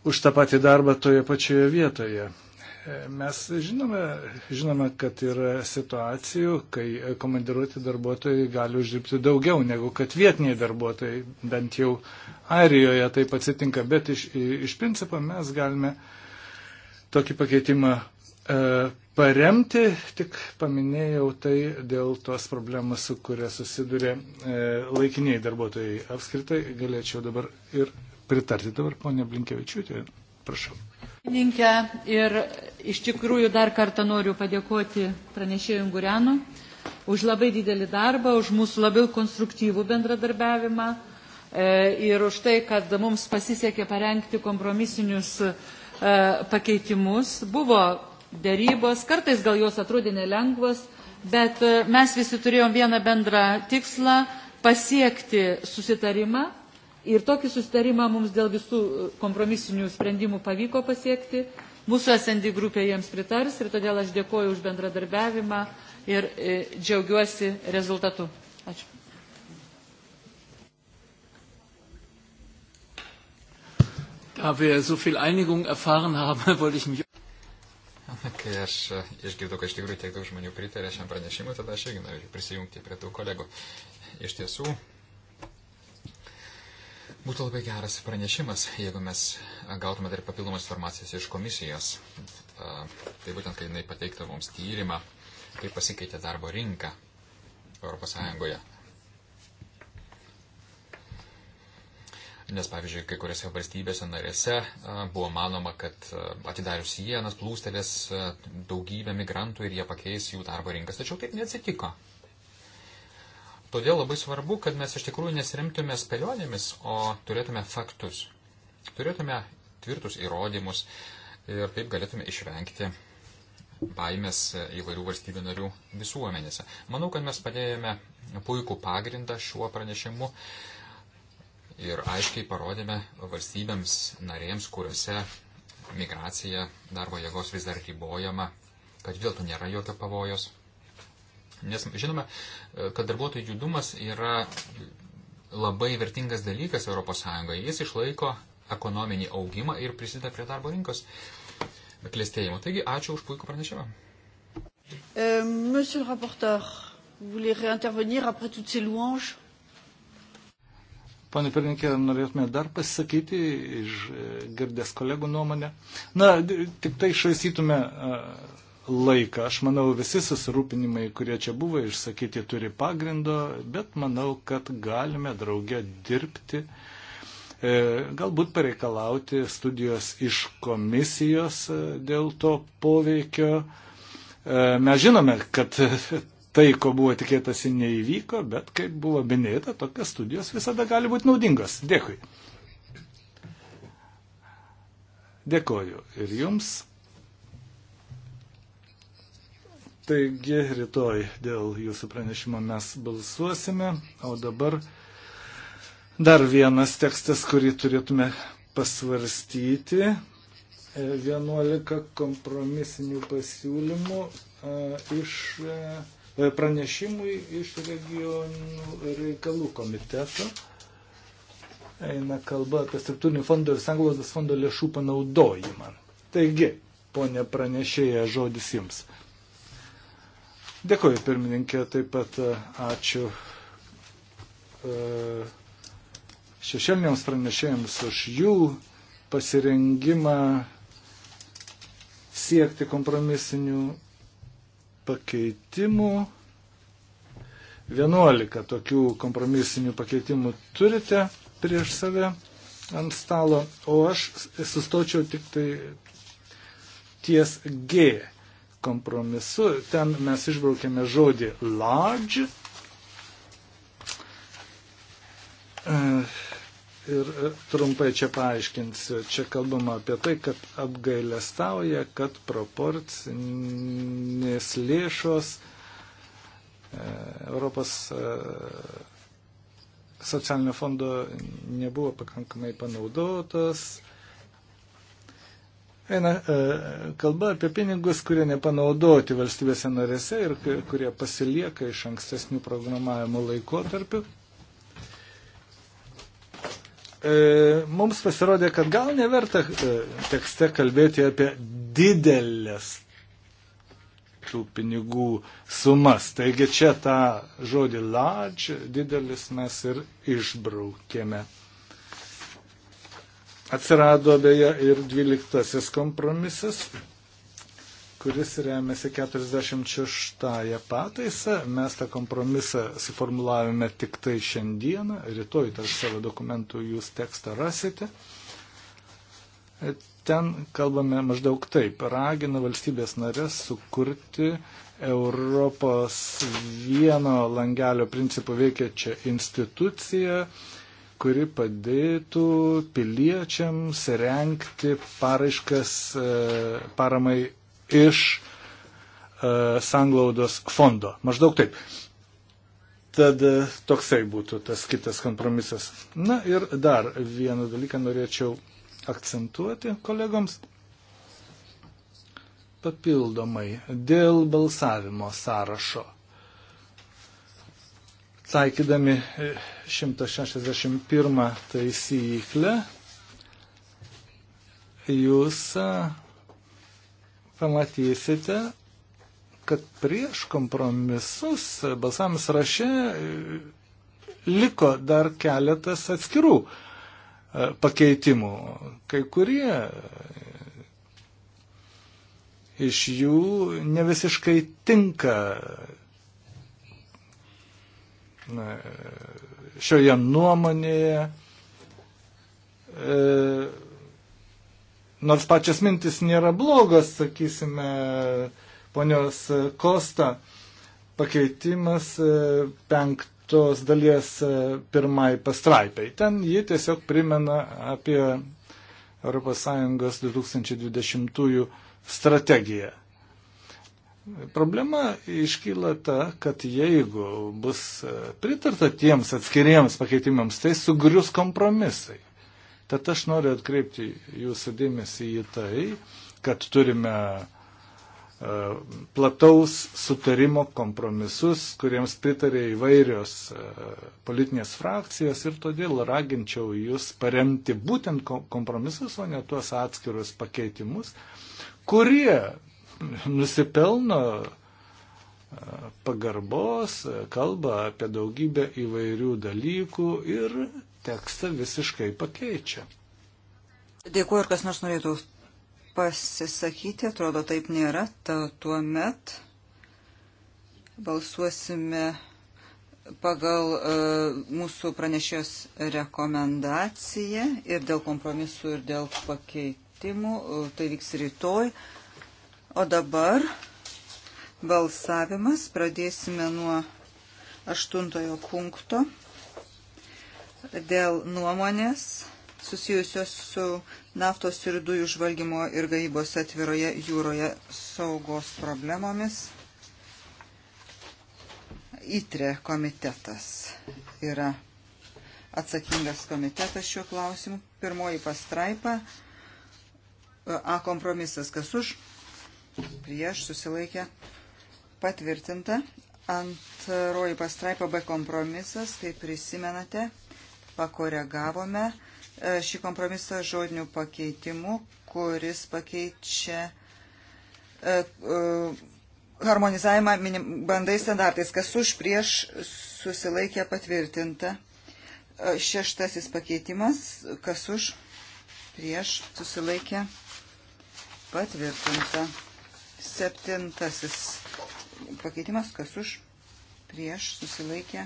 už tą patį darbą toje pačioje vietoje. Mes žinome, žinome, kad yra situacijų, kai komandiruoti darbuotojai gali uždirbti daugiau negu kad vietiniai darbuotojai, bent jau Airijoje taip atsitinka, bet iš, iš principo mes galime tokį pakeitimą e, paremti, tik paminėjau tai dėl tos problemos, su kuria susiduria e, laikiniai darbuotojai. Apskritai galėčiau dabar ir pritarti. Dabar, ponė Blinkevičiūtė, prašau. Ninkę
ir iš tikrųjų dar kartą noriu padėkoti pranešėjui Gurianu už labai didelį darbą, už mūsų labiau konstruktyvų bendradarbiavimą e, ir už tai, kad mums pasisekė parengti kompromisinius e, pakeitimus. Buvo dėrybos, kartais gal jos atrodė nelengvos, bet e, mes visi turėjom vieną bendrą tikslą pasiekti susitarimą Ir tokį sustarimą mums dėl visų e, kompromisinių sprendimų pavyko pasiekti. Mūsų SND grupė jiems pritars ir todėl aš dėkoju už bendradarbiavimą ir e, džiaugiuosi rezultatu. Ačiū.
Da wir so viel Einigung erfahren haben, wollte ich mich.
Kai aš e, išgirdau, kad iš tikrųjų tiek daug žmonių pritarė šiam pranešimui, tada aš irgi noriu prisijungti prie tų kolegų. Iš tiesų, Būtų labai geras pranešimas, jeigu mes gautume dar papildomas informacijas iš komisijos. Tai būtent, kai jinai pateiktų mums tyrimą, kaip pasikeitė darbo rinka Europos Sąjungoje. Nes, pavyzdžiui, kai kuriuose valstybėse narėse buvo manoma, kad atidarius sienas plūstelės daugybę migrantų ir jie pakeis jų darbo rinkas. Tačiau taip neatsitiko. Todėl labai svarbu, kad mes iš tikrųjų nesiremtume spėlionėmis, o turėtume faktus. Turėtume tvirtus įrodymus ir taip galėtume išvengti baimės įvairių valstybių narių visuomenėse. Manau, kad mes padėjome puikų pagrindą šiuo pranešimu ir aiškiai parodėme valstybėms narėms, kuriuose migracija darbo jėgos vis dar ribojama, kad vėl to nėra jokio pavojos. Nes žinome, e, kad darbuotojų judumas yra labai vertingas dalykas ES. Jis išlaiko ekonominį augimą ir prisideda prie darbo rinkos klėstėjimo. Taigi, ačiū už puikų pranešimą.
Euh, monsieur le rapporteur, vous voulez réintervenir après toutes ces louanges
Pane
Pirinkė, norėtume dar pasisakyti, išgirdęs e, kolegų nuomonę. Na, tik tai išraisytume uh, e, laiką. Aš manau, visi susirūpinimai, kurie čia buvo išsakyti, turi pagrindo, bet manau, kad galime draugę dirbti, e, galbūt pareikalauti studijos iš komisijos e, dėl to poveikio. E, mes žinome, kad tai, ko buvo tikėtasi, neįvyko, bet kaip buvo minėta, tokios studijos visada gali būti naudingos. Dėkui. Dėkoju ir jums. Taigi rytoj dėl jūsų pranešimo mes balsuosime, o dabar dar vienas tekstas, kurį turėtume pasvarstyti. 11 e, kompromisinių pasiūlymų a, e, iš a, e, pranešimui iš regionų reikalų komiteto. Eina kalba apie struktūrinių fondų ir sanglaudos fondo lėšų panaudojimą. Taigi, ponė pranešėja, žodis jums. Dėkuoju, pirmininkė, taip pat e, ačiū e, šešėliniams pranešėjams už jų pasirengimą siekti kompromisinių pakeitimų. 11 tokių kompromisinių pakeitimų turite prieš save ant stalo, o aš sustočiau tik tai ties G kompromisu, ten mes išbraukėme žodį large. E, ir trumpai čia paaiškinsiu, čia kalbama apie tai, kad apgailestauja, kad proporcinės lėšos e, Europos e, socialinio fondo nebuvo pakankamai panaudotos, Eina e, kalba apie pinigus, kurie nepanaudoti valstybėse narėse ir kurie pasilieka iš ankstesnių programavimo laikotarpių. E, mums pasirodė, kad gal neverta e, tekste kalbėti apie didelės tų pinigų sumas. Taigi čia tą žodį large, didelis mes ir išbraukėme. Atsirado beje ir dvyliktasis kompromisas, kuris remiasi 46 pataisą. Mes tą kompromisą suformulavome tik tai šiandieną. Rytoj tarp savo dokumentų jūs tekstą rasite. Ten kalbame maždaug taip. Ragina valstybės narės sukurti Europos vieno langelio principų veikiačią instituciją kuri padėtų piliečiams renkti paraiškas e, paramai iš e, sanglaudos fondo. Maždaug taip. Tad e, toksai būtų tas kitas kompromisas. Na ir dar vieną dalyką norėčiau akcentuoti kolegoms papildomai dėl balsavimo sąrašo taikydami 161 e, taisyklę, jūs e, pamatysite, kad prieš kompromisus balsavimas raše e, liko dar keletas atskirų pakeitimų. Kai kurie iš jų nevisiškai tinka E, šioje nuomonėje, e, nors pačias mintis nėra blogos, sakysime, ponios Kosta, pakeitimas e, penktos dalies pirmai pastraipai. Ten ji tiesiog primena apie ES 2020 strategiją. Problema iškyla ta, kad jeigu bus e, pritarta tiems atskiriems pakeitimams, tai sugrius kompromisai. Tad aš noriu atkreipti jūsų dėmesį į tai, kad turime e, plataus sutarimo kompromisus, kuriems pritarė įvairios e, politinės frakcijas ir todėl raginčiau jūs paremti būtent kompromisus, o ne tuos atskirus pakeitimus, kurie nusipelno e, pagarbos, e, kalba apie daugybę įvairių dalykų ir tekstą visiškai pakeičia. Dėkuoju, ar kas nors norėtų
pasisakyti, atrodo taip nėra, Ta, tuomet balsuosime pagal uh, mūsų pranešėjos rekomendaciją ir dėl kompromisų, ir dėl pakeitimų, uh, tai vyks rytoj. Uh, O dabar balsavimas. Pradėsime nuo aštuntojo punkto dėl nuomonės susijusios su naftos ir dujų žvalgymo ir gaybos atviroje jūroje saugos problemomis. ITRE komitetas yra atsakingas komitetas šiuo klausimu. Pirmoji pastraipa. A kompromisas kas už? prieš susilaikę patvirtinta. Antroji pastraipa B kompromisas, kaip prisimenate, pakoregavome e, šį kompromisą žodinių pakeitimų, kuris pakeičia e, e, harmonizavimą bandai standartais, kas už prieš susilaikė patvirtinta. Šeštasis pakeitimas, kas už prieš susilaikė patvirtinta. Septintasis pakeitimas, kas už, prieš, susilaikė,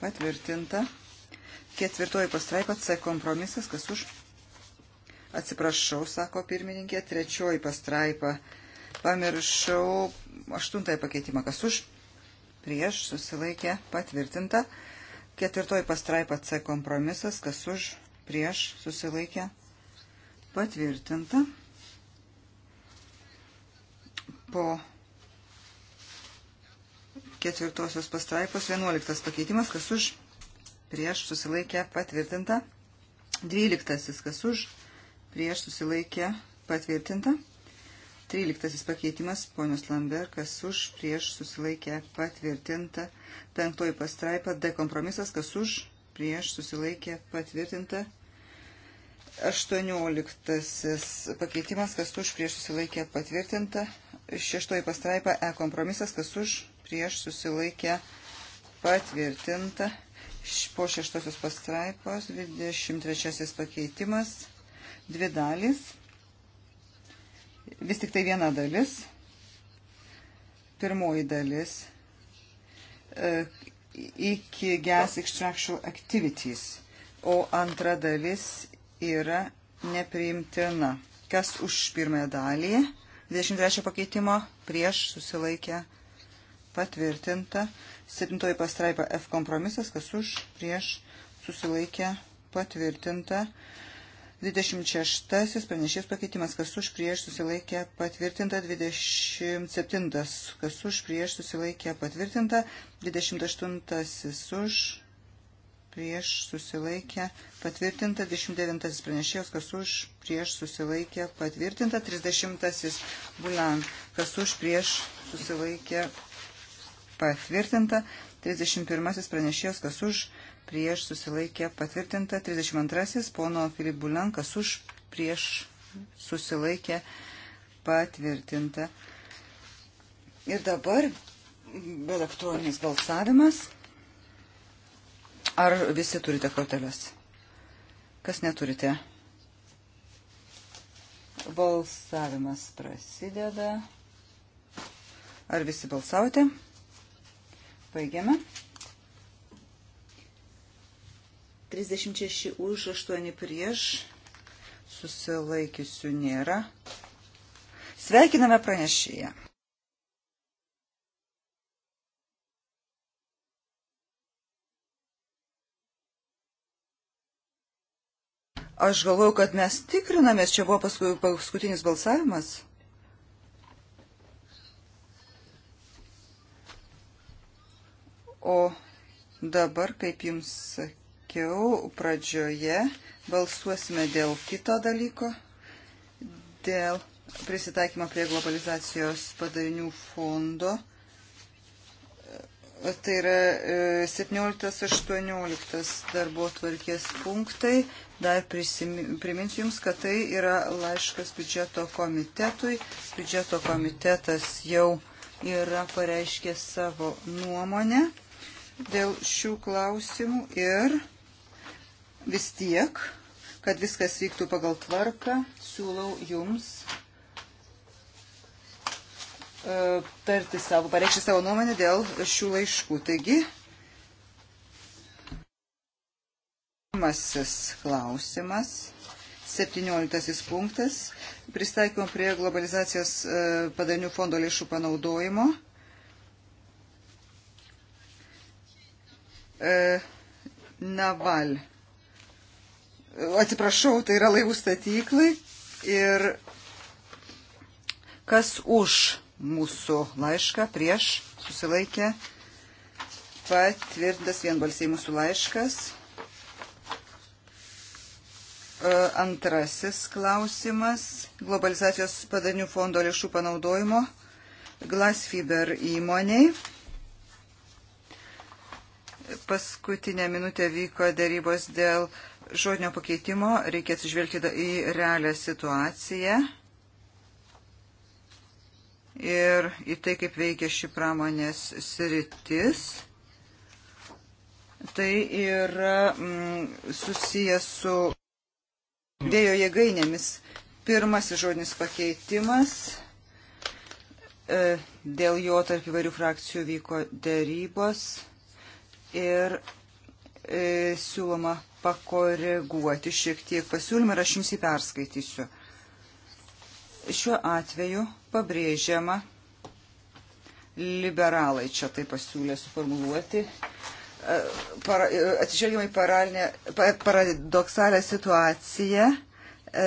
patvirtinta. Ketvirtoji pastraipa C kompromisas, kas už, atsiprašau, sako pirmininkė, trečioji pastraipa, pamiršau aštuntąją pakeitimą, kas už, prieš, susilaikė, patvirtinta. Ketvirtoji pastraipa C kompromisas, kas už, prieš, susilaikė, patvirtinta po ketvirtosios pastraipos 11 pakeitimas, kas už prieš susilaikę patvirtinta. 12 kas už prieš susilaikę patvirtinta. 13 pakeitimas ponios Lambert, kas už prieš susilaikę patvirtinta. 5 pastraipa D kompromisas, kas už prieš susilaikę patvirtinta. 18 pakeitimas, kas už prieš susilaikę patvirtinta. Šeštoji pastraipa E kompromisas, kas už prieš susilaikę patvirtinta. Po šeštosios pastraipos 23 pakeitimas, dvi dalys, vis tik tai viena dalis. Pirmoji dalis e, iki gas extraction activities, o antra dalis yra nepriimtina. Kas už pirmąją dalį? 23 pakeitimo prieš susilaikę patvirtinta. 7 pastraipa F kompromisas, kas už prieš susilaikę patvirtinta. 26 pranešės pakeitimas, kas už prieš susilaikė patvirtinta, 27 kas už prieš susilaikė patvirtinta, 28 už prieš susilaikę patvirtinta, 29 pranešėjos, kas už prieš susilaikę patvirtinta, 30 bulan, kas už prieš susilaikę patvirtinta, 31 pranešėjos, kas už prieš susilaikę patvirtinta, 32 pono Filip Bulan, kas už prieš susilaikę patvirtinta. Ir dabar elektroninis balsavimas. Ar visi turite korteles? Kas neturite? Balsavimas prasideda. Ar visi balsavote? Baigiame. 36 už, 8 prieš. Susilaikysiu nėra. Sveikiname pranešėją. Aš galvoju, kad mes tikrinamės, čia buvo paskui, paskutinis balsavimas. O dabar, kaip jums sakiau, pradžioje balsuosime dėl kito dalyko, dėl prisitaikymo prie globalizacijos padarinių fondo. Tai yra 17-18 e, darbo tvarkės punktai. Dar priminsiu Jums, kad tai yra laiškas biudžeto komitetui. Biudžeto komitetas jau yra pareiškė savo nuomonę dėl šių klausimų ir vis tiek, kad viskas vyktų pagal tvarką, siūlau Jums e, tarti savo, pareikšti savo nuomonę dėl šių laiškų. Taigi, Pirmasis klausimas, 17 punktas, pristaikymo prie globalizacijos e, padarinių fondo lėšų panaudojimo. E, Naval. Atsiprašau, tai yra laivų statyklai. Ir kas už mūsų laišką prieš susilaikė patvirtintas vienbalsiai mūsų laiškas. E, antrasis klausimas – globalizacijos padarinių fondo lėšų panaudojimo Glasfiber įmoniai. Paskutinę minutę vyko darybos dėl žodinio pakeitimo. Reikia atsižvelgti į realią situaciją ir į tai, kaip veikia ši pramonės sritis. Tai yra mm, susijęs su Dėjo jėgainėmis. Pirmasis žodinis pakeitimas. E, dėl jo tarp įvairių frakcijų vyko dėrybos ir e, siūloma pakoreguoti šiek tiek pasiūlymą ir aš jums jį perskaitysiu. Šiuo atveju pabrėžiama, liberalai čia tai pasiūlė suformuluoti, para, atsižvelgiamai paradoksalią situaciją e,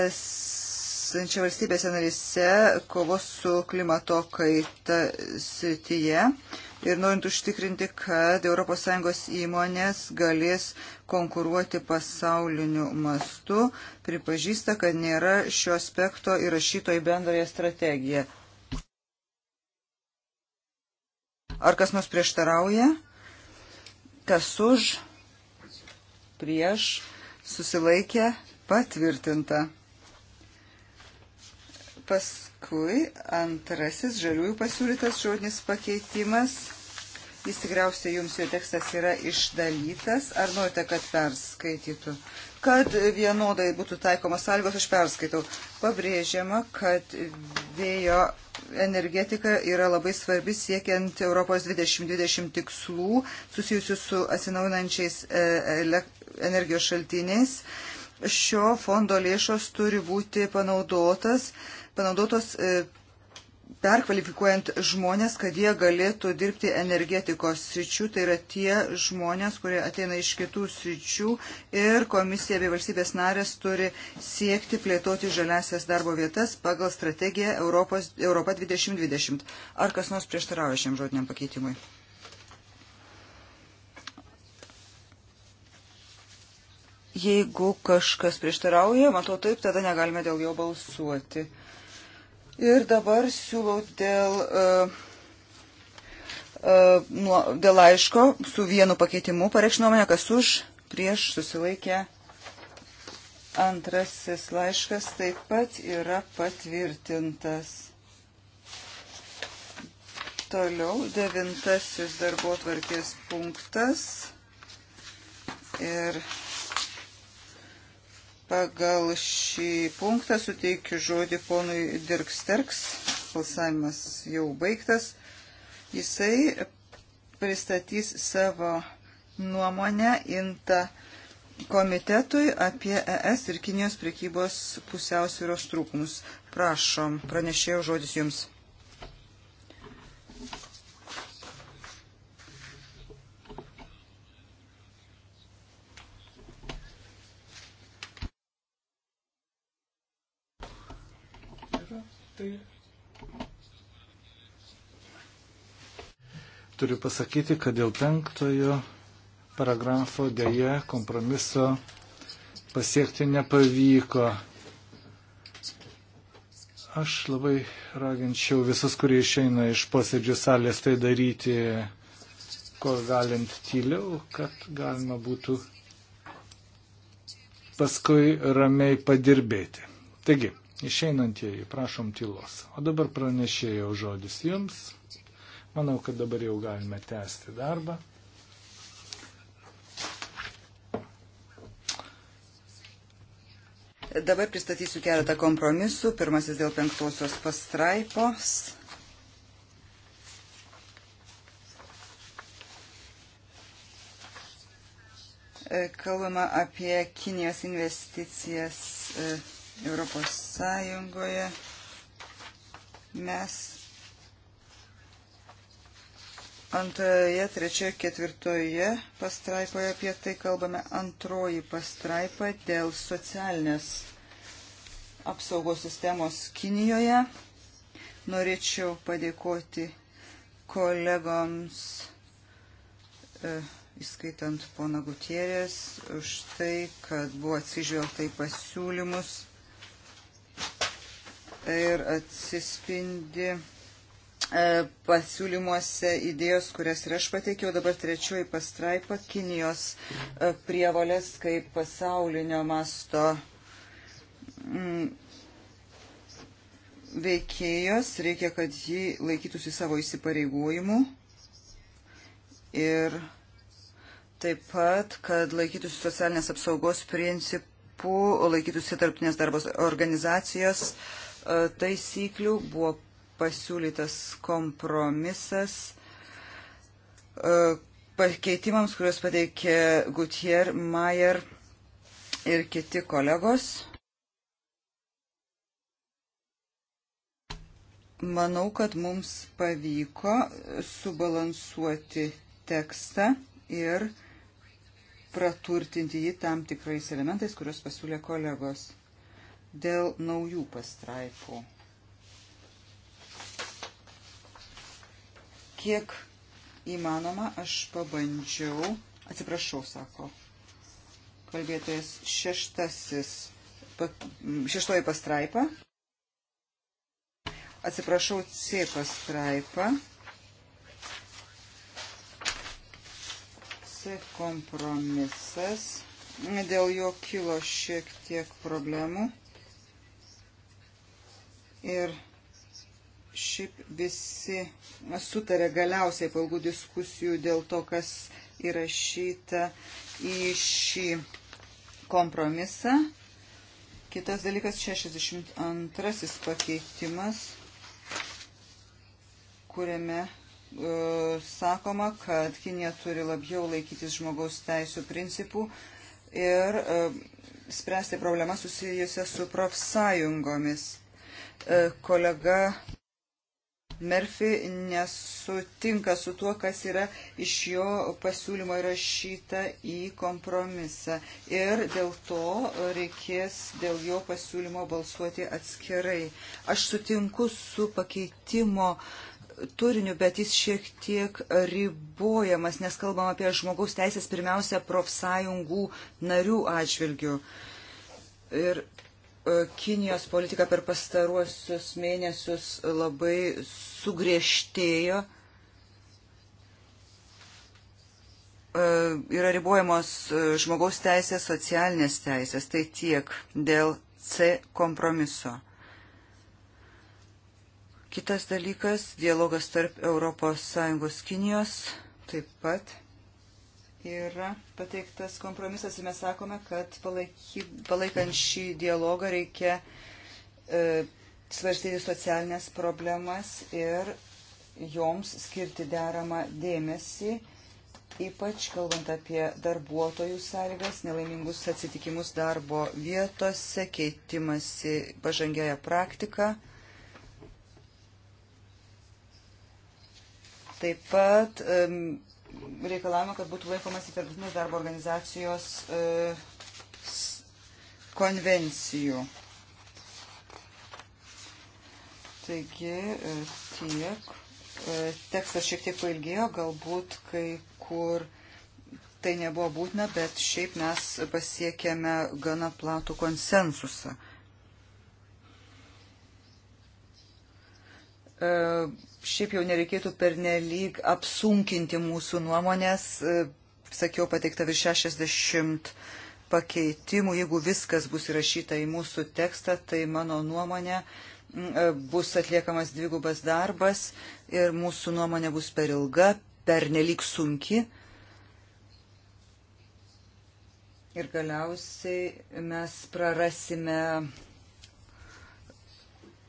esančią valstybėse narise kovos su klimato kaita srityje. Ir norint užtikrinti, kad ES įmonės galės konkuruoti pasauliniu mastu, pripažįsta, kad nėra šio aspekto įrašyto į bendrąją strategiją. Ar kas nors prieštarauja? kas už, prieš, susilaikė, patvirtinta. Paskui antrasis žaliųjų pasiūlytas žodinis pakeitimas. Jis tikriausiai jums jo tekstas yra išdalytas. Ar norite, kad perskaitytų? Kad vienodai būtų taikomas sąlygos, aš perskaitau. Pabrėžiama, kad vėjo energetika yra labai svarbi siekiant Europos 2020 tikslų susijusių su atsinaujinančiais e, energijos šaltiniais. Šio fondo lėšos turi būti panaudotas, panaudotos e, perkvalifikuojant žmonės, kad jie galėtų dirbti energetikos sričių, tai yra tie žmonės, kurie ateina iš kitų sričių ir komisija bei valstybės narės turi siekti plėtoti žaliasias darbo vietas pagal strategiją Europos, Europa 2020. Ar kas nors prieštarauja šiam žodiniam pakeitimui? Jeigu kažkas prieštarauja, matau taip, tada negalime dėl jo balsuoti. Ir dabar siūlau dėl, uh, uh, dėl laiško su vienu pakeitimu pareikšti nuomonę, kas už, prieš susilaikė. Antrasis laiškas taip pat yra patvirtintas. Toliau devintasis darbo tvarkės punktas. Ir Pagal šį punktą suteikiu žodį ponui Dirksterks. Balsavimas jau baigtas. Jisai pristatys savo nuomonę intą komitetui apie ES ir Kinijos prekybos pusiausvyros trūkumus. Prašom, pranešėjau žodis jums.
Tai turiu pasakyti, kad dėl penktojo paragrafo dėje kompromiso pasiekti nepavyko. Aš labai raginčiau visus, kurie išeina iš posėdžių salės, tai daryti, ko galint tyliau, kad galima būtų paskui ramiai padirbėti. Taigi, Išeinantieji, prašom tylos. O dabar pranešėjo žodis jums. Manau, kad dabar jau galime tęsti darbą.
Dabar pristatysiu keletą kompromisų. Pirmasis dėl penktosios pastraipos. E, kalbama apie Kinijos investicijas e, Europos Sąjungoje mes antroje, trečioje, ketvirtoje pastraipoje apie tai kalbame antroji pastraipa dėl socialinės apsaugos sistemos Kinijoje. Norėčiau padėkoti kolegoms, e, įskaitant pona Gutierės, už tai, kad buvo atsižvelgta į pasiūlymus ir atsispindi e, pasiūlymuose idėjos, kurias ir aš pateikiau. Dabar trečioji pastraipa Kinijos e, prievolės kaip pasaulinio masto mm, veikėjos. Reikia, kad ji laikytųsi savo įsipareigojimų ir taip pat, kad laikytųsi socialinės apsaugos principų, laikytųsi tarptinės darbos organizacijos. Uh, E, taisyklių, buvo pasiūlytas kompromisas e, pakeitimams, kuriuos pateikė Gutier, Mayer ir kiti kolegos. Manau, kad mums pavyko subalansuoti tekstą ir praturtinti jį tam tikrais elementais, kuriuos pasiūlė kolegos dėl naujų pastraipų. Kiek įmanoma, aš pabandžiau, atsiprašau, sako kalbėtojas šeštasis, šeštoji pastraipa. Atsiprašau, C pastraipa. C kompromisas. Dėl jo kilo šiek tiek problemų. Ir šiaip visi sutarė galiausiai po ilgų diskusijų dėl to, kas įrašyta į šį kompromisą. Kitas dalykas 62 pakeitimas, kuriame e, sakoma, kad Kinė turi labiau laikytis žmogaus teisų principų ir e, spręsti problemas susijusias su profsąjungomis. E, kolega Murphy nesutinka su tuo, kas yra iš jo pasiūlymo įrašyta į kompromisą. Ir dėl to reikės dėl jo pasiūlymo balsuoti atskirai. Aš sutinku su pakeitimo turiniu, bet jis šiek tiek ribojamas, nes kalbam apie žmogaus teisės pirmiausia profsąjungų narių atžvilgių. Ir E, Kinijos politika per pastaruosius mėnesius labai sugriežtėjo. E, yra ribojamos e, žmogaus teisės, socialinės teisės. Tai tiek dėl C kompromiso. Kitas dalykas - dialogas tarp ES Kinijos taip pat yra pateiktas kompromisas ir mes sakome, kad palaiky, palaikant šį dialogą reikia e, svarstyti socialinės problemas ir joms skirti deramą dėmesį, ypač kalbant apie darbuotojų sąlygas, nelaimingus atsitikimus darbo vietose, keitimasi pažangiają praktiką. Taip pat e, reikalavome, kad būtų laikomasi tarptautinės darbo organizacijos e, konvencijų. Taigi e, tiek. E, tekstas šiek tiek pailgėjo, galbūt kai kur tai nebuvo būtina, bet šiaip mes pasiekėme gana platų konsensusą šiaip jau nereikėtų pernelyg apsunkinti mūsų nuomonės. E, sakiau, pateikta virš 60 pakeitimų. Jeigu viskas bus įrašyta į mūsų tekstą, tai mano nuomonė e, bus atliekamas dvigubas darbas ir mūsų nuomonė bus per ilga, per nelik sunki. Ir galiausiai mes prarasime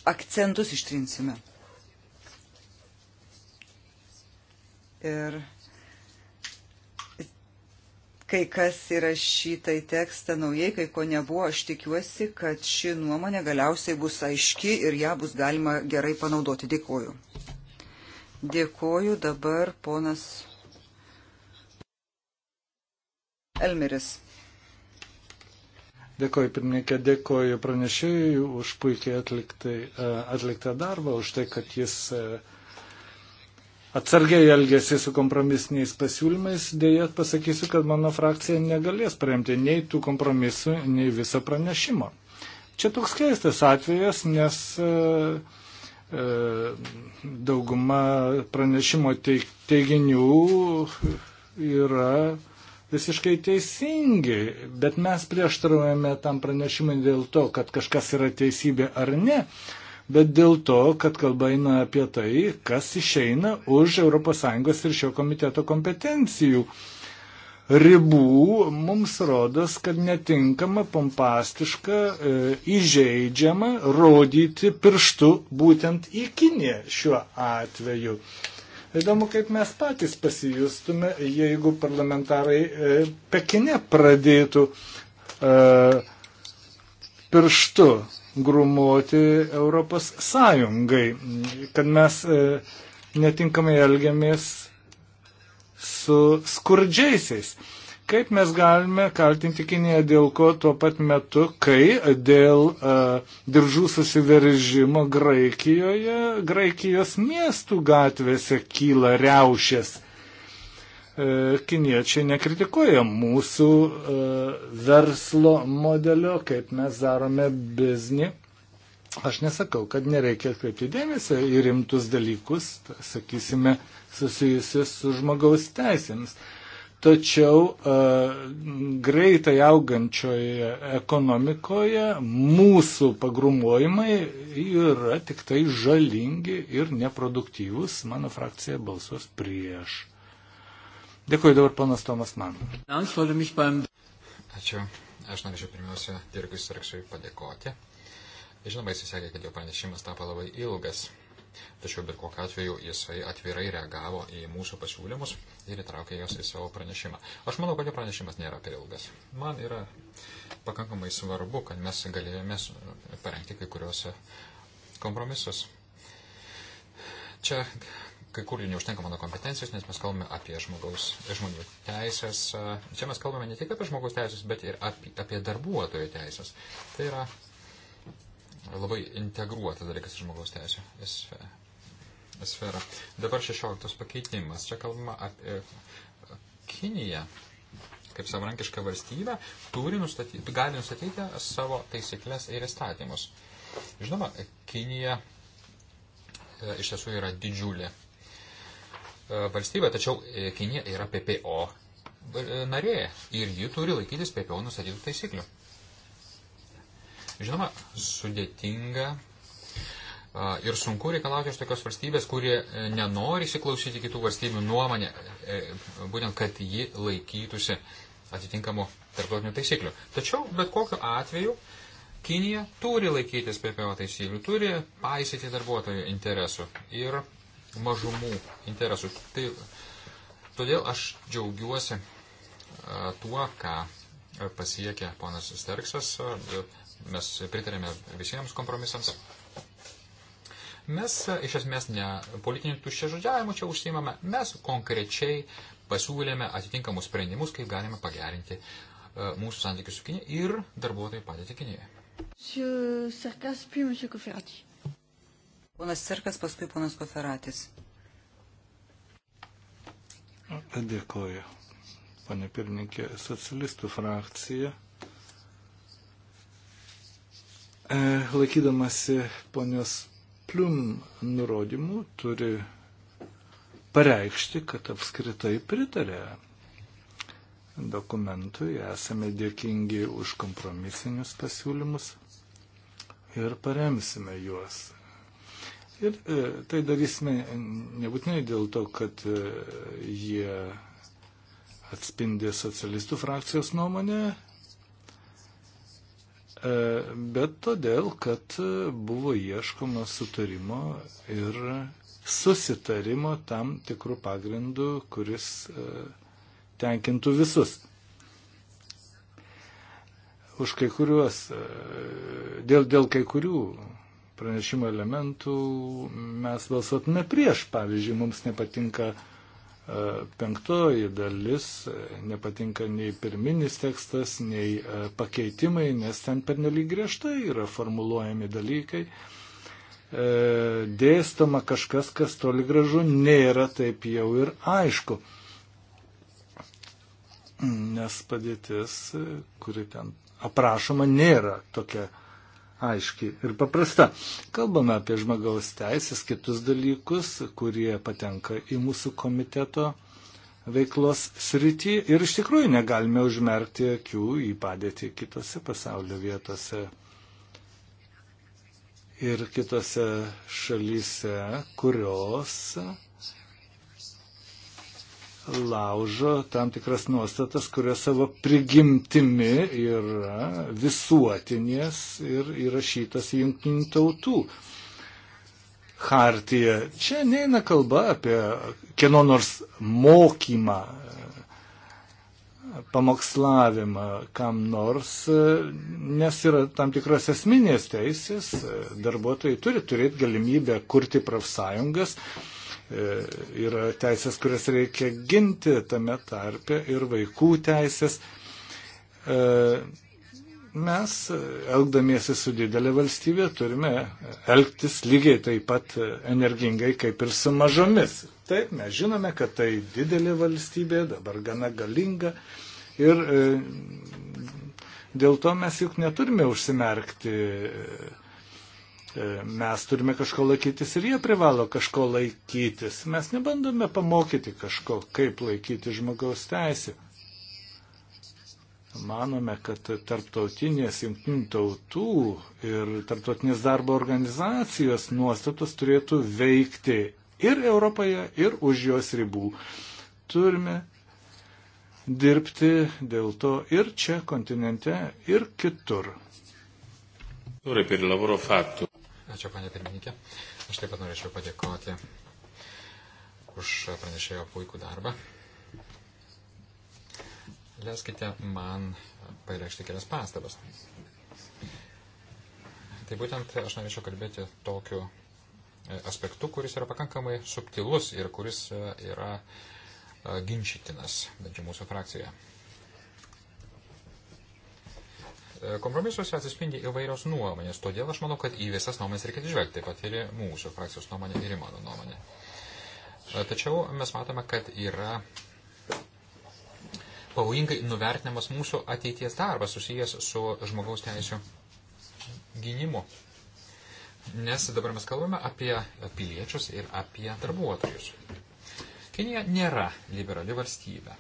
akcentus ištrinsime. Ir kai kas įrašyta į tekstą naujai, kai ko nebuvo, aš tikiuosi, kad ši nuomonė galiausiai bus aiški ir ją bus galima gerai panaudoti. Dėkuoju. Dėkuoju dabar ponas
Elmeris. Dėkoju pirmininkė, dėkoju pranešėjui už puikiai e, atliktą darbą, už tai, kad jis uh, atsargiai elgėsi su kompromisiniais pasiūlymais, dėja pasakysiu, kad mano frakcija negalės paremti nei tų kompromisų, nei viso pranešimo. Čia toks keistas atvejas, nes e, e, dauguma pranešimo teiginių yra visiškai teisingi, bet mes prieštaravome tam pranešimui dėl to, kad kažkas yra teisybė ar ne bet dėl to, kad kalba eina apie tai, kas išeina už ES ir šio komiteto kompetencijų. Ribų mums rodos, kad netinkama, pompastiška, e, įžeidžiama rodyti pirštu būtent į Kiniją šiuo atveju. Įdomu, kaip mes patys pasijustume, jeigu parlamentarai e, Pekine pradėtų e, pirštu grumoti Europos Sąjungai, kad mes e, netinkamai elgiamės su skurdžiaisiais. Kaip mes galime kaltinti Kiniją dėl ko tuo pat metu, kai dėl uh, diržų susiveržimo Graikijoje, Graikijos miestų gatvėse kyla reušės. Uh, E, kiniečiai nekritikuoja mūsų e, verslo modelio, kaip mes darome biznį. Aš nesakau, kad nereikia atkreipti dėmesio į rimtus dalykus, sakysime, susijusius su žmogaus teisėmis. Tačiau e, greitai augančioje ekonomikoje mūsų pagrumojimai yra tik tai žalingi ir neproduktyvus. Mano frakcija balsuos prieš. Dėkuoju dabar panas Tomas man.
Ačiū. Aš norėčiau pirmiausia Dirkui Sarksui padėkoti. Žinoma, jis sakė, kad jo pranešimas tapo labai ilgas. Tačiau bet kokiu atveju jisai atvirai reagavo į mūsų pasiūlymus ir įtraukė juos į savo pranešimą. Aš manau, kad jo pranešimas nėra per ilgas. Man yra pakankamai svarbu, kad mes galėjome parengti kai kuriuos kompromisus. Čia kai kur jų neužtenka mano kompetencijos, nes mes kalbame apie žmogaus, žmonių teisės. E, čia mes kalbame ne tik apie žmogaus teisės, bet ir apie, apie darbuotojų teisės. Tai yra labai integruotas dalykas žmogaus teisų e, sfera. Dabar 16 pakeitimas. Čia kalbama apie e, Kiniją kaip savarankišką valstybę, turi nustatyti, gali nustatyti savo taisyklės ir įstatymus. Žinoma, Kinija iš tiesų yra didžiulė valstybė, tačiau e, Kinija yra PPO e, narė ir ji turi laikytis PPO nusatytų taisyklių. Žinoma, sudėtinga ir sunku reikalauti iš tokios valstybės, kurie nenori įsiklausyti kitų valstybių nuomonę, e, būtent kad ji laikytųsi atitinkamų tarptautinių taisyklių. Tačiau bet kokiu atveju Kinija turi laikytis PPO taisyklių, turi paisyti darbuotojų interesų. Ir mažumų interesus. Tai, todėl aš džiaugiuosi tuo, ką pasiekė ponas Sterksas. Mes pritarėme visiems kompromisams. Mes iš esmės ne politinių tuščiažodžiavimų čia užsimame, mes konkrečiai pasiūlėme atitinkamus sprendimus, kaip galime pagerinti mūsų santykius su Kinė ir darbuotojų padėti Kinėje.
Monsieur Sarkas, puis Monsieur Koferati.
Ponas Cirkas, paskui ponas Koferatis.
Dėkoju. Pane pirmininkė, socialistų frakcija. E, laikydamasi ponios Plium nurodymų turi pareikšti, kad apskritai pritarė dokumentui. Esame dėkingi už kompromisinius pasiūlymus ir paremsime juos. Ir e, tai darysime nebūtinai dėl to, kad e, jie atspindi socialistų frakcijos nuomonę, e, bet todėl, kad buvo ieškoma sutarimo ir susitarimo tam tikrų pagrindų, kuris tenkintų visus. Už kai kuriuos, dėl, dėl kai kurių pranešimo elementų mes balsuotume prieš. Pavyzdžiui, mums nepatinka e, penktoji dalis, nepatinka nei pirminis tekstas, nei e, pakeitimai, nes ten pernelyg griežtai yra formuluojami dalykai. E, Dėstama kažkas, kas toli gražu nėra taip jau ir aišku nes padėtis, kuri ten aprašoma, nėra tokia aiški ir paprasta. Kalbame apie žmogaus teisės, kitus dalykus, kurie patenka į mūsų komiteto veiklos sritį ir iš tikrųjų negalime užmerkti akių į padėtį kitose pasaulio vietose ir kitose šalyse, kurios laužo tam tikras nuostatas, kurios savo prigimtimi yra visuotinės ir įrašytas jungtinių tautų hartija. Čia neina kalba apie kieno nors mokymą, pamokslavimą kam nors, nes yra tam tikros esminės teisės, darbuotojai turi turėti galimybę kurti profsąjungas, E, yra teisės, kurias reikia ginti tame tarpe ir vaikų teisės. E, mes, elgdamiesi su didelė valstybė, turime elgtis lygiai taip pat energingai kaip ir su mažomis. Taip, mes žinome, kad tai didelė valstybė, dabar gana galinga. Ir e, dėl to mes juk neturime užsimerkti E, mes turime kažko laikytis ir jie privalo kažko laikytis. Mes nebandome pamokyti kažko, kaip laikyti žmogaus teisė. Manome, kad tarptautinės jungtinių tautų ir tarptautinės darbo organizacijos nuostatos turėtų veikti ir Europoje, ir už jos ribų. Turime dirbti dėl to ir čia kontinente, ir
kitur. Ačiū, panė pirmininkė. Aš taip pat norėčiau padėkoti už pranešėjo puikų darbą. Leiskite man pareikšti kelias pastabas. Tai būtent aš norėčiau kalbėti tokiu e, aspektu, kuris yra pakankamai subtilus ir kuris e, yra e, ginčytinas, bent jau mūsų frakcijoje. E, kompromisuose atsispindi įvairios nuomonės, todėl aš manau, kad į visas nuomonės reikia žvelgti, taip pat ir mūsų frakcijos nuomonė ir mano nuomonė. E, tačiau mes matome, kad yra pavojingai nuvertinamas mūsų ateities darbas susijęs su žmogaus teisų gynimu. Nes dabar mes kalbame apie piliečius ir apie darbuotojus. Kinija nėra liberali valstybė.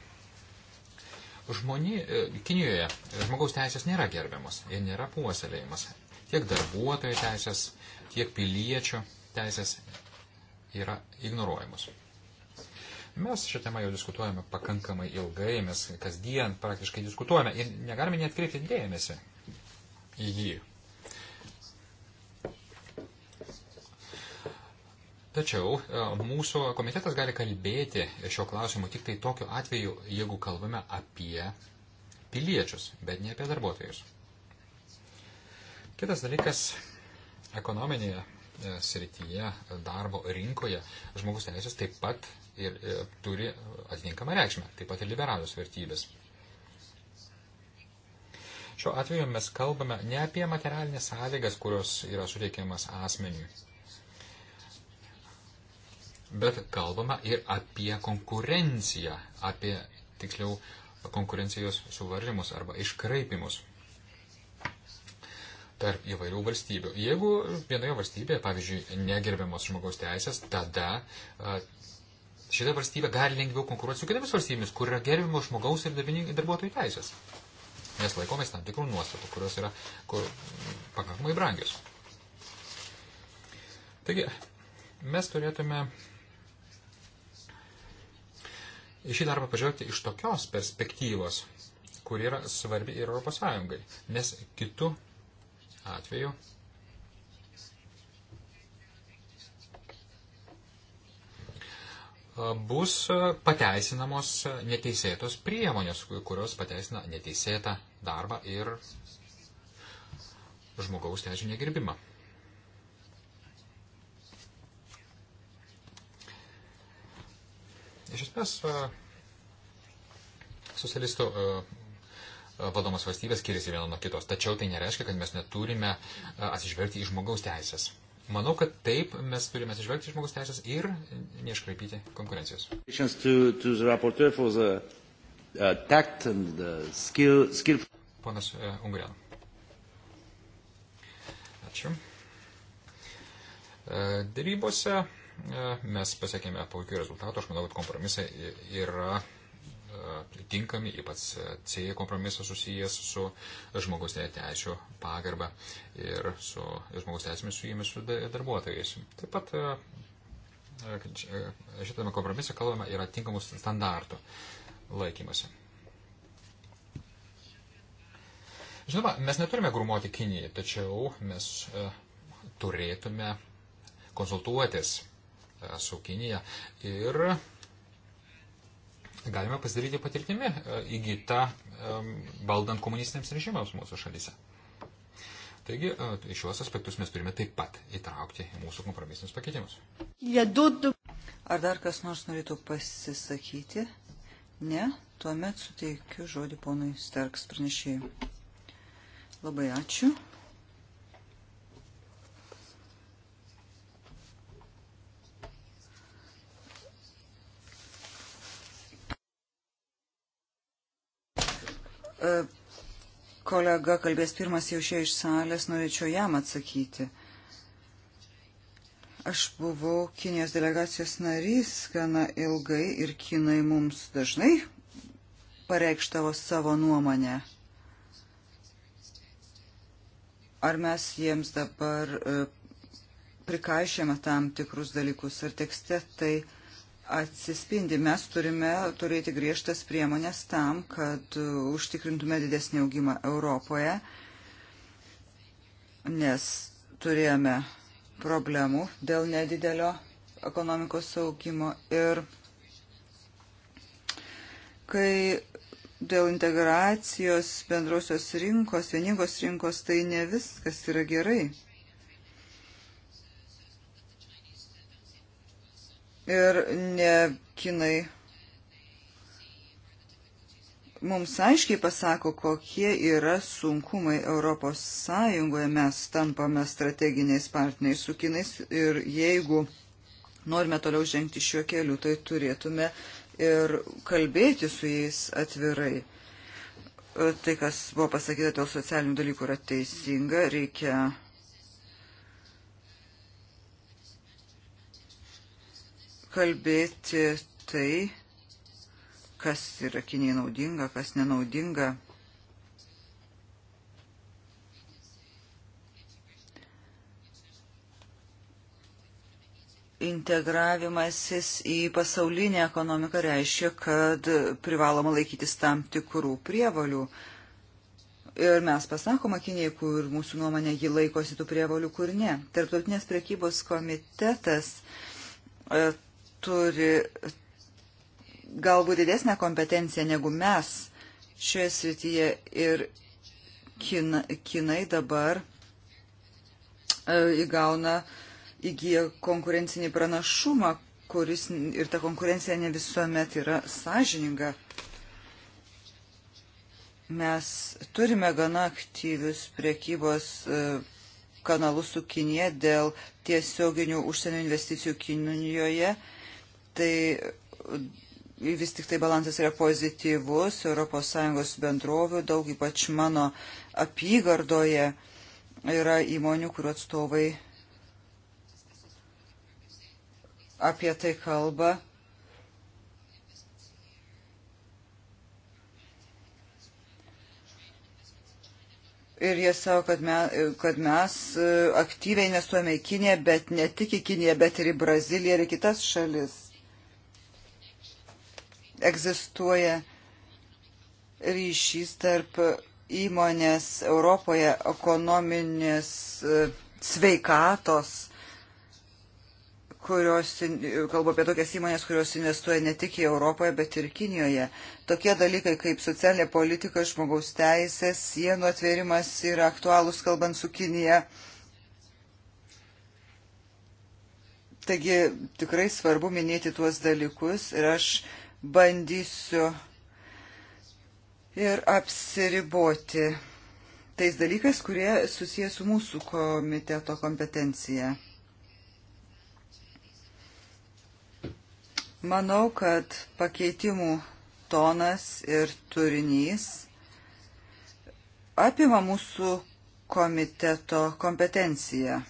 Žmoni, e, Kinijoje žmogaus teisės nėra gerbiamos ir nėra puoselėjimas. Tiek darbuotojų teisės, tiek piliečių teisės yra ignoruojamos. Mes šią temą jau diskutuojame pakankamai ilgai, mes kasdien praktiškai diskutuojame ir negalime net kreipti dėmesį į jį. Tačiau e, mūsų komitetas gali kalbėti šio klausimu tik tai tokiu atveju, jeigu kalbame apie piliečius, bet ne apie darbuotojus. Kitas dalykas - ekonominėje e, srityje, darbo rinkoje žmogus teisės taip pat ir, ir e, turi atitinkamą reikšmę, taip pat ir liberalios vertybės. Šiuo atveju mes kalbame ne apie materialinės sąlygas, kurios yra suteikiamas asmeniui, bet kalbama ir apie konkurenciją, apie tiksliau konkurencijos suvaržymus arba iškraipimus tarp įvairių valstybių. Jeigu vienoje valstybėje, pavyzdžiui, negerbiamos žmogaus teisės, tada šita valstybė gali lengviau konkuruoti su kitomis valstybėmis, kur yra gerbiamos žmogaus ir darbuotojų teisės. Nes laikomės tam tikrų nuostatų, kurios yra kur, pakankamai brangios. Taigi, mes turėtume į šį darbą pažvelgti iš tokios perspektyvos, kur yra svarbi ir Europos Sąjungai, nes kitų atveju bus pateisinamos neteisėtos priemonės, kurios pateisina neteisėtą darbą ir žmogaus teisų negirbimą. Iš esmės, e, socialistų e, e, valdomos valstybės skiriasi viena nuo kitos, tačiau tai nereiškia, kad mes neturime atsižvelgti į žmogaus teisės. Manau, kad taip mes turime atsižvelgti į žmogaus teisės ir neiškraipyti konkurencijos. Uh, Ponas Ungrian. Ačiū. Dėrybose E, mes pasiekėme puikių rezultatų, aš manau, kad kompromisai yra e, tinkami, ypač C kompromisas susijęs su žmogaus teisų pagarba ir su žmogaus teisėmis su jomis su darbuotojais. Taip pat e, šitame kompromise kalbame yra tinkamų standartų laikymasi. Žinoma, mes neturime grumoti Kinijai, tačiau mes turėtume konsultuotis su Kinija. Ir galime pasidaryti patirtimi e, įgytą valdant komunistiniams režimams mūsų šalyse. Taigi, e, šiuos aspektus mes turime taip pat įtraukti į mūsų kompromisinius pakeitimus.
Ar dar kas nors norėtų pasisakyti? Ne, tuomet suteikiu žodį ponui Sterks pranešėjui. Labai ačiū. E, kolega kalbės pirmas jau išėjo iš salės, norėčiau jam atsakyti. Aš buvau Kinijos delegacijos narys gana ilgai ir Kinai mums dažnai pareikštavo savo nuomonę. Ar mes jiems dabar e, prikaišėme tam tikrus dalykus ar tekste, tai uh, atsispindi. Mes turime turėti griežtas priemonės tam, kad užtikrintume didesnį augimą Europoje, nes turėjome problemų dėl nedidelio ekonomikos augimo ir kai dėl integracijos bendrosios rinkos, vieningos rinkos, tai ne viskas yra gerai. ir ne kinai mums aiškiai pasako, kokie yra sunkumai Europos Sąjungoje. Mes tampame strateginiais partneriais su kinais ir jeigu norime toliau žengti šiuo keliu, tai turėtume ir kalbėti su jais atvirai. Tai, kas buvo pasakyta dėl socialinių dalykų, yra teisinga. Reikia kalbėti tai, kas yra Kinijai naudinga, kas nenaudinga. integravimasis į pasaulinę ekonomiką reiškia, kad privaloma laikytis tam tikrų prievalių. Ir mes pasakoma Kinijai, kur mūsų nuomonė jį laikosi tų prievalių, kur ne. Tarptautinės priekybos komitetas e, turi galbūt didesnę kompetenciją negu mes šioje srityje ir kin, kinai dabar e, įgauna, įgyja konkurencinį pranašumą, kuris ir ta konkurencija ne visuomet yra sąžininga. Mes turime gana aktyvius priekybos e, kanalus su Kinė dėl tiesioginių užsienio investicijų Kinijoje tai e, vis tik tai balansas yra pozityvus, ES bendrovių daug, ypač mano apygardoje yra įmonių, kurių atstovai apie tai kalba. Ir jie savo, kad, me, kad mes e, aktyviai investuojame į Kiniją, bet ne tik į Kiniją, bet ir į Braziliją ir į kitas šalis egzistuoja ryšys tarp įmonės Europoje ekonominės e, sveikatos, kurios, kalbu apie tokias įmonės, kurios investuoja ne tik į Europoje, bet ir Kinijoje. Tokie dalykai kaip socialinė politika, žmogaus teisės, sienų atvėrimas yra aktualūs kalbant su Kinija. Taigi tikrai svarbu minėti tuos dalykus ir aš uh, bandysiu ir apsiriboti tais dalykais, kurie susijęs su mūsų komiteto kompetencija. Manau, kad pakeitimų tonas ir turinys apima mūsų komiteto kompetenciją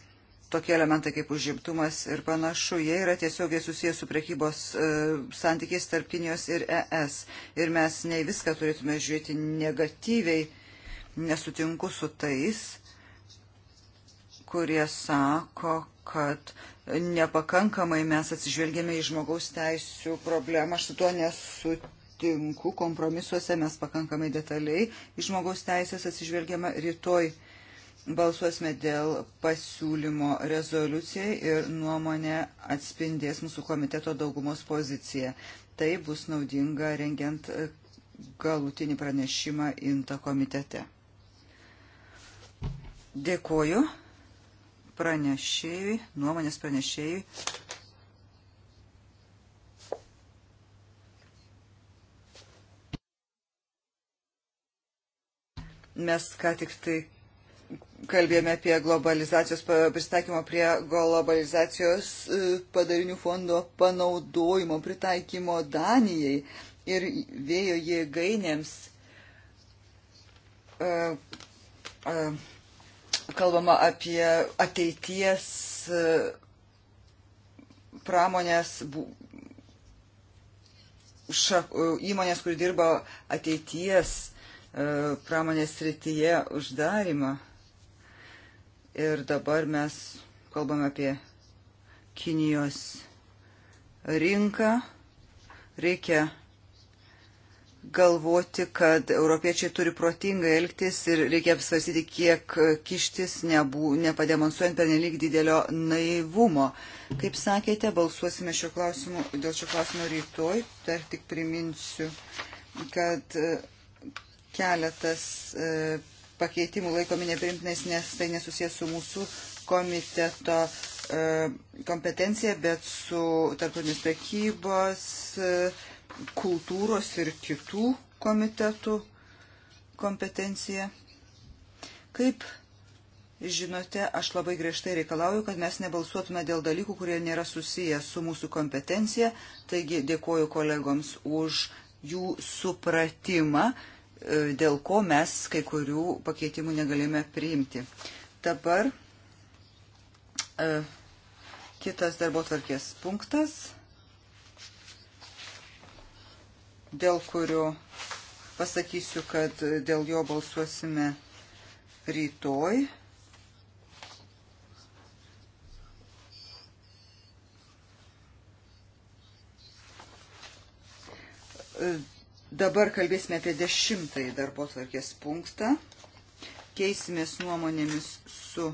tokie elementai kaip užimtumas ir panašu, jie yra tiesiogiai susijęs su prekybos e, santykiais tarp Kinijos ir ES. Ir mes ne viską turėtume žiūrėti negatyviai, nesutinku su tais, kurie sako, kad nepakankamai mes atsižvelgėme į žmogaus teisų problemą. Aš su tuo nesutinku. Kompromisuose mes pakankamai detaliai į žmogaus teisės atsižvelgėme rytoj. E, balsuosime dėl pasiūlymo rezoliucijai ir nuomonė atspindės mūsų komiteto daugumos poziciją. Tai bus naudinga rengiant galutinį pranešimą INTA komitete. Dėkoju pranešėjui, nuomonės pranešėjui. Mes ką tik tai kalbėjome apie globalizacijos pristaikymo prie globalizacijos e, padarinių fondo panaudojimo, pritaikymo Danijai ir vėjo jėgainėms. E, e, kalbama apie ateities pramonės šak, įmonės, kur dirba ateities pramonės srityje uždarimą. Ir dabar mes kalbame apie Kinijos rinką. Reikia galvoti, kad europiečiai turi protingai elgtis ir reikia apsvarsyti, kiek kištis, nebū, nepademonstruojant per nelik didelio naivumo. Kaip sakėte, balsuosime šio klausimu, dėl šio klausimo rytoj. Dar tik priminsiu, kad e, keletas e, pakeitimų laikomi neprimtinais, nes tai nesusijęs su mūsų komiteto e, kompetencija, bet su tarptautinės prekybos, e, kultūros ir kitų komitetų kompetencija. Kaip žinote, aš labai griežtai reikalauju, kad mes nebalsuotume dėl dalykų, kurie nėra susiję su mūsų kompetencija. Taigi dėkoju kolegoms už jų supratimą E, dėl ko mes kai kurių pakeitimų negalime priimti. Dabar e, kitas darbo tvarkės punktas, dėl kurio pasakysiu, kad dėl jo balsuosime rytoj. E, Dabar kalbėsime apie dešimtąjį darbo tvarkės punktą. Keisimės nuomonėmis su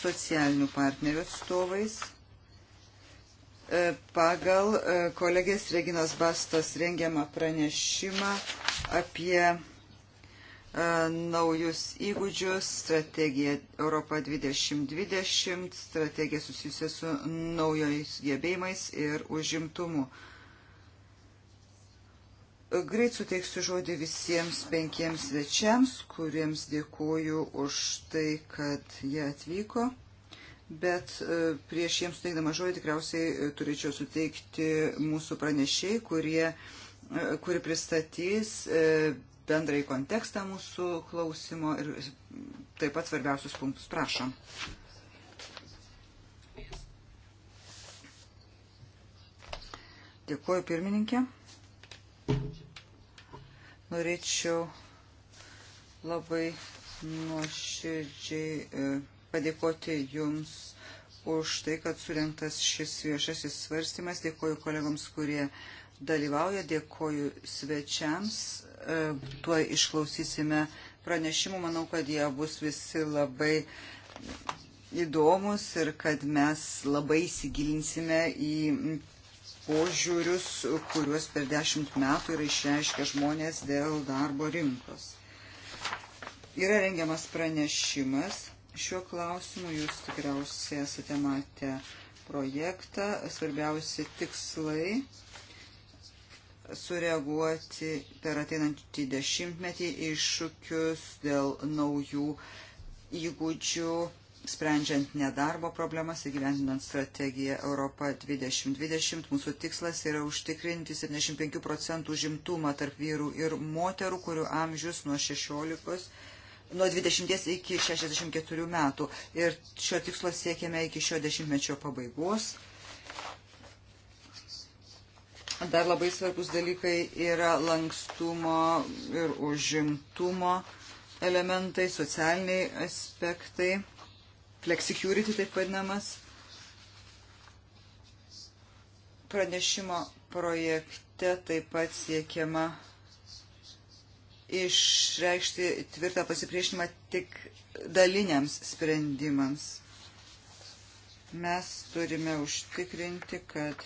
socialinių partnerių atstovais. E, pagal e, kolegės Reginos Bastos rengiamą pranešimą apie e, naujus įgūdžius, strategija Europa 2020, strategija susijusia su naujais gebėjimais ir užimtumu. Už Greit suteiksiu žodį visiems penkiems svečiams, kuriems dėkuoju už tai, kad jie atvyko. Bet e, prieš jiems suteikdama žodį tikriausiai e, turėčiau suteikti mūsų pranešiai, kurie, e, kuri pristatys bendrai kontekstą mūsų klausimo ir taip pat svarbiausius punktus. Prašom. Dėkuoju pirmininkė. Norėčiau labai nuoširdžiai e, padėkoti Jums už tai, kad surinktas šis viešasis svarstymas. Dėkoju kolegoms, kurie dalyvauja, dėkoju svečiams. E, Tuo išklausysime pranešimų. Manau, kad jie bus visi labai įdomus ir kad mes labai įsigilinsime į požiūrius, kuriuos per dešimt metų yra išreiškę žmonės dėl darbo rinkos. Yra rengiamas pranešimas šiuo klausimu, jūs tikriausiai esate matę projektą, svarbiausi tikslai sureaguoti per ateinantį dešimtmetį iššūkius dėl naujų įgūdžių sprendžiant nedarbo problemas, įgyvendinant strategiją Europą 2020. Mūsų tikslas yra užtikrinti 75 procentų žimtumą tarp vyrų ir moterų, kurių amžius nuo 16 nuo 20 iki 64 metų. Ir šio tikslo siekėme iki šio dešimtmečio pabaigos. Dar labai svarbus dalykai yra lankstumo ir užimtumo elementai, socialiniai aspektai flexicurity taip vadinamas, pranešimo projekte taip pat siekiama išreikšti tvirtą pasipriešinimą tik daliniams sprendimams. Mes turime užtikrinti, kad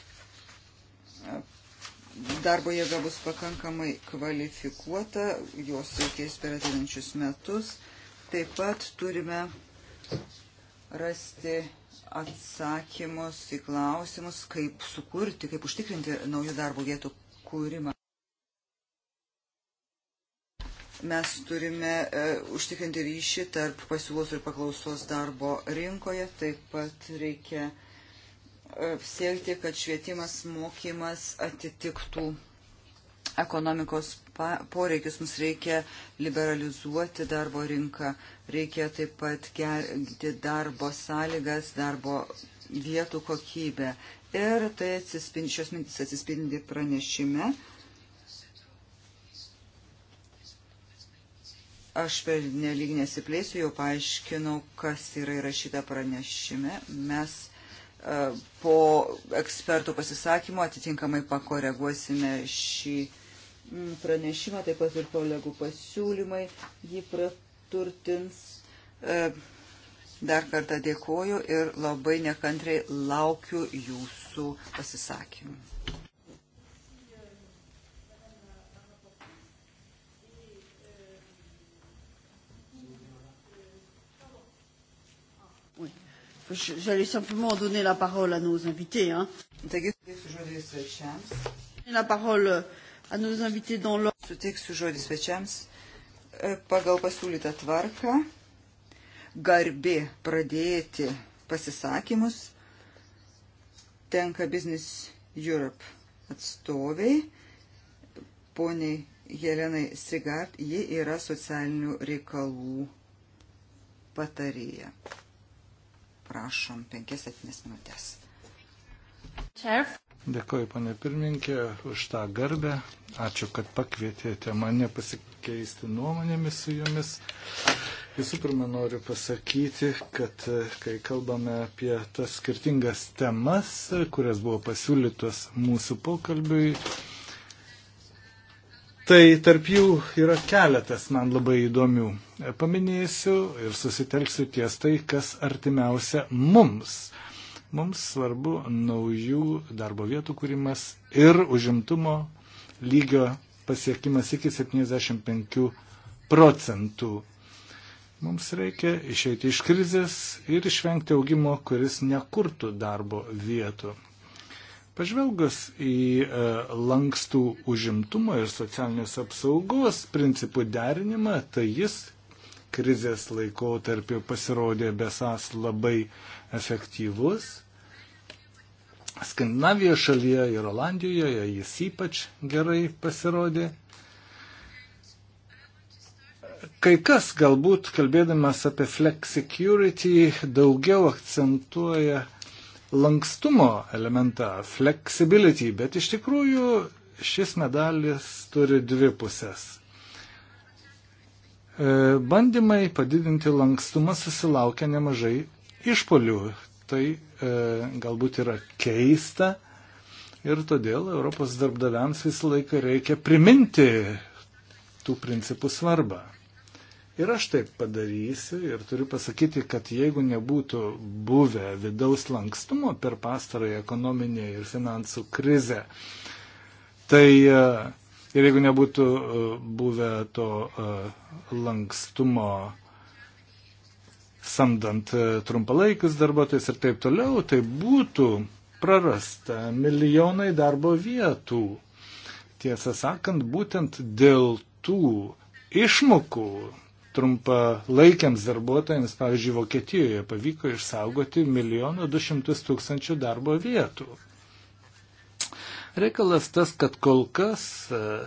darbo jėga bus pakankamai kvalifikuota, jos reikės per ateinančius metus. Taip pat turime rasti atsakymus į klausimus, kaip sukurti, kaip užtikrinti naujų darbo vietų kūrimą. Mes turime e, užtikrinti ryšį tarp pasiūlos ir paklausos darbo rinkoje, taip pat reikia e, siekti, kad švietimas, mokymas atitiktų ekonomikos poreikius, mums reikia liberalizuoti darbo rinką, reikia taip pat gerinti darbo sąlygas, darbo vietų kokybę. Ir tai atsispindi, šios mintis atsispindi pranešime. Aš per nelyg nesiplėsiu, jau paaiškinau, kas yra įrašyta pranešime. Mes e, po ekspertų pasisakymų atitinkamai pakoreguosime šį pranešimą Mm, pranešimą, taip pat ir kolegų pasiūlymai jį praturtins. E, dar kartą dėkoju ir labai nekantriai laukiu jūsų pasisakymų.
J'allais simplement donner la parole à nos invités. Hein. La parole Suteiksiu
žodį svečiams e, pagal pasiūlytą tvarką. Garbi pradėti pasisakymus tenka Business Europe atstoviai, poniai Jelenai Sigart, ji yra socialinių reikalų patarėja.
Prašom, penkias atmės minutės. Chair. Dėkoju, pane pirmininkė, už tą garbę. Ačiū, kad pakvietėte mane pasikeisti nuomonėmis su jumis. Visų pirma, noriu pasakyti, kad e, kai kalbame apie tas skirtingas temas, e, kurias buvo pasiūlytos mūsų pokalbiui, Tai tarp jų yra keletas man labai įdomių. E, paminėsiu ir susitelksiu ties tai, kas artimiausia mums. Mums svarbu naujų darbo vietų kūrimas ir užimtumo lygio pasiekimas iki 75 procentų. Mums reikia išeiti iš krizės ir išvengti augimo, kuris nekurtų darbo vietų. Pažvelgus į e, lankstų užimtumo ir socialinės apsaugos principų derinimą, tai jis krizės laikotarpiu pasirodė besas labai efektyvus. Skandinavijos šalyje ir Olandijoje jis ypač gerai pasirodė. Kai kas galbūt, kalbėdamas apie flexicurity, daugiau akcentuoja lankstumo elementą, flexibility, bet iš tikrųjų šis medalis turi dvi pusės. E, bandymai padidinti lankstumą susilaukia nemažai išpolių. Tai E, galbūt yra keista ir todėl Europos darbdaviams visą laiką reikia priminti tų principų svarbą. Ir aš taip padarysiu ir turiu pasakyti, kad jeigu nebūtų buvę vidaus lankstumo per pastarąją ekonominę ir finansų krizę, tai e, ir jeigu nebūtų e, buvę to lankstumo samdant e, trumpalaikius darbuotojus ir taip toliau, tai būtų prarasta milijonai darbo vietų. Tiesą sakant, būtent dėl tų išmokų trumpalaikiams darbuotojams, pavyzdžiui, Vokietijoje pavyko išsaugoti milijoną du šimtus tūkstančių darbo vietų. Reikalas tas, kad kol kas uh,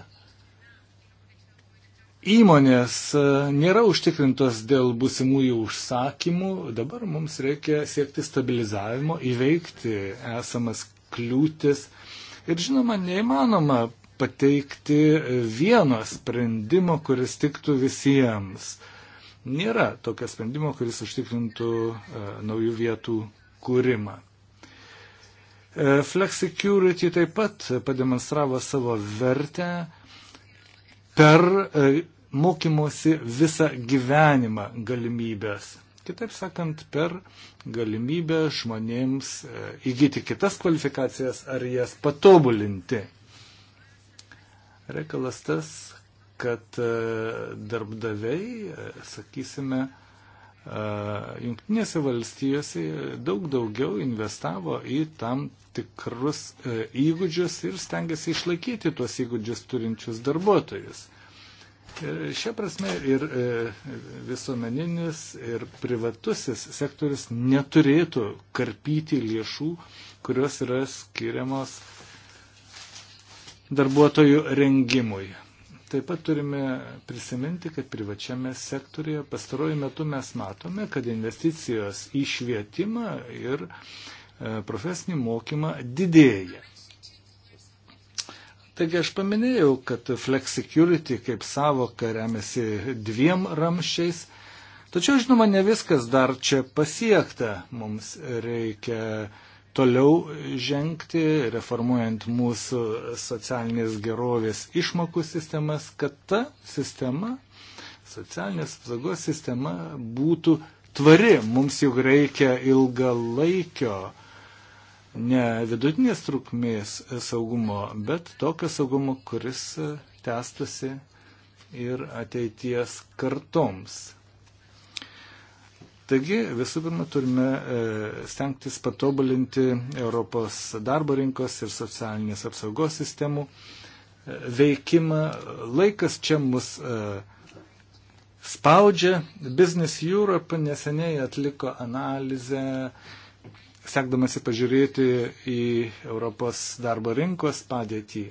įmonės e, nėra užtikrintos dėl busimųjų užsakymų, dabar mums reikia siekti stabilizavimo, įveikti esamas kliūtis. Ir žinoma, neįmanoma pateikti vieno sprendimo, kuris tiktų visiems. Nėra tokio sprendimo, kuris užtikrintų e, naujų vietų kūrimą. E, Flexicurity taip pat pademonstravo savo vertę, per e, mokymosi visą gyvenimą galimybės. Kitaip sakant, per galimybę žmonėms e, įgyti kitas kvalifikacijas ar jas patobulinti. Reikalas tas, kad e, darbdaviai, sakysime, Junktinėse valstijose daug daugiau investavo į tam tikrus e, įgūdžius ir stengiasi išlaikyti tuos įgūdžius turinčius darbuotojus. E, šia prasme ir e, visuomeninis, ir privatusis sektorius neturėtų karpyti lėšų, kurios yra skiriamos darbuotojų rengimui. Taip pat turime prisiminti, kad privačiame sektorėje pastaruoju metu mes matome, kad investicijos į švietimą ir e, profesinį mokymą didėja. Taigi aš paminėjau, kad flexicurity kaip savoka remiasi dviem ramščiais, tačiau žinoma ne viskas dar čia pasiekta. Mums reikia toliau žengti, reformuojant mūsų socialinės gerovės išmokų sistemas, kad ta sistema, socialinės apsaugos sistema būtų tvari. Mums juk reikia ilgalaikio, ne vidutinės trukmės saugumo, bet tokio saugumo, kuris testusi ir ateities kartoms. Taigi visų pirma turime e, stengtis patobulinti Europos darbo rinkos ir socialinės apsaugos sistemų e, veikimą. Laikas čia mus e, spaudžia. Business Europe neseniai atliko analizę, sekdamasi pažiūrėti į Europos darbo rinkos padėtį.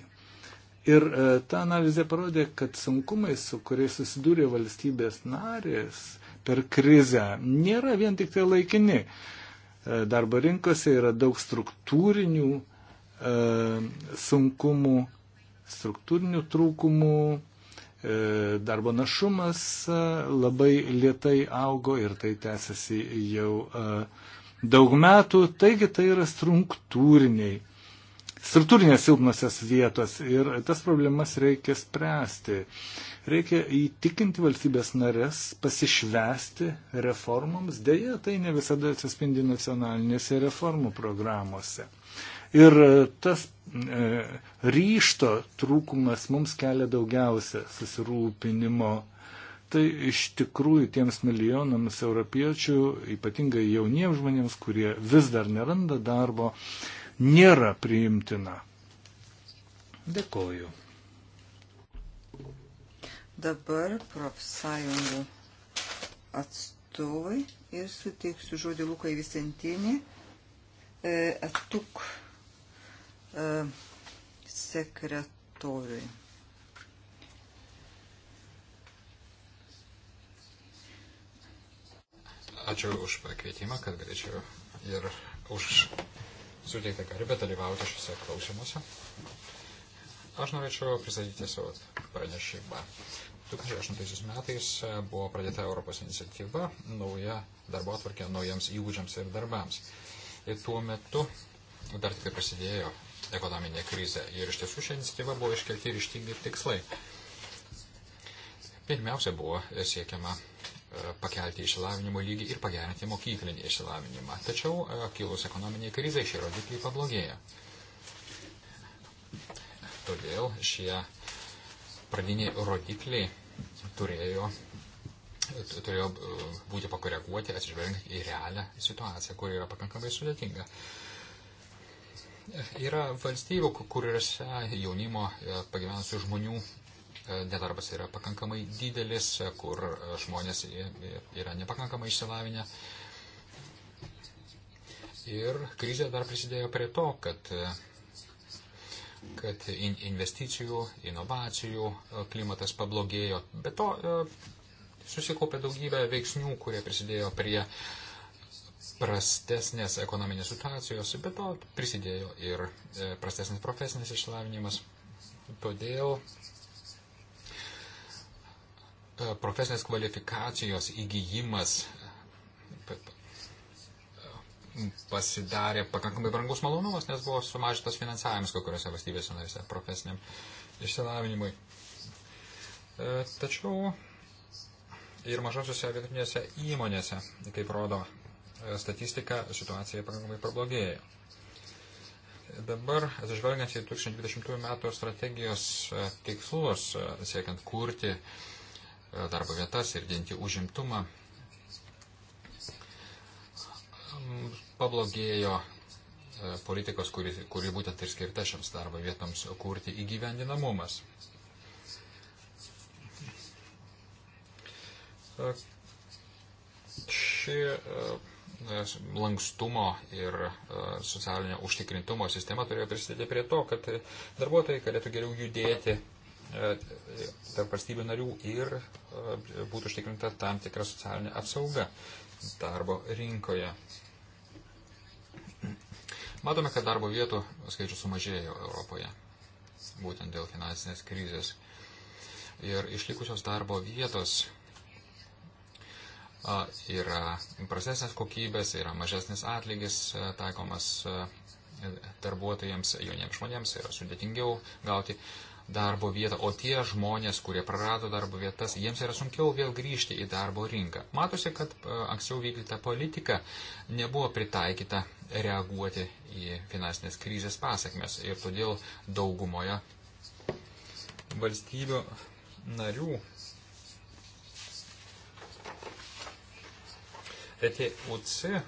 Ir ta analizė parodė, kad sunkumai, su kuriais susidūrė valstybės narės, per krizę, nėra vien tik tai laikini. E, darbo rinkose yra daug struktūrinių e, sunkumų, struktūrinių trūkumų, e, darbo našumas e, labai lietai augo ir tai tęsiasi jau e, daug metų, taigi tai yra struktūriniai struktūrinės silpnosios vietos ir tas problemas reikia spręsti. Reikia įtikinti valstybės narės pasišvesti reformoms, dėja tai ne visada atsispindi nacionalinėse reformų programuose. Ir tas e, ryšto trūkumas mums kelia daugiausia susirūpinimo. Tai iš tikrųjų tiems milijonams europiečių, ypatingai jauniems žmonėms, kurie vis dar neranda darbo, e, nėra priimtina. Dėkoju.
Dabar profsąjungų atstovai ir suteiksiu žodį Lukai Visentinį, e, atuk e, sekretoriui.
Ačiū už pakvietimą, kad galėčiau ir už suteikta garbė dalyvauti šiuose klausimuose. Aš norėčiau pristatyti savo pranešimą. 2008 metais e, buvo pradėta Europos iniciatyva nauja darbo atvarkė naujiems įgūdžiams ir darbams. Ir tuo metu dar tik tai prasidėjo ekonominė krizė. Ir iš tiesų šią iniciatyvą buvo iškelti ryštingi tikslai. Pirmiausia buvo siekiama E, pakelti išsilavinimo lygį ir pagerinti mokyklinį išsilavinimą. Tačiau e, kilus ekonominiai krizai šie rodikliai pablogėja. Todėl šie pradiniai rodikliai turėjo, turėjo e, būti pakoreguoti atsižvelgiant į realią situaciją, kuri yra pakankamai sudėtinga. Yra valstybių, kuriuose jaunimo pagyvenusių žmonių nedarbas yra pakankamai didelis, kur e, žmonės yra nepakankamai išsilavinę. Ir krizė dar prisidėjo prie to, kad, e, kad investicijų, inovacijų e, klimatas pablogėjo. Be to susikaupė daugybę veiksnių, kurie prisidėjo prie prastesnės ekonominės situacijos, bet to prisidėjo ir prastesnis profesinis išlavinimas. Todėl E, profesinės kvalifikacijos įgyjimas e, pasidarė pakankamai brangus malonumas, nes buvo sumažintas finansavimas kai kuriuose valstybėse narėse profesiniam išsilavinimui. E, tačiau ir mažosiuose vidutinėse įmonėse, kaip rodo statistika, situacija pakankamai pablogėjo. Dabar, atsižvelgiant į 2020 metų strategijos tikslus, siekiant kurti uh, darbo vietas ir ginti užimtumą, pablogėjo e, politikos, kuri, kuri būtent ir skirta šiams darbo vietoms kurti įgyvendinamumas. E, ši e, lankstumo ir socialinio užtikrintumo sistema turėjo prisidėti prie to, kad darbuotojai galėtų geriau judėti E, tarp valstybių narių ir e, būtų užtikrinta tam tikra socialinė apsauga darbo rinkoje. Matome, kad darbo vietų skaičius sumažėjo Europoje, būtent dėl finansinės krizės. Ir išlikusios darbo vietos yra prastesnės kokybės, yra mažesnis atlygis taikomas darbuotojams, jauniems žmonėms, yra sudėtingiau gauti uh, darbo vietą, o tie žmonės, kurie prarado darbo vietas, jiems yra sunkiau vėl grįžti į darbo rinką. Matosi, kad e, anksčiau vykdyta politika nebuvo pritaikyta reaguoti į finansinės krizės pasakmes ir todėl daugumoje valstybių narių ETUC e,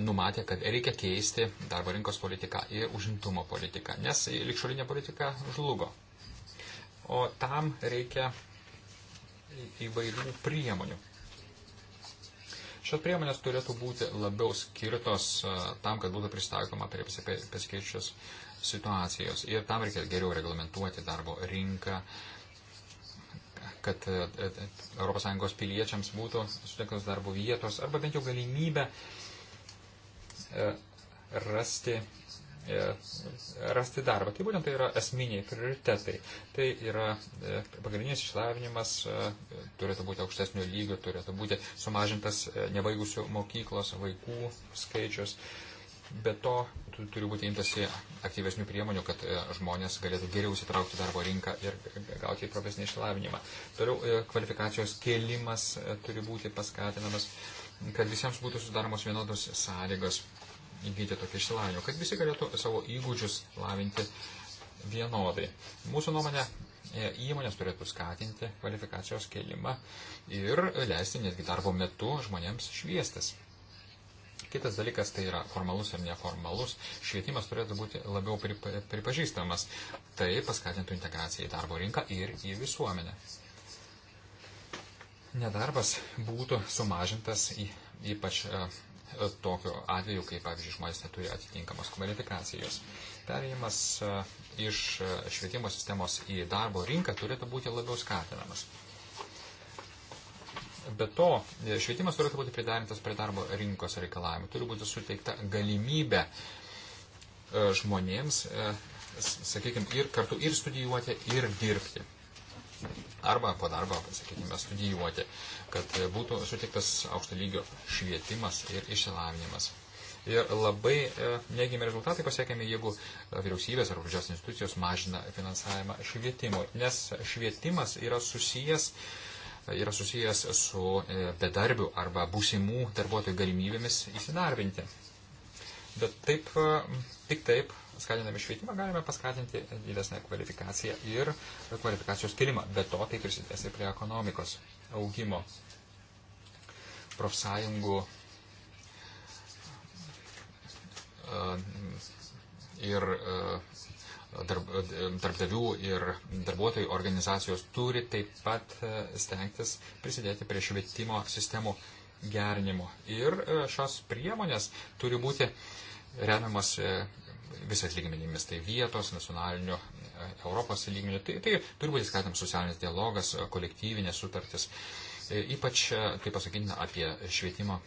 numatė, kad reikia keisti darbo rinkos politiką ir užimtumo politiką, nes likšulinė politika žlugo. O tam reikia įvairių priemonių. Šios priemonės turėtų būti labiau skirtos e, tam, kad būtų pristaikoma prie pasikeičios situacijos. Ir tam reikia geriau reglamentuoti darbo rinką, kad ES e, e, piliečiams būtų suteiktos darbo vietos arba bent jau galimybė uh, E, rasti, e, rasti darbą. Tai būtent tai yra esminiai prioritetai. Tai yra e, pagrindinis išlavinimas, turėtų būti aukštesnio lygio, turėtų būti sumažintas nebaigusių mokyklos vaikų skaičius. Be to, turi būti imtasi aktyvesnių priemonių, kad žmonės galėtų geriau įsitraukti darbo rinką ir gauti profesinį išlavinimą. Toliau kvalifikacijos kėlimas turi būti paskatinamas, kad visiems būtų sudaromos vienodos sąlygos įgyti tokį išsilavinimą, kad visi galėtų savo įgūdžius lavinti vienodai. Mūsų nuomonė, e, įmonės turėtų skatinti kvalifikacijos kelimą ir leisti netgi darbo metu žmonėms šviestis. Kitas dalykas tai yra formalus ir neformalus. Švietimas turėtų būti labiau pripa, pripažįstamas. Tai paskatintų integraciją į darbo rinką ir į visuomenę. Nedarbas būtų sumažintas į, ypač e, E, tokiu atveju, kai, pavyzdžiui, žmonės neturi atitinkamos kvalifikacijos. Perėjimas e, iš e, švietimo sistemos į darbo rinką turėtų būti labiau skatinamas. Be to, švietimas turėtų būti pridarintas prie darbo rinkos reikalavimų. Turi būti suteikta galimybė žmonėms, sakykime, ir kartu ir studijuoti, ir dirbti. Arba po darbo, sakykime, studijuoti kad būtų sutiktas aukšto lygio švietimas ir išsilavinimas. Ir labai e, neigiami rezultatai pasiekiami, jeigu e, vyriausybės ar valdžios institucijos mažina finansavimą švietimui, nes švietimas yra susijęs, e, yra susijęs su bedarbių arba būsimų darbuotojų galimybėmis įsidarbinti. Bet taip, tik taip, skatinami švietimą, galime paskatinti didesnę kvalifikaciją ir kvalifikacijos kilimą. Be to, tai prisidės ir prie ekonomikos augimo. Profsąjungų e, ir e, darbdavių ir darbuotojų organizacijos turi taip pat e, stengtis prisidėti prie švietimo sistemų gerinimo. Ir šios priemonės turi būti remiamas visais lygmenimis, tai vietos, nacionaliniu, e, Europos lygmeniu. Tai, tai turi būti skatinamas socialinis dialogas, e, kolektyvinės sutartis. E, ypač, kaip pasakytina, apie švietimo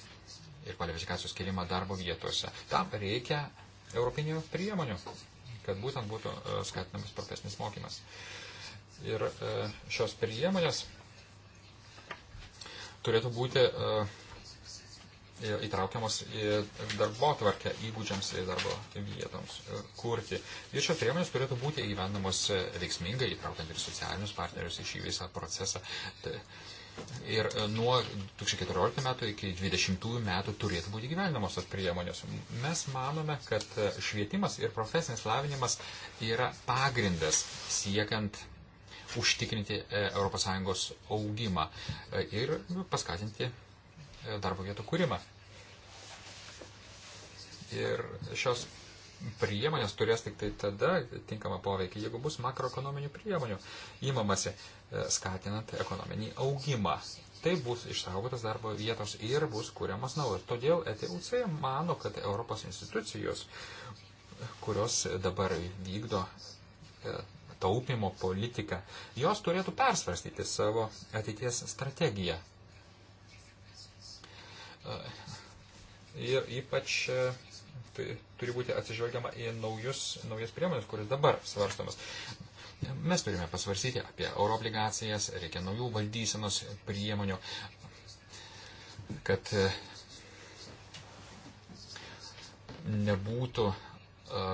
ir kvalifikacijos kelimą darbo vietose. Tam reikia europinių priemonių, kad būtent būtų skatinamas profesinis mokymas. Ir šios priemonės turėtų būti uh, E, įtraukiamos į darbo tvarkę įgūdžiams ir darbo vietoms e, kurti. Ir šios priemonės turėtų būti įgyvendamos e, veiksmingai, įtraukiant ir socialinius partnerius į šį visą procesą. Ir nuo 2014 metų iki 2020 metų turėtų būti gyvenamos tos priemonės. Mes manome, kad švietimas ir profesinis lavinimas yra pagrindas siekiant užtikrinti ES augimą ir paskatinti darbo vietų kūrimą. Ir šios priemonės turės tik tai tada tinkamą poveikį, jeigu bus makroekonominių priemonių įmamasi e, skatinant ekonominį augimą. Tai bus išsaugotas darbo vietos ir bus kuriamas naujas. Todėl ETUC mano, kad Europos institucijos, kurios dabar vykdo e, taupimo politiką, jos turėtų persvarstyti savo ateities strategiją Ir ypač e, tai turi būti atsižvelgiama į naujus, naujas priemonės, kuris dabar svarstomas. Mes turime pasvarsyti apie euroobligacijas, reikia naujų valdysenos priemonių, kad e, nebūtų e,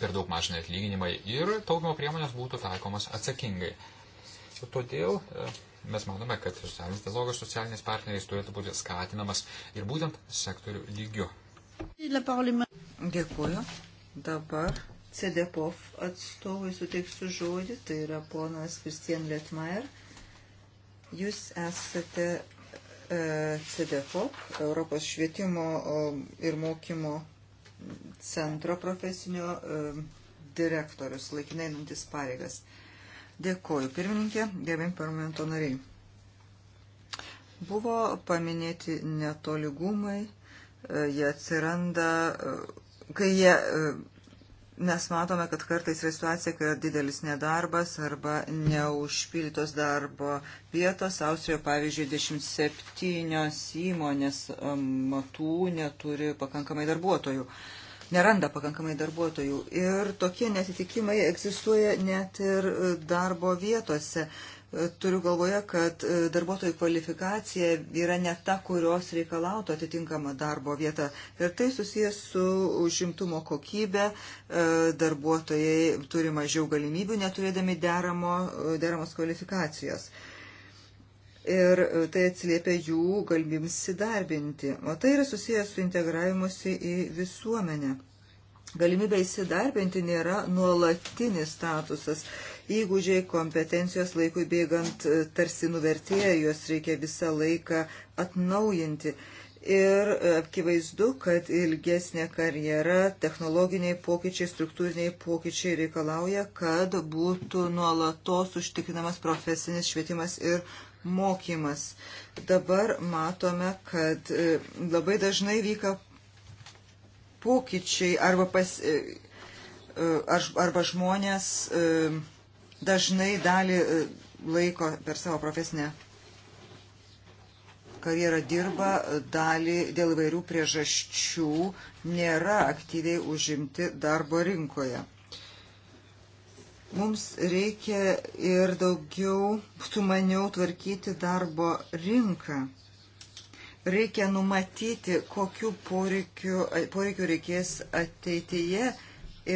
per daug mažinai atlyginimai ir taupimo priemonės būtų taikomas atsakingai. Todėl Mes manome, kad socialinis dialogas socialiniais partneriais turėtų būti skatinamas ir būtent sektorių lygiu.
Dėkuoju. Dabar CDPOF atstovui suteiksiu žodį, tai yra ponas Kristian Letmaier. Jūs esate e, CDFOP, Europos švietimo ir mokymo centro profesinio e, direktorius, laikinai einantis pareigas. Dėkoju, pirmininkė, gerbim parlamento nariai. Buvo paminėti netoligumai, e, jie atsiranda, e, kai jie e, mes matome, kad kartais yra situacija, kai yra didelis nedarbas arba neužpildytos darbo vietos. Austrijoje, pavyzdžiui, 27 įmonės matų neturi pakankamai darbuotojų. Um, neranda pakankamai darbuotojų. Ir tokie netitikimai egzistuoja net ir e, darbo vietose. E, turiu galvoje, kad e, darbuotojų kvalifikacija yra ne ta, kurios reikalautų atitinkama darbo vieta. Ir tai susijęs su užimtumo kokybė. Darbuotojai turi mažiau galimybių, neturėdami deramo, deramos kvalifikacijos ir e, tai atsiliepia jų galimybėms įsidarbinti. O tai yra susijęs su integravimusi į visuomenę. Galimybė įsidarbinti nėra nuolatinis statusas. Įgūdžiai kompetencijos laikui bėgant e, tarsi nuvertėja, juos reikia visą laiką atnaujinti. Ir e, akivaizdu, kad ilgesnė karjera, technologiniai pokyčiai, struktūriniai pokyčiai reikalauja, kad būtų nuolatos užtikrinamas profesinis švietimas ir mokymas. Dabar matome, kad e, labai dažnai vyka pokyčiai arba, pas, e, e, arba žmonės dažnai dalį laiko per savo profesinę karjerą dirba, dalį dėl vairių priežasčių nėra aktyviai užimti darbo rinkoje. Mums reikia ir daugiau sumaniau tvarkyti darbo rinką. Reikia numatyti, kokiu poreikiu, poreikiu reikės ateityje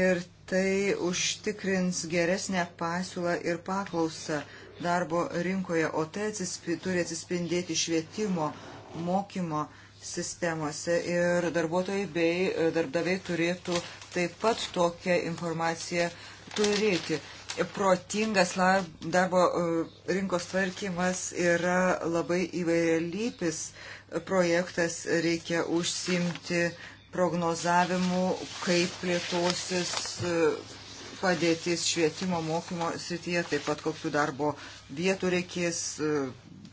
ir tai užtikrins geresnę pasiūlą ir paklausą darbo rinkoje, o tai atsispi, turi atsispindėti švietimo, mokymo sistemose ir darbuotojai bei darbdaviai turėtų taip pat tokią informaciją turėti. Protingas darbo e, rinkos tvarkymas yra labai įvairialypis projektas, reikia užsimti prognozavimu, kaip plėtosis e, padėtis švietimo mokymo srityje, taip pat kokiu darbo vietų reikės, e,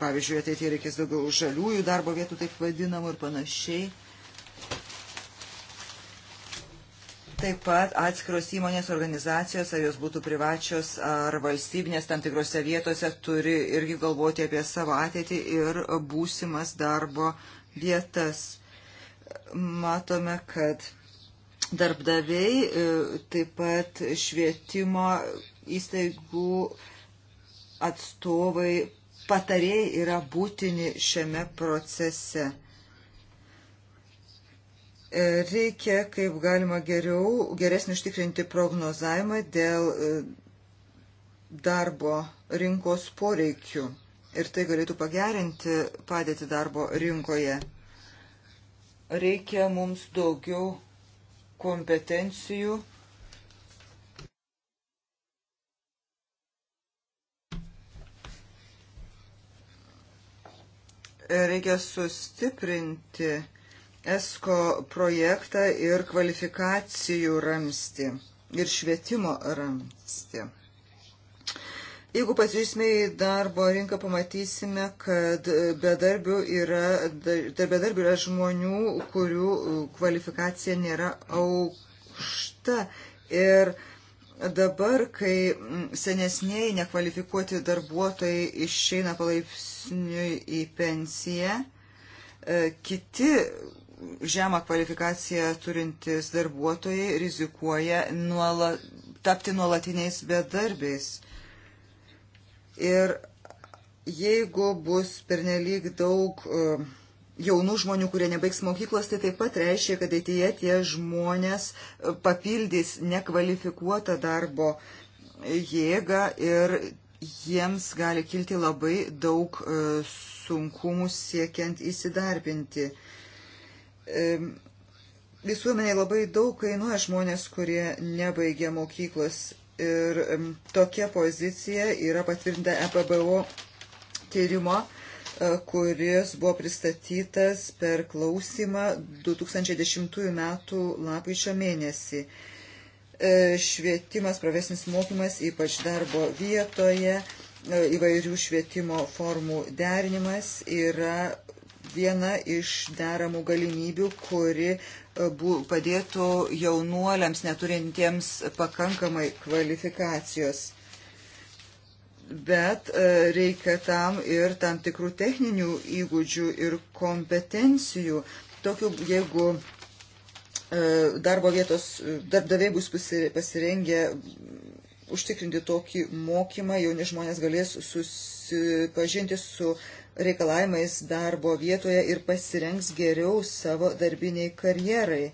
pavyzdžiui, ateityje reikės daugiau žaliųjų darbo vietų, taip vadinamų ir panašiai. Taip pat atskiros įmonės organizacijos, ar jos būtų privačios ar valstybinės tam tikrose vietose, turi irgi galvoti apie savo ateitį ir būsimas darbo vietas. Matome, kad darbdaviai, e, taip pat švietimo įstaigų atstovai, patarėjai yra būtini šiame procese. E, reikia, kaip galima geriau, geresnį užtikrinti prognozavimą dėl e, darbo rinkos poreikių. Ir tai galėtų pagerinti padėti darbo rinkoje. Reikia mums daugiau kompetencijų. E, reikia sustiprinti ESCO projektą ir kvalifikacijų ramsti ir švietimo ramsti. Jeigu pasižiūrėsime į darbo rinką, pamatysime, kad bedarbių yra, tarp bedarbių yra žmonių, kurių kvalifikacija nėra aukšta. Ir dabar, kai senesniai nekvalifikuoti darbuotojai išeina palaipsniui į pensiją, e, kiti žemą kvalifikaciją turintys darbuotojai rizikuoja nuola, tapti nuolatiniais bedarbiais. Ir jeigu bus pernelyg daug e, jaunų žmonių, kurie nebaigs mokyklos, tai taip pat reiškia, kad ateityje tie žmonės e, papildys nekvalifikuotą darbo jėgą ir jiems gali kilti labai daug e, sunkumų siekiant įsidarbinti. Uh, visuomeniai labai daug kainuoja žmonės, kurie nebaigia mokyklos. Ir tokia pozicija yra patvirtinta EPBO tyrimo, e, kuris buvo pristatytas per klausimą 2010 m. lapkričio mėnesį. E, švietimas, profesinis mokymas, ypač darbo vietoje, e, įvairių švietimo formų derinimas yra viena iš deramų galimybių, kuri e, padėtų jaunuoliams neturintiems pakankamai kvalifikacijos. Bet e, reikia tam ir tam tikrų techninių įgūdžių ir kompetencijų. Tokiu, jeigu e, darbo vietos darbdaviai bus pasirengę užtikrinti tokį mokymą, jauni žmonės galės susipažinti su reikalavimais darbo vietoje ir pasirengs geriau savo darbiniai karjerai. E,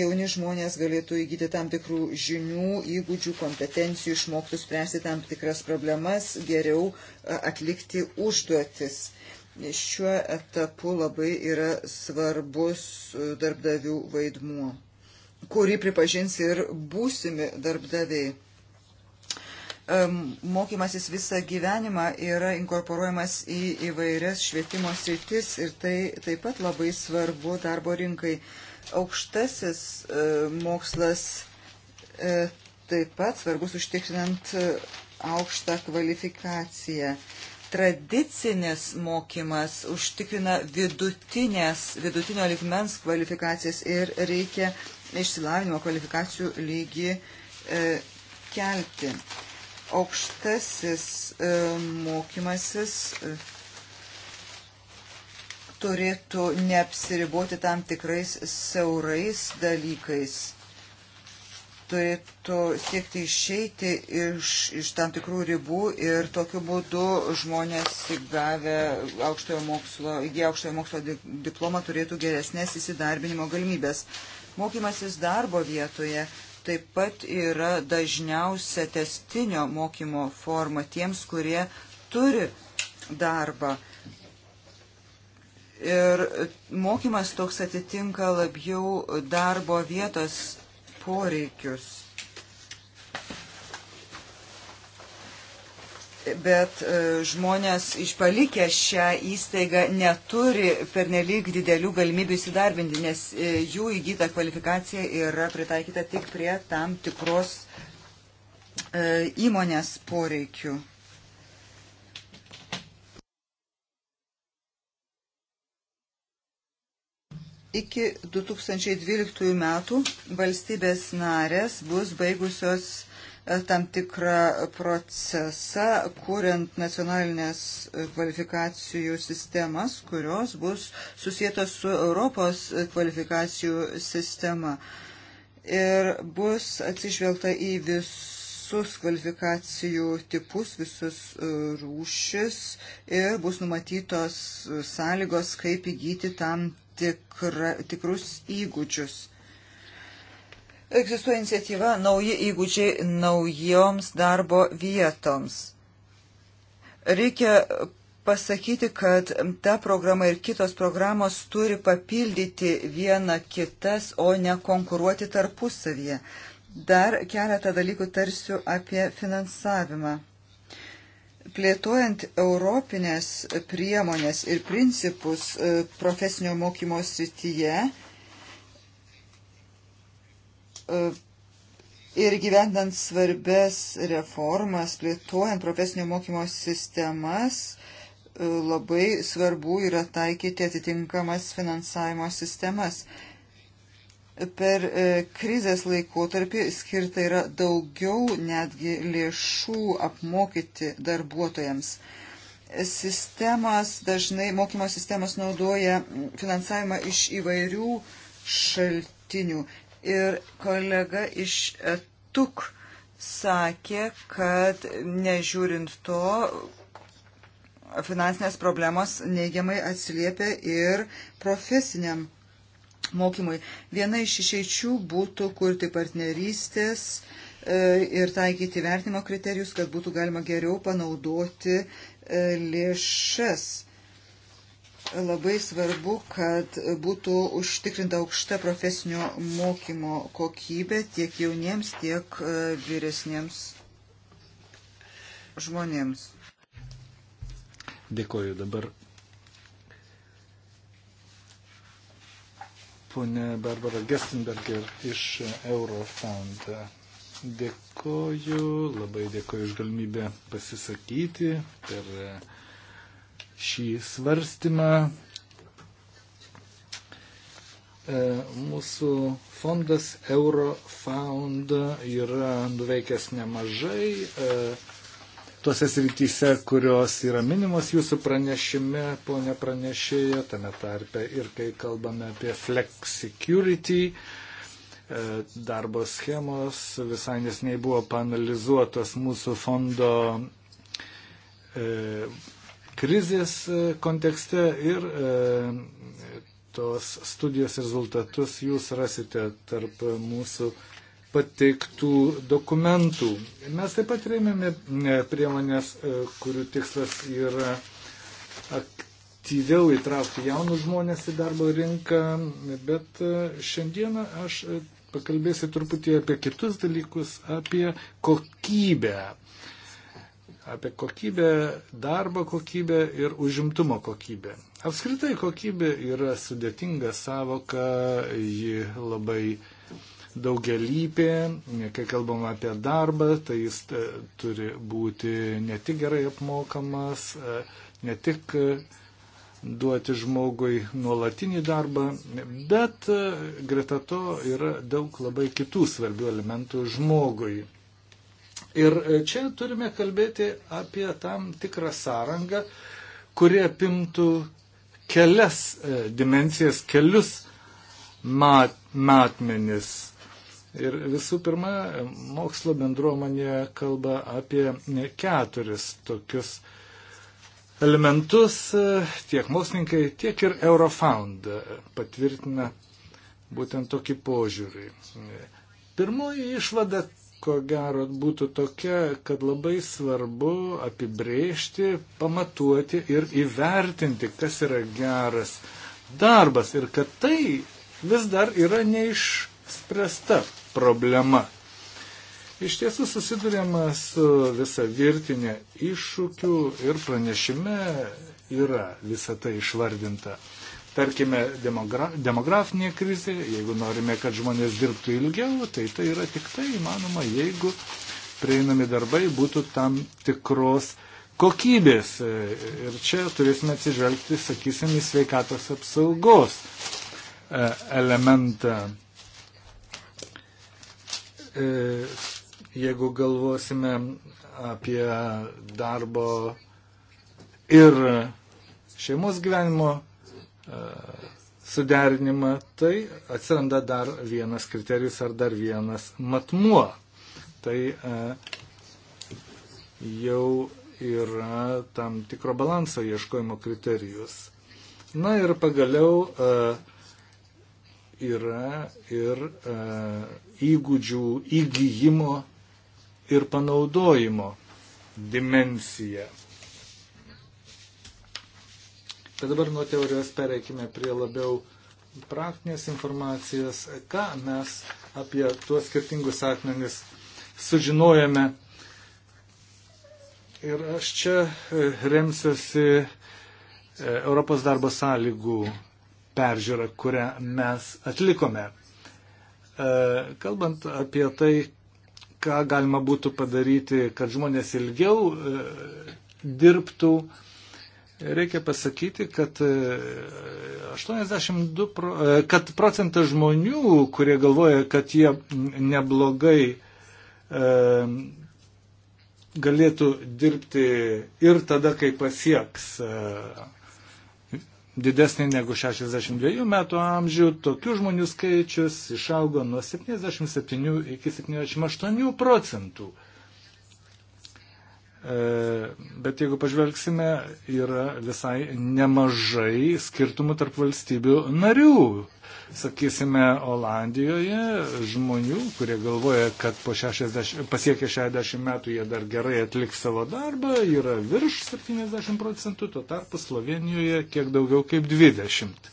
jauni žmonės galėtų įgyti tam tikrų žinių, įgūdžių, kompetencijų, išmoktų spręsti tam tikras problemas, geriau e, atlikti užduotis. Šiuo etapu labai yra svarbus e, darbdavių vaidmuo, kurį pripažins ir būsimi darbdaviai mokymasis visą gyvenimą yra inkorporuojamas į įvairias švietimo sritis ir tai taip pat labai svarbu darbo rinkai. Aukštasis e, mokslas e, taip pat svarbus užtikrinant e, aukštą kvalifikaciją. Tradicinis mokymas užtikrina vidutinio ligmens kvalifikacijas ir reikia išsilavinimo kvalifikacijų lygį e, kelti. E, Aukštasis e, mokymasis e, turėtų neapsiriboti tam tikrais siaurais dalykais. Turėtų siekti išeiti iš, iš tam tikrų ribų ir tokiu būdu žmonės įgavę aukštojo mokslo, įgyję aukštojo mokslo diplomą turėtų geresnės įsidarbinimo galimybės. Mokymasis darbo vietoje taip pat yra dažniausia testinio mokymo forma tiems, kurie turi darbą. Ir mokymas toks atitinka labiau darbo vietos poreikius. bet e, žmonės išpalikę šią įstaigą neturi pernelyg didelių galimybių įsidarbinti, nes e, jų įgyta kvalifikacija yra pritaikyta tik prie tam tikros e, įmonės poreikių. Iki 2012 metų valstybės narės bus baigusios E, tam tikrą procesą, kuriant nacionalinės kvalifikacijų sistemas, kurios bus susijėtos su Europos kvalifikacijų sistema. Ir bus atsižvelgta į visus kvalifikacijų tipus, visus e, rūšis ir bus numatytos sąlygos, kaip įgyti tam tikra, tikrus įgūdžius Egzistuoja iniciatyva nauji įgūdžiai naujoms darbo vietoms. Reikia pasakyti, kad ta programa ir kitos programos turi papildyti vieną kitas, o ne konkuruoti tarpusavyje. Dar keletą dalykų tarsiu apie finansavimą. Plėtojant europinės priemonės ir principus e, profesinio mokymo srityje, E, ir gyvendant svarbes reformas, plėtojant profesinio mokymo sistemas, e, labai svarbu yra taikyti atitinkamas finansavimo sistemas. Per e, krizės laikotarpį skirta yra daugiau netgi lėšų apmokyti darbuotojams. Sistemas dažnai, mokymo sistemas naudoja finansavimą iš įvairių šaltinių ir kolega iš TUK sakė, kad nežiūrint to, finansinės problemos neigiamai atsiliepia ir profesiniam mokymui. Viena iš išeičių būtų kurti partnerystės e, ir taikyti vertinimo kriterijus, kad būtų galima geriau panaudoti e, lėšas labai svarbu, kad būtų užtikrinta aukšta profesinio mokymo kokybė tiek jauniems, tiek e, vyresniems žmonėms.
Dėkoju dabar. Pone Barbara Gestenberger iš Eurofound. Dėkoju, labai dėkoju už galimybę pasisakyti per uh, šį svarstymą. E, mūsų fondas Eurofound yra nuveikęs nemažai e, tuose srityse, kurios yra minimos jūsų pranešime, ponė pranešėja, tame tarpe ir kai kalbame apie flex security, e, darbo schemos, visai nesnei buvo panalizuotas mūsų fondo krizės e, kontekste ir e, tos studijos rezultatus jūs rasite tarp mūsų pateiktų dokumentų. Mes taip pat rėmėme e, priemonės, kurių tikslas yra aktyviau įtraukti jaunus žmonės į darbo rinką, bet šiandieną aš pakalbėsiu truputį apie kitus dalykus, apie kokybę apie kokybę, darbo kokybę ir užimtumo kokybę. Apskritai kokybė yra sudėtinga savoka, ji labai daugelypė, kai kalbam apie darbą, tai jis e, turi būti ne tik gerai apmokamas, e, ne tik e, duoti žmogui nuolatinį darbą, bet greta to yra daug labai kitų svarbių elementų žmogui Ir e, čia turime kalbėti apie tam tikrą sąrangą, kuri apimtų kelias e, dimencijas, kelius mat, matmenis. Ir visų pirma, mokslo bendruomenė kalba apie e, keturis tokius elementus, tiek mokslininkai, tiek ir Eurofound patvirtina būtent tokį požiūrį. Pirmoji išvada ko gero būtų tokia, kad labai svarbu apibrėžti, pamatuoti ir įvertinti, kas yra geras darbas ir kad tai vis dar yra neišspręsta problema. Iš tiesų susidurėma su visa virtinė iššūkių ir pranešime yra visa tai išvardinta. Tarkime, demogra demografinė krizė, jeigu norime, kad žmonės dirbtų ilgiau, tai tai yra tik tai įmanoma, jeigu prieinami darbai būtų tam tikros kokybės. E, ir čia turėsime atsižvelgti, sakysim, į sveikatos apsaugos e, elementą. E, jeigu galvosime apie darbo ir šeimos gyvenimo suderinimą, tai atsiranda dar vienas kriterijus ar dar vienas matmuo. Tai e, jau yra tam tikro balanso ieškojimo kriterijus. Na ir pagaliau e, yra ir e, įgūdžių įgyjimo ir panaudojimo dimensija. Bet tai dabar nuo teorijos pereikime prie labiau praktinės informacijos, ką mes apie tuos skirtingus atmenis sužinojame. Ir aš čia e, remsiuosi e, Europos darbo sąlygų peržiūrą, kurią mes atlikome. E, kalbant apie tai, ką galima būtų padaryti, kad žmonės ilgiau dirbtų, Reikia pasakyti, kad 82 e, pro, e, kad procentas žmonių, kurie galvoja, kad jie neblogai e, galėtų dirbti ir tada, kai pasieks e, didesnį negu 62 metų amžių, tokių žmonių skaičius išaugo nuo 77 iki 78 procentų. E, E, bet jeigu pažvelgsime, yra visai nemažai skirtumų tarp valstybių narių. Sakysime, Olandijoje žmonių, kurie galvoja, kad 60, pasiekę 60 metų jie dar gerai atliks savo darbą, yra virš 70 procentų, tuo tarpu Slovenijoje kiek daugiau kaip 20.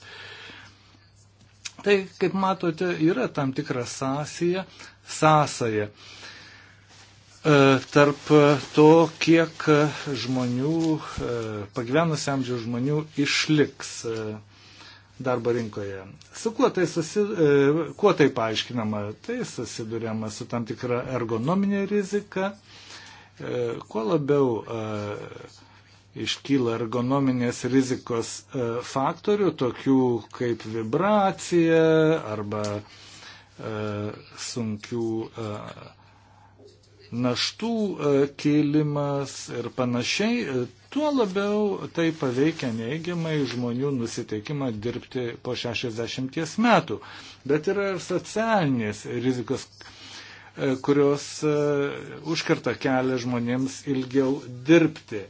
Tai, kaip matote, yra tam tikra sąsija, sąsaja. sąsaja E, tarp to, kiek žmonių, e, pagyvenusio amžiaus žmonių išliks e, darbo rinkoje. Su kuo tai, susi, kuo tai paaiškinama? Tai susidurėma su tam tikra ergonominė rizika. Kuo labiau iškyla ergonominės rizikos faktorių, tokių kaip vibracija arba sunkių naštų e, kėlimas ir panašiai, e, tuo labiau tai paveikia neigiamai žmonių nusiteikimą dirbti po 60 metų. Bet yra ir socialinės rizikos, e, kurios užkarta kelią žmonėms ilgiau dirbti.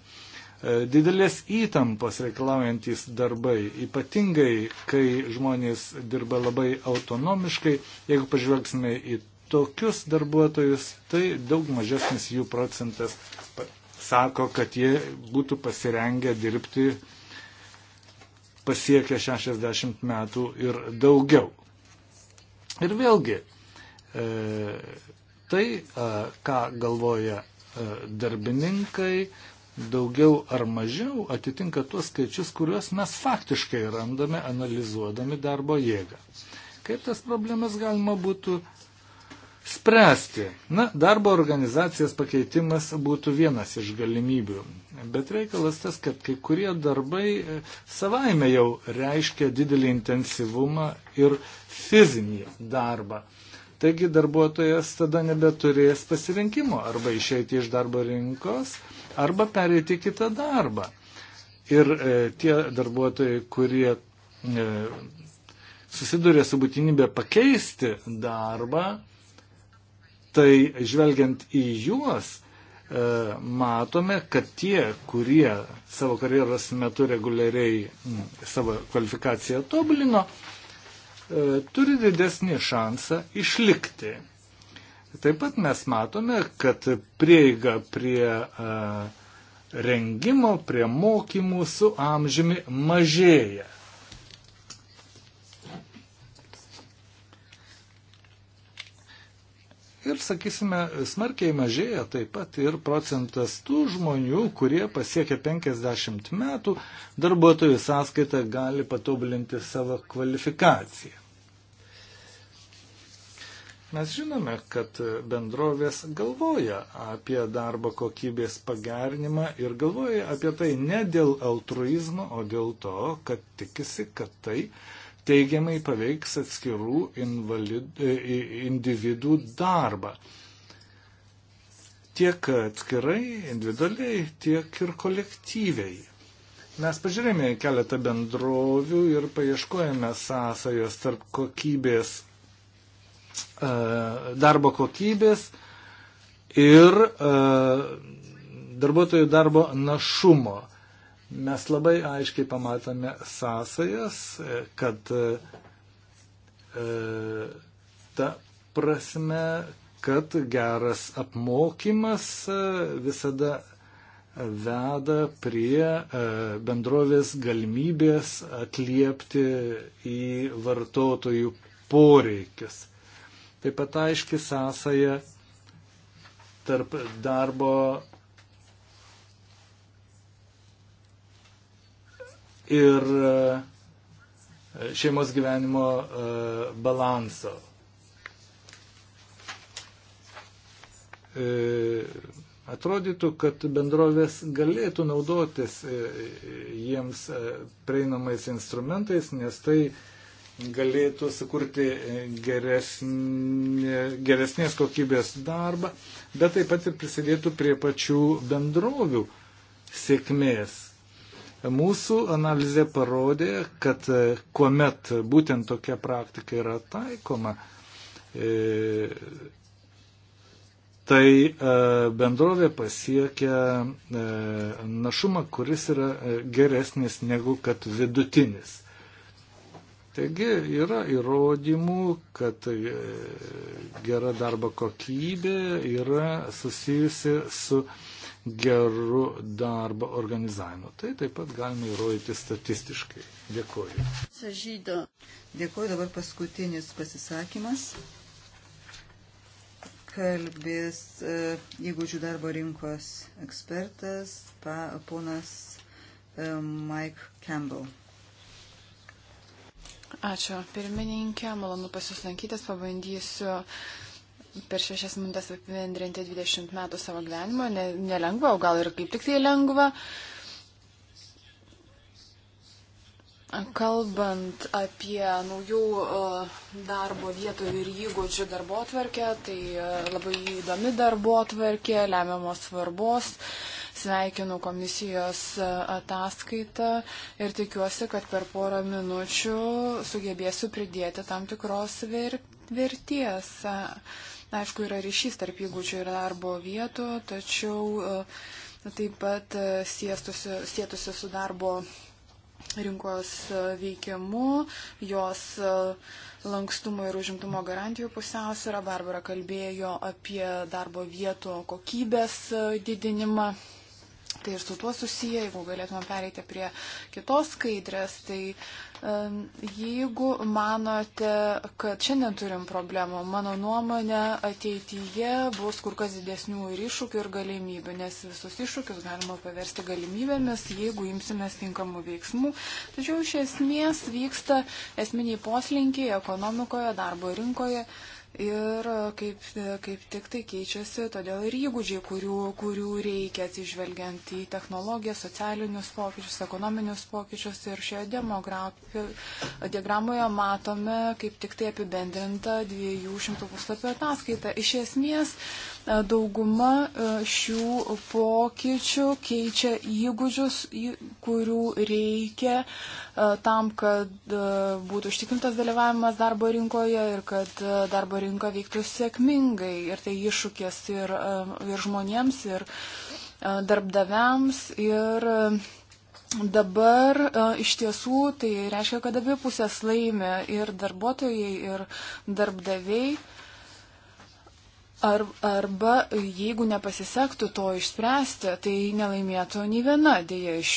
Didelės įtampos reikalaujantis darbai, ypatingai kai žmonės dirba labai autonomiškai, jeigu pažvelgsime į tokius darbuotojus, tai daug mažesnis jų procentas sako, kad jie būtų pasirengę dirbti pasiekę 60 metų ir daugiau. Ir vėlgi, e, tai, e, ką galvoja e, darbininkai, daugiau ar mažiau atitinka tuos skaičius, kuriuos mes faktiškai randame analizuodami darbo jėgą. Kaip tas problemas galima būtų spręsti. Na, darbo organizacijos pakeitimas būtų vienas iš galimybių, bet reikalas tas, kad kai kurie darbai e, savaime jau reiškia didelį intensyvumą ir fizinį darbą. Taigi darbuotojas tada nebeturės pasirinkimo arba išeiti iš darbo rinkos, arba pereiti kitą darbą. Ir e, tie darbuotojai, kurie e, susiduria su būtinybė pakeisti darbą, tai žvelgiant į juos, e, matome, kad tie, kurie savo karjeros metu reguliariai savo kvalifikaciją tobulino, e, turi didesnį šansą išlikti. Taip pat mes matome, kad prieiga prie e, rengimo, prie mokymų su amžiumi mažėja. Ir, sakysime, smarkiai mažėja taip pat ir procentas tų žmonių, kurie pasiekia 50 metų, darbuotojų sąskaitą gali patobulinti savo kvalifikaciją. Mes žinome, kad bendrovės galvoja apie darbo kokybės pagernimą ir galvoja apie tai ne dėl altruizmo, o dėl to, kad tikisi, kad tai teigiamai paveiks atskirų invalid, e, individų darbą. Tiek atskirai, individualiai, tiek ir kolektyviai. Mes pažiūrėjome keletą bendrovių ir paieškojame sąsajos tarp kokybės, e, darbo kokybės ir e, darbuotojų darbo našumo mes labai aiškiai pamatome sąsajas, e, kad e, e, ta prasme, kad geras apmokymas visada veda prie bendrovės galimybės atliepti į vartotojų poreikis. Taip pat aiški sąsaja tarp darbo ir e, šeimos gyvenimo e, balanso. E, atrodytų, kad bendrovės galėtų naudotis jiems prieinamais instrumentais, nes tai galėtų sukurti geresnė, geresnės kokybės darbą, bet taip pat ir prisidėtų prie pačių bendrovių sėkmės. Mūsų analizė parodė, kad e, kuomet būtent tokia praktika yra taikoma, e, tai e, bendrovė pasiekia našumą, kuris yra geresnis negu kad vidutinis. Taigi yra įrodymų, kad gera darbo kokybė yra susijusi su geru darbo organizavimu. Tai taip pat galime įrodyti statistiškai. Dėkuoju.
Sažydo. Dėkuoju dabar paskutinis pasisakymas. Kalbės e, įgūdžių darbo rinkos ekspertas pa, ponas e, Mike Campbell.
Ačiū pirmininkė, malonu pasislankytis, pabandysiu uh, per šešias minutės apibendrinti 20 metų savo gyvenimo, ne, nelengva, o gal ir kaip tik tai lengva. Kalbant apie naujų darbo vietų ir įgūdžių darbo tvarkę, tai labai įdomi darbo tvarkė, lemiamos svarbos. Sveikinu komisijos ataskaitą ir tikiuosi, kad per porą minučių sugebėsiu pridėti tam tikros vertės. Aišku, yra ryšys tarp įgūdžių ir darbo vietų, tačiau e, taip pat e, sėtusi, sėtusi su darbo rinkos e, veikimu, jos lankstumo ir užimtumo garantijų pusiausvyrą. Barbara kalbėjo apie darbo vietų kokybės didinimą. Tai ir su tuo susiję, jeigu galėtume pereiti prie kitos skaidrės, tai um, jeigu manote, kad šiandien turim problemų, mano nuomonė, ateityje bus kur kas didesnių ir iššūkių ir galimybių, nes visus iššūkius galima paversti galimybėmis, jeigu imsimės tinkamų veiksmų. Tačiau iš esmės vyksta esminiai poslinkiai ekonomikoje, darbo rinkoje. Uh, ir e, kaip, e, kaip tik tai keičiasi, todėl ir įgūdžiai, kurių, kurių reikia atsižvelgiant į technologiją, socialinius pokyčius, ekonominius pokyčius. Ir šioje diagramoje matome kaip tik tai apibendrinta 200 puslapio ataskaita. Iš esmės, uh, E, dauguma e, šių pokyčių keičia įgūdžius, kurių reikia e, tam, kad būtų užtikrintas dalyvavimas darbo rinkoje ir kad darbo rinka veiktų sėkmingai. Ir tai iššūkės ir, ir žmonėms, ir darbdaviams. Ir, Dabar iš tiesų tai reiškia, kad abi pusės laimė ir darbuotojai, ir darbdaviai. Ar, arba jeigu nepasisektų to išspręsti, tai nelaimėtų nei viena dėja iš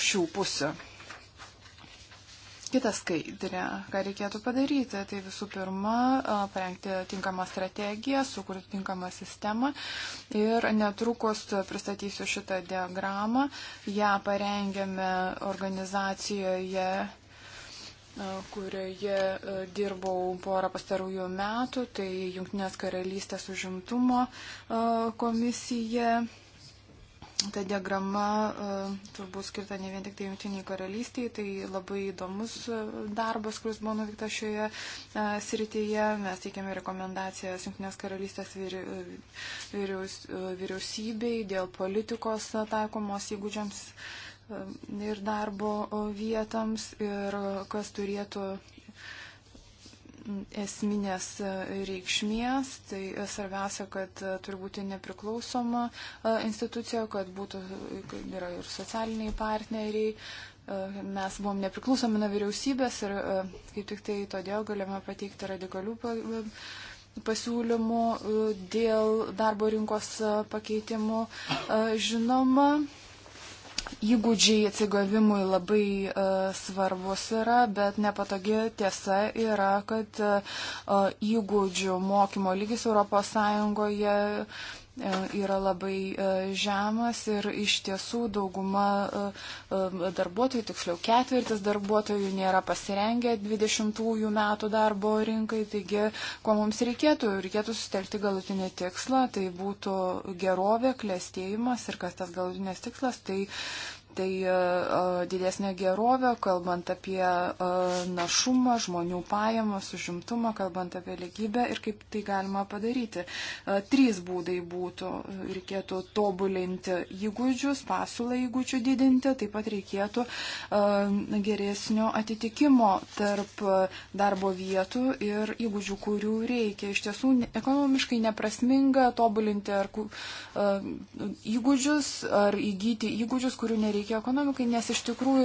šių pusių. Kita skaidrė, ką reikėtų padaryti, tai visų pirma, parengti tinkamą strategiją, sukurti tinkamą sistemą ir netrukus pristatysiu šitą diagramą. Ja parengėme organizacijoje kurioje dirbau porą pastarųjų metų, tai Junktinės karalystės užimtumo komisija. Ta diagrama turbūt skirta ne vien tik tai Junktiniai karalystiai, tai labai įdomus darbas, kuris buvo nuveiktas šioje srityje. Mes teikiame rekomendacijas Junktinės karalystės vyri, vyriaus, vyriausybei dėl politikos taikomos įgūdžiams ir darbo vietams ir kas turėtų esminės reikšmės. Tai svarbiausia, kad turi būti nepriklausoma e, institucija, kad būtų kad yra ir socialiniai partneriai. E, mes buvom nepriklausomi nuo vyriausybės ir e, kaip tik tai todėl galime pateikti radikalių pasiūlymų dėl darbo rinkos pakeitimų. Žinoma, įgūdžiai atsigavimui labai e, svarbus yra, bet nepatogi tiesa yra, kad e, įgūdžių mokymo lygis ES E, yra labai e, žemas ir iš tiesų dauguma e, darbuotojų, tiksliau ketvirtis darbuotojų nėra pasirengę 20-ųjų metų darbo rinkai, taigi ko mums reikėtų, reikėtų sustelkti galutinį tikslą, tai būtų gerovė, klėstėjimas ir kas tas galutinis tikslas, tai tai e, e, didesnė gerovė, kalbant apie e, našumą, žmonių pajamas, užimtumą, kalbant apie lygybę ir kaip tai galima padaryti. Trys būdai būtų, reikėtų tobulinti įgūdžius, pasulą įgūdžių didinti, taip pat reikėtų geresnio atitikimo tarp darbo vietų ir įgūdžių, kurių reikia. Iš tiesų, ekonomiškai neprasminga tobulinti ar įgūdžius, ar įgyti įgūdžius, kurių nereikia poveikio ekonomikai, nes iš tikrųjų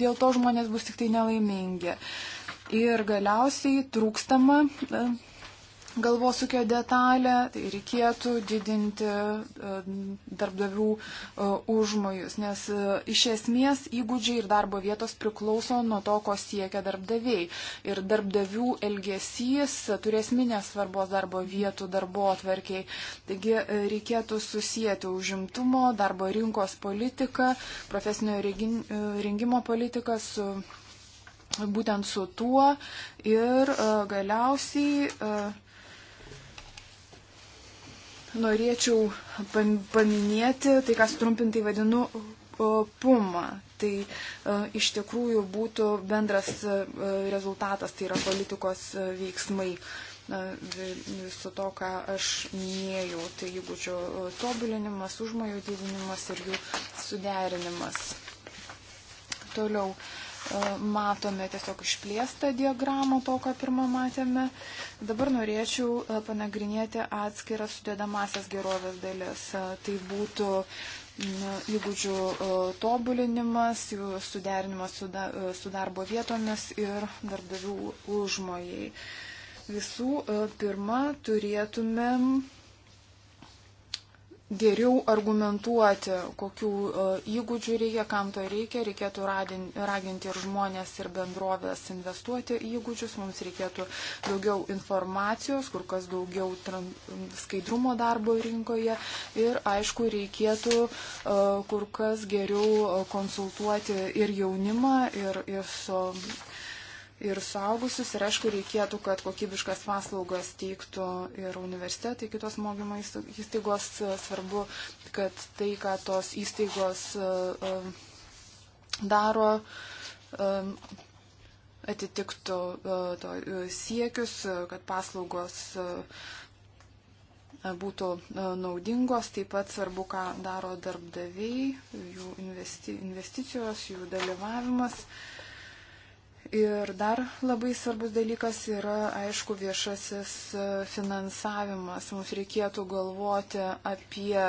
dėl to žmonės bus tik tai nelaimingi. Ir galiausiai trūkstama e, galvosūkio detalę, tai reikėtų didinti e, darbdavių e, užmojus, nes e, iš esmės įgūdžiai ir darbo vietos priklauso nuo to, ko siekia darbdaviai. Ir darbdavių elgesys turės minės svarbos darbo vietų darbo atverkiai. Taigi reikėtų susijęti užimtumo, darbo rinkos politiką, profesinio rengimo politiką su. Būtent su tuo ir galiausiai norėčiau paminėti tai, kas trumpintai vadinu PUMA. Tai e, iš tikrųjų būtų bendras e, rezultatas, tai yra politikos e, veiksmai viso to, ką aš minėjau. Tai įgūdžių tobulinimas, užmojo didinimas ir jų suderinimas. Toliau. Uh, E, matome tiesiog išplėstą diagramą to, ką pirmą matėme. Dabar norėčiau e, panagrinėti atskiras sudėdamasias gerovės dalis. E, tai būtų įgūdžių tobulinimas, jų suderinimas su, da, su darbo vietomis ir darbdavių užmojai. Visų pirma, turėtumėm geriau argumentuoti, kokių e, įgūdžių reikia, kam to reikia. Reikėtų raginti ir žmonės, ir bendrovės investuoti į įgūdžius. Mums reikėtų daugiau informacijos, kur kas daugiau skaidrumo darbo rinkoje. Ir, aišku, reikėtų e, kur kas geriau e, konsultuoti ir jaunimą, ir, ir su ir suaugusius. Ir aišku, reikėtų, kad kokybiškas paslaugas teiktų ir universitetai, kitos mokymo įstaigos. Svarbu, kad tai, ką tos įstaigos e, e, daro, e, atitiktų to siekius, kad paslaugos būtų naudingos, taip pat svarbu, ką daro darbdaviai, jų investicijos, jų dalyvavimas. Uh, Ir dar labai svarbus dalykas yra, aišku, viešasis e, finansavimas. Mums reikėtų galvoti apie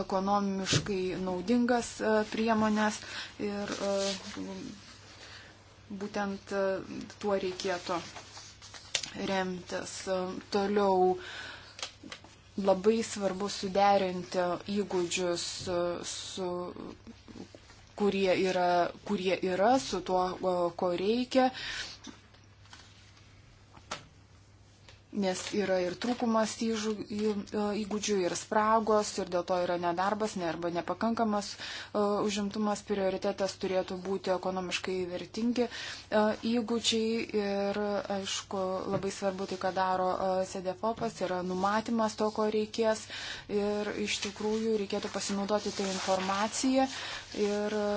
ekonomiškai naudingas e, priemonės ir e, būtent tuo reikėtų remtis. Toliau labai svarbu suderinti įgūdžius, su, kurie yra, kurie yra su tuo, ko reikia. nes yra ir trūkumas įžu, į, e, įgūdžių, ir spragos, ir dėl to yra nedarbas, ne arba nepakankamas uh, užimtumas, prioritetas turėtų būti ekonomiškai vertingi uh, įgūdžiai ir, aišku, labai svarbu tai, ką daro uh, SEDEFOPAS, yra numatymas to, ko reikės ir iš tikrųjų reikėtų pasinaudoti tą informaciją, Ir e,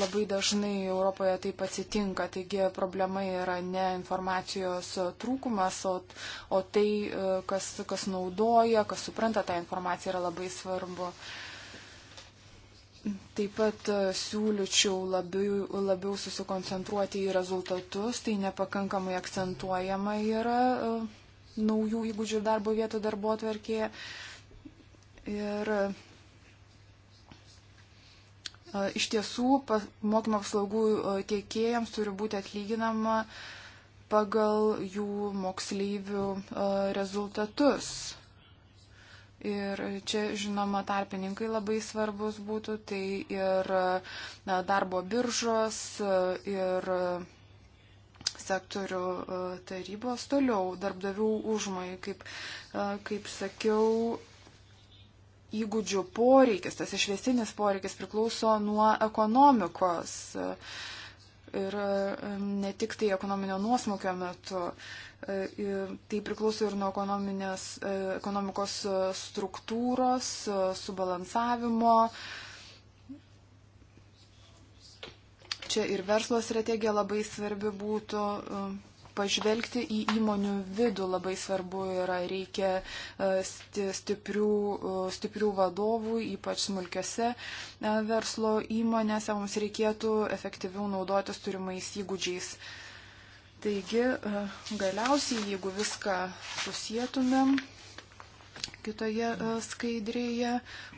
labai dažnai Europoje taip atsitinka. Taigi problema yra ne informacijos trūkumas, o, o tai, e, kas, kas naudoja, kas supranta tą informaciją, yra labai svarbu. Taip pat e, siūlyčiau labiau, labiau susikoncentruoti į rezultatus, tai nepakankamai akcentuojama yra naujų įgūdžių darbo vietų darbo atverkėje. Ir Iš tiesų, pas, mokymo paslaugų tiekėjams turi būti atlyginama pagal jų moksleivių rezultatus. Ir čia, žinoma, tarpininkai labai svarbus būtų, tai ir na, darbo biržos, ir sektorių tarybos toliau, darbdavių užmojai, kaip, kaip sakiau, įgūdžių poreikis, tas išvestinis poreikis priklauso nuo ekonomikos ir e, ne tik tai ekonominio nuosmukio metu, e, tai priklauso ir nuo e, ekonomikos struktūros, subalansavimo. Čia ir verslo strategija labai svarbi būtų pažvelgti į įmonių vidų labai svarbu yra. Reikia e, stiprių, e, stiprių vadovų, ypač smulkiose e, verslo įmonėse. Mums reikėtų efektyviau naudotis turimais įgūdžiais. Taigi, galiausiai, jeigu viską susijėtumėm kitoje skaidrėje,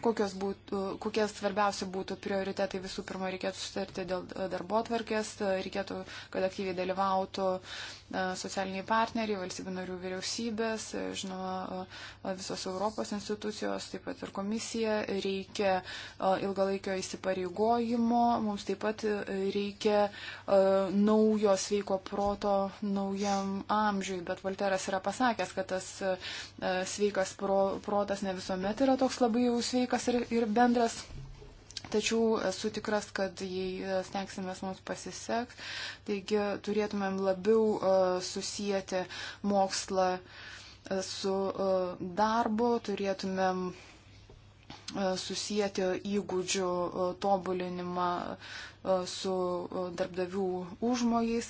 kokios būtų, kokie svarbiausia būtų prioritetai visų pirma, reikėtų sutarti dėl darbo atvarkės, reikėtų, kad aktyviai dalyvautų E, socialiniai partneriai, valstybių narių vyriausybės, e, žinoma, e, visos Europos institucijos, taip pat ir komisija, reikia ilgalaikio įsipareigojimo, mums taip pat reikia naujo sveiko proto naujam amžiui, bet Volteras yra pasakęs, kad tas sveikas pro, protas ne visuomet yra toks labai jau sveikas ir, ir bendras. Tačiau esu tikras, kad jei stengsimės mums pasiseks, taigi turėtumėm labiau e, susijęti mokslą e, su e, darbu, turėtumėm susijęti įgūdžių tobulinimą su darbdavių užmojais.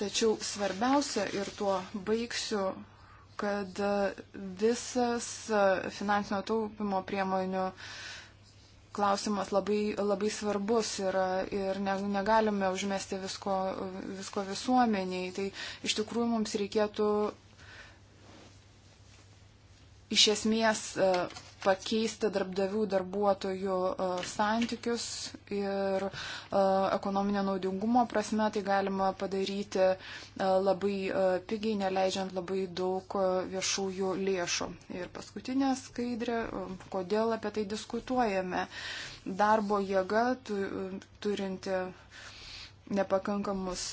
Tačiau svarbiausia ir tuo baigsiu kad e, visas e, finansinio taupimo priemonių klausimas labai, labai svarbus yra e, ir ne, negalime užmesti visko, visko visuomeniai. Tai iš tikrųjų mums reikėtų iš esmės pakeisti darbdavių darbuotojų e, santykius ir e, ekonominio naudingumo prasme tai galima padaryti e, labai pigiai, neleidžiant labai daug viešųjų lėšų. Ir paskutinė skaidrė, kodėl apie tai diskutuojame. Darbo jėga turinti nepakankamus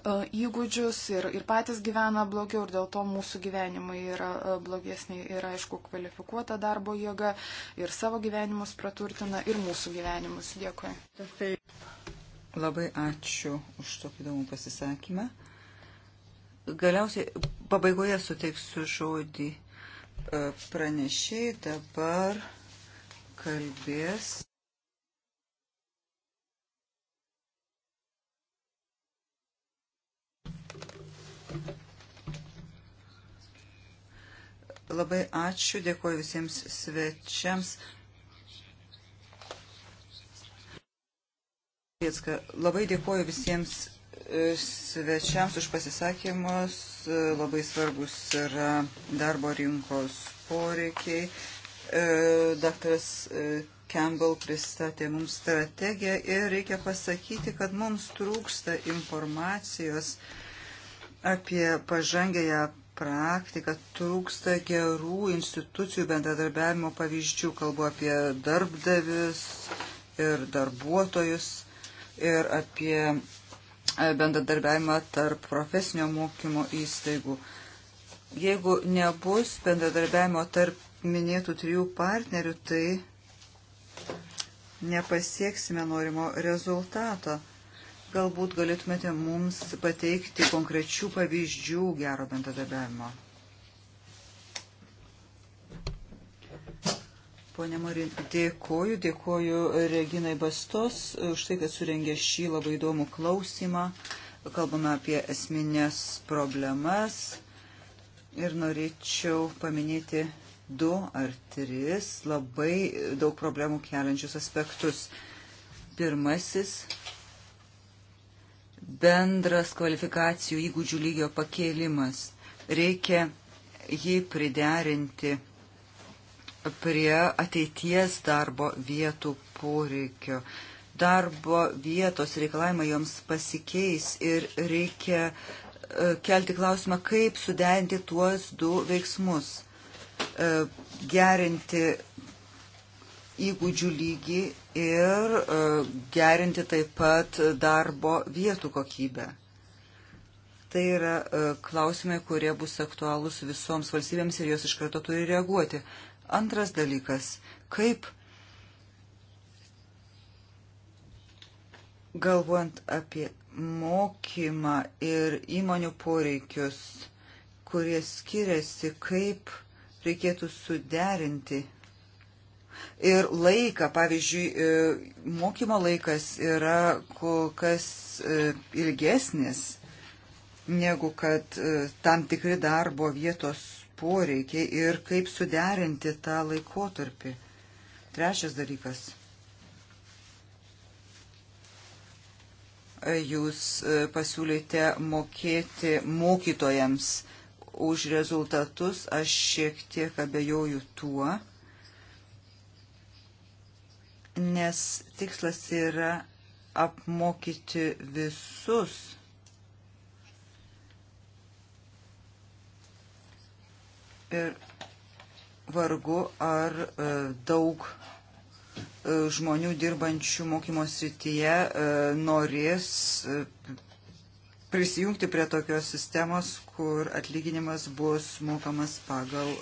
E, įgūdžius ir, ir patys gyvena blogiau ir dėl to mūsų gyvenimai yra e, blogesniai ir aišku kvalifikuota darbo jėga ir savo gyvenimus praturtina ir mūsų gyvenimus. Dėkui.
Labai ačiū už tokį įdomų pasisakymą. Galiausiai pabaigoje suteiksiu žodį e, pranešėjai, dabar kalbės Labai ačiū, dėkuoju visiems svečiams. Labai dėkuoju visiems e, svečiams už pasisakymus. E, labai svarbus yra darbo rinkos poreikiai. E, daktaras Campbell pristatė mums strategiją ir reikia pasakyti, kad mums trūksta informacijos apie pažangęją praktika, trūksta gerų institucijų bendradarbiavimo pavyzdžių, kalbu apie darbdavius ir darbuotojus ir apie e, bendradarbiavimą tarp profesinio mokymo įstaigų. Jeigu nebus bendradarbiavimo tarp minėtų trijų partnerių, tai nepasieksime norimo rezultato. Galbūt galėtumėte mums pateikti konkrečių pavyzdžių gero bendradarbiavimo. Pone Mari, dėkoju, dėkoju Reginai Bastos už tai, kad surengė šį labai įdomų klausimą. Kalbame apie esminės problemas ir norėčiau paminėti du ar tris labai daug problemų keliančius aspektus. Pirmasis bendras kvalifikacijų įgūdžių lygio pakėlimas. Reikia jį priderinti prie ateities darbo vietų poreikio. Darbo vietos reikalavimai joms pasikeis ir reikia e, kelti klausimą, kaip suderinti tuos du veiksmus. E, gerinti įgūdžių lygį ir e, gerinti taip pat darbo vietų kokybę. Tai yra e, klausimai, kurie bus aktualūs visoms valstybėms ir jos iš karto turi reaguoti. Antras dalykas, kaip galvojant apie mokymą ir įmonių poreikius, kurie skiriasi, kaip reikėtų suderinti ir laiką. Pavyzdžiui, e, mokymo laikas yra kol kas e, ilgesnis negu kad e, tam tikri darbo vietos poreikiai ir kaip suderinti tą laikotarpį. Trečias dalykas. Jūs pasiūlėte mokėti mokytojams už rezultatus. Aš šiek tiek abejoju tuo nes tikslas yra apmokyti visus ir vargu ar e, daug e, žmonių dirbančių mokymo srityje e, norės prisijungti prie tokios sistemos, kur atlyginimas bus mokamas pagal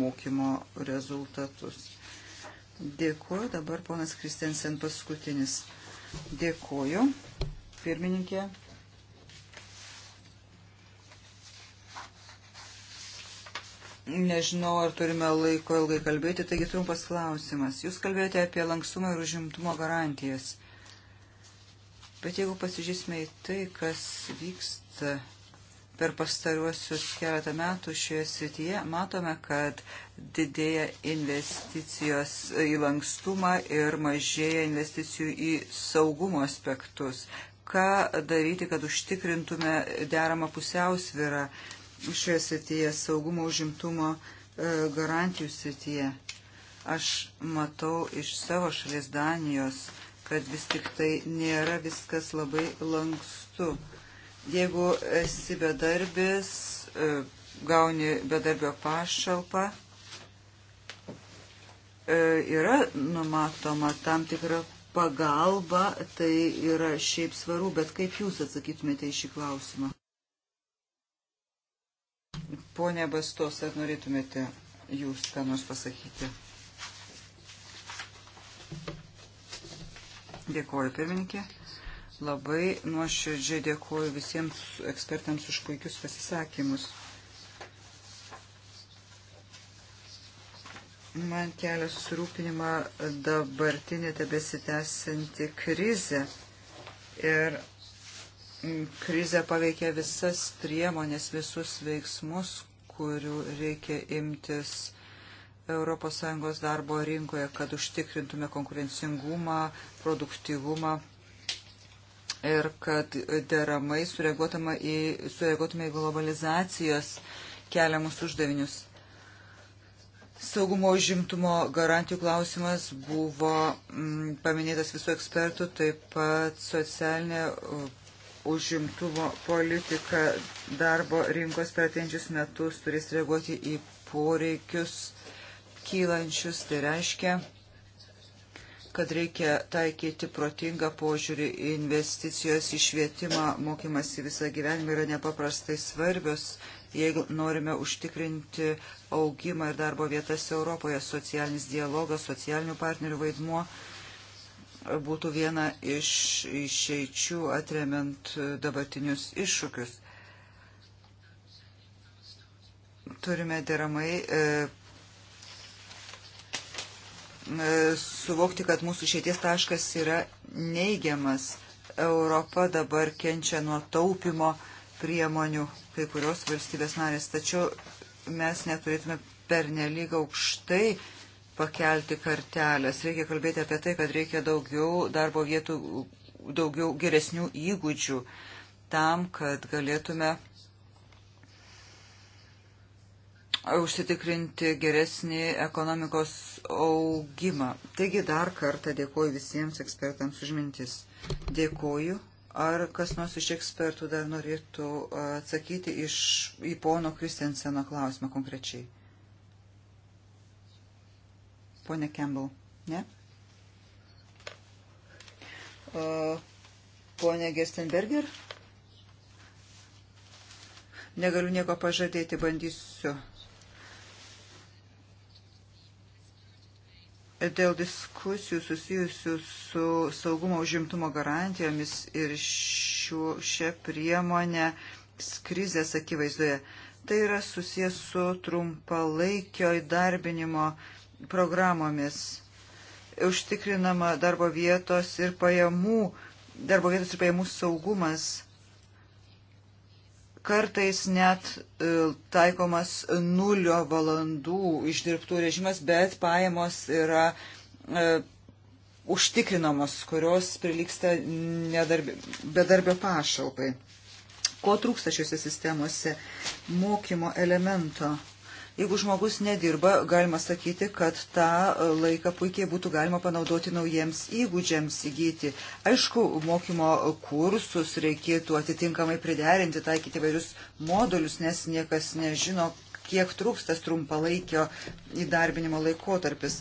mokymo rezultatus. Dėkuoju. Dabar ponas Kristensen paskutinis. Dėkuoju. Pirmininkė. Nežinau, ar turime laiko ilgai kalbėti, taigi trumpas klausimas. Jūs kalbėjote apie lankstumą ir užimtumo garantijas. Bet jeigu pasižiūrėsime į tai, kas vyksta per pastaruosius keletą metų šioje srityje matome, kad didėja investicijos į lankstumą ir mažėja investicijų į saugumo aspektus. Ką daryti, kad užtikrintume deramą pusiausvyrą šioje srityje, saugumo užimtumo e, garantijų srityje? Aš matau iš savo šalies Danijos, kad vis tik tai nėra viskas labai lankstu Jeigu esi bedarbis, e, gauni bedarbio pašalpą, e, yra numatoma tam tikra pagalba, tai yra šiaip svaru, bet kaip jūs atsakytumėte į šį klausimą? Pone Bastos, ar norėtumėte jūs ką nors pasakyti? Dėkuoju, pirmininkė. Labai nuoširdžiai dėkuoju visiems ekspertams už puikius pasisakymus. Man kelia susirūpinimą dabartinė tebesitęsanti krizė. Ir krizė paveikia visas priemonės, visus veiksmus, kurių reikia imtis ES darbo rinkoje, kad užtikrintume konkurencingumą, produktyvumą ir kad deramai sureaguotume į, sureaguotume į globalizacijos keliamus uždavinius. Saugumo žimtumo garantijų klausimas buvo mm, paminėtas visų ekspertų, taip pat socialinė uh, užimtumo politika darbo rinkos per atinčius metus turės reaguoti į poreikius kylančius. Tai reiškia, kad reikia taikyti protingą požiūrį investicijos į švietimą, mokymas į visą gyvenimą yra nepaprastai svarbios, jeigu norime užtikrinti augimą ir darbo vietas Europoje, socialinis dialogas, socialinių partnerių vaidmuo būtų viena iš išeičių atremiant dabartinius iššūkius turime deramai e, E, suvokti, kad mūsų išeities taškas yra neigiamas. Europa dabar kenčia nuo taupimo priemonių kai kurios valstybės narės. Tačiau mes neturėtume pernelyg aukštai pakelti kartelės. Reikia kalbėti apie tai, kad reikia daugiau darbo vietų, daugiau geresnių įgūdžių tam, kad galėtume užsitikrinti geresnį ekonomikos augimą. Taigi dar kartą dėkoju visiems ekspertams už mintis. Dėkoju. Ar kas nors iš ekspertų dar norėtų uh, atsakyti iš, į pono Kristenseno klausimą konkrečiai? Pone Campbell, ne? Uh, pone Gerstenberger? Negaliu nieko pažadėti, bandysiu Dėl diskusijų susijusių su saugumo užimtumo garantijomis ir šiuo, šią priemonę krizės akivaizdoje. Tai yra susijęs su trumpalaikio įdarbinimo programomis. Užtikrinama darbo vietos ir pajamų, darbo vietos ir pajamų saugumas kartais net e, taikomas nulio valandų išdirbtų režimas, bet pajamos yra e, užtikrinamos, kurios prilyksta nedarbi, bedarbio pašalpai. Ko trūksta šiuose sistemuose mokymo elemento? Jeigu žmogus nedirba, galima sakyti, kad tą e, laiką puikiai būtų galima panaudoti naujiems įgūdžiams įgyti. Aišku, mokymo kursus reikėtų atitinkamai priderinti, taikyti vairius modulius, nes niekas nežino, kiek trūks tas trumpalaikio įdarbinimo laikotarpis.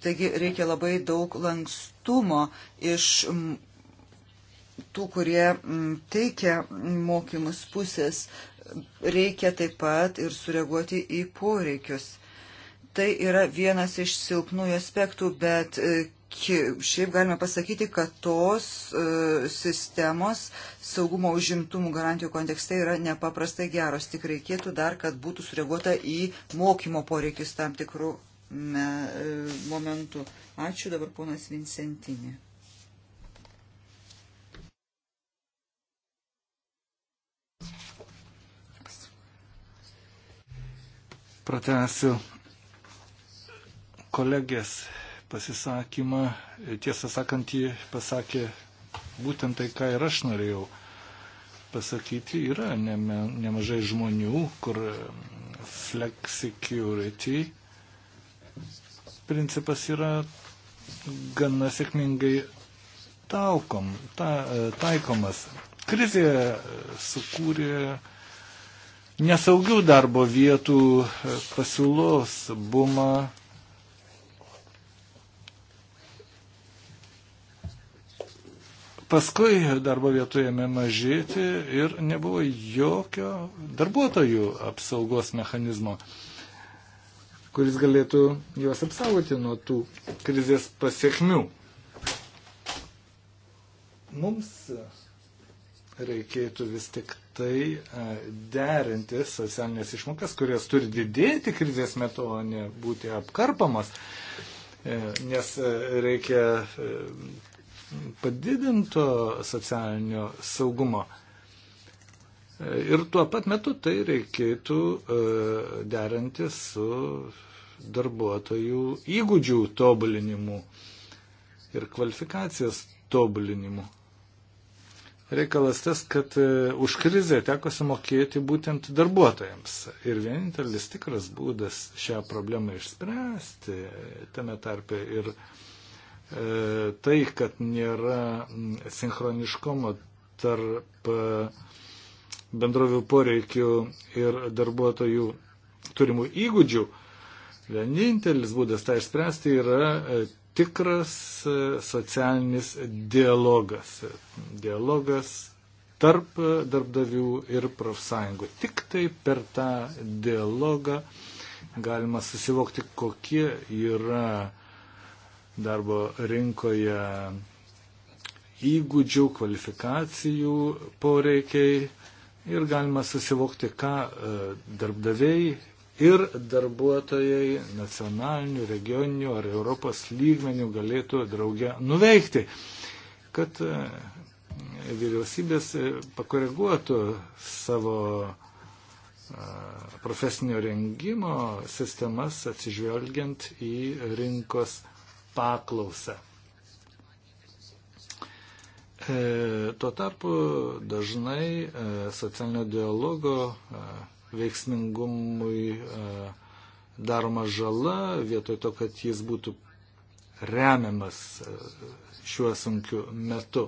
Taigi reikia labai daug lankstumo iš tų, kurie teikia mokymus pusės reikia taip pat ir sureaguoti į poreikius. Tai yra vienas iš silpnųjų aspektų, bet e, šiaip galime pasakyti, kad tos e, sistemos saugumo užimtumų garantijų kontekste yra nepaprastai geros. Tik reikėtų dar, kad būtų sureaguota į mokymo poreikius tam tikrų me, e, momentų. Ačiū dabar ponas Vincentinė.
pratęsiu kolegės pasisakymą. Tiesą sakant, ji pasakė būtent tai, ką ir aš norėjau pasakyti. Yra nema, nemažai žmonių, kur um, flex security principas yra gana sėkmingai talkom, ta, taikomas. Krizė uh, sukūrė nesaugių darbo vietų e, pasiūlos bumą. Paskui darbo vietų ėmė mažėti ir nebuvo jokio darbuotojų apsaugos mechanizmo, kuris galėtų juos apsaugoti nuo tų krizės pasiekmių. Mums reikėtų vis tik tai e, derinti socialinės išmokas, kurios turi didėti krizės metu, o ne būti apkarpamas, e, nes e, reikia padidinto socialinio saugumo. Ir tuo pat metu tai reikėtų derinti su darbuotojų įgūdžių tobulinimu ir kvalifikacijos tobulinimu reikalas tas, kad e, už krizę teko sumokėti būtent darbuotojams. Ir vienintelis tikras būdas šią problemą išspręsti, e, tame tarpe ir e, tai, kad nėra sinchroniškumo tarp e, bendrovių poreikių ir darbuotojų turimų įgūdžių, vienintelis būdas tą išspręsti yra tikras e, socialinis dialogas. Dialogas tarp darbdavių ir profsąjungų. Tik tai per tą dialogą galima susivokti, kokie yra darbo rinkoje įgūdžių, kvalifikacijų poreikiai ir galima susivokti, ką e, darbdaviai ir darbuotojai nacionalinių, regioninių ar Europos lygmenių galėtų draugę nuveikti, kad e, vyriausybės e, pakoreguotų savo e, profesinio rengimo sistemas atsižvelgiant į rinkos paklausą. Tuo tarpu dažnai socialinio dialogo veiksmingumui e, daroma žala, vietoj to, kad jis būtų remiamas e, šiuo sunkiu metu.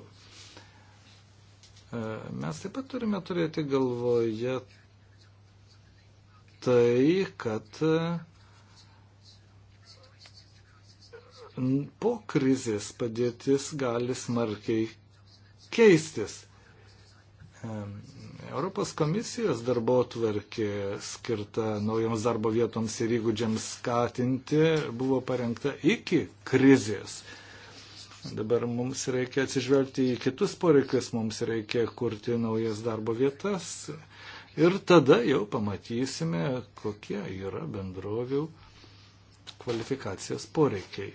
E, mes taip pat turime turėti galvoje tai, kad po krizės padėtis gali smarkiai keistis. Europos komisijos darbo tvarkė skirta naujoms darbo vietoms ir įgūdžiams skatinti buvo parengta iki krizės. Dabar mums reikia atsižvelgti į kitus poreikius, mums reikia kurti naujas darbo vietas ir tada jau pamatysime, kokie yra bendrovių kvalifikacijos poreikiai.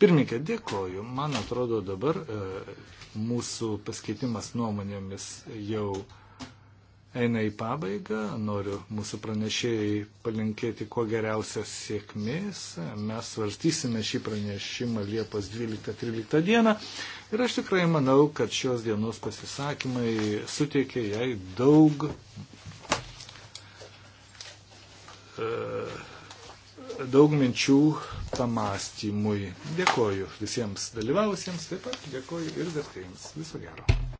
Pirmininkė, dėkoju. Man atrodo, dabar e, mūsų paskeitimas nuomonėmis jau eina į pabaigą. Noriu mūsų pranešėjai palinkėti kuo geriausios sėkmės. Mes svarstysime šį pranešimą Liepos 12-13 dieną. Ir aš tikrai manau, kad šios dienos pasisakymai suteikė jai daug. E, daug minčių pamastymui. Dėkoju visiems dalyvausiems, taip pat dėkoju ir vertėjams. Viso gero.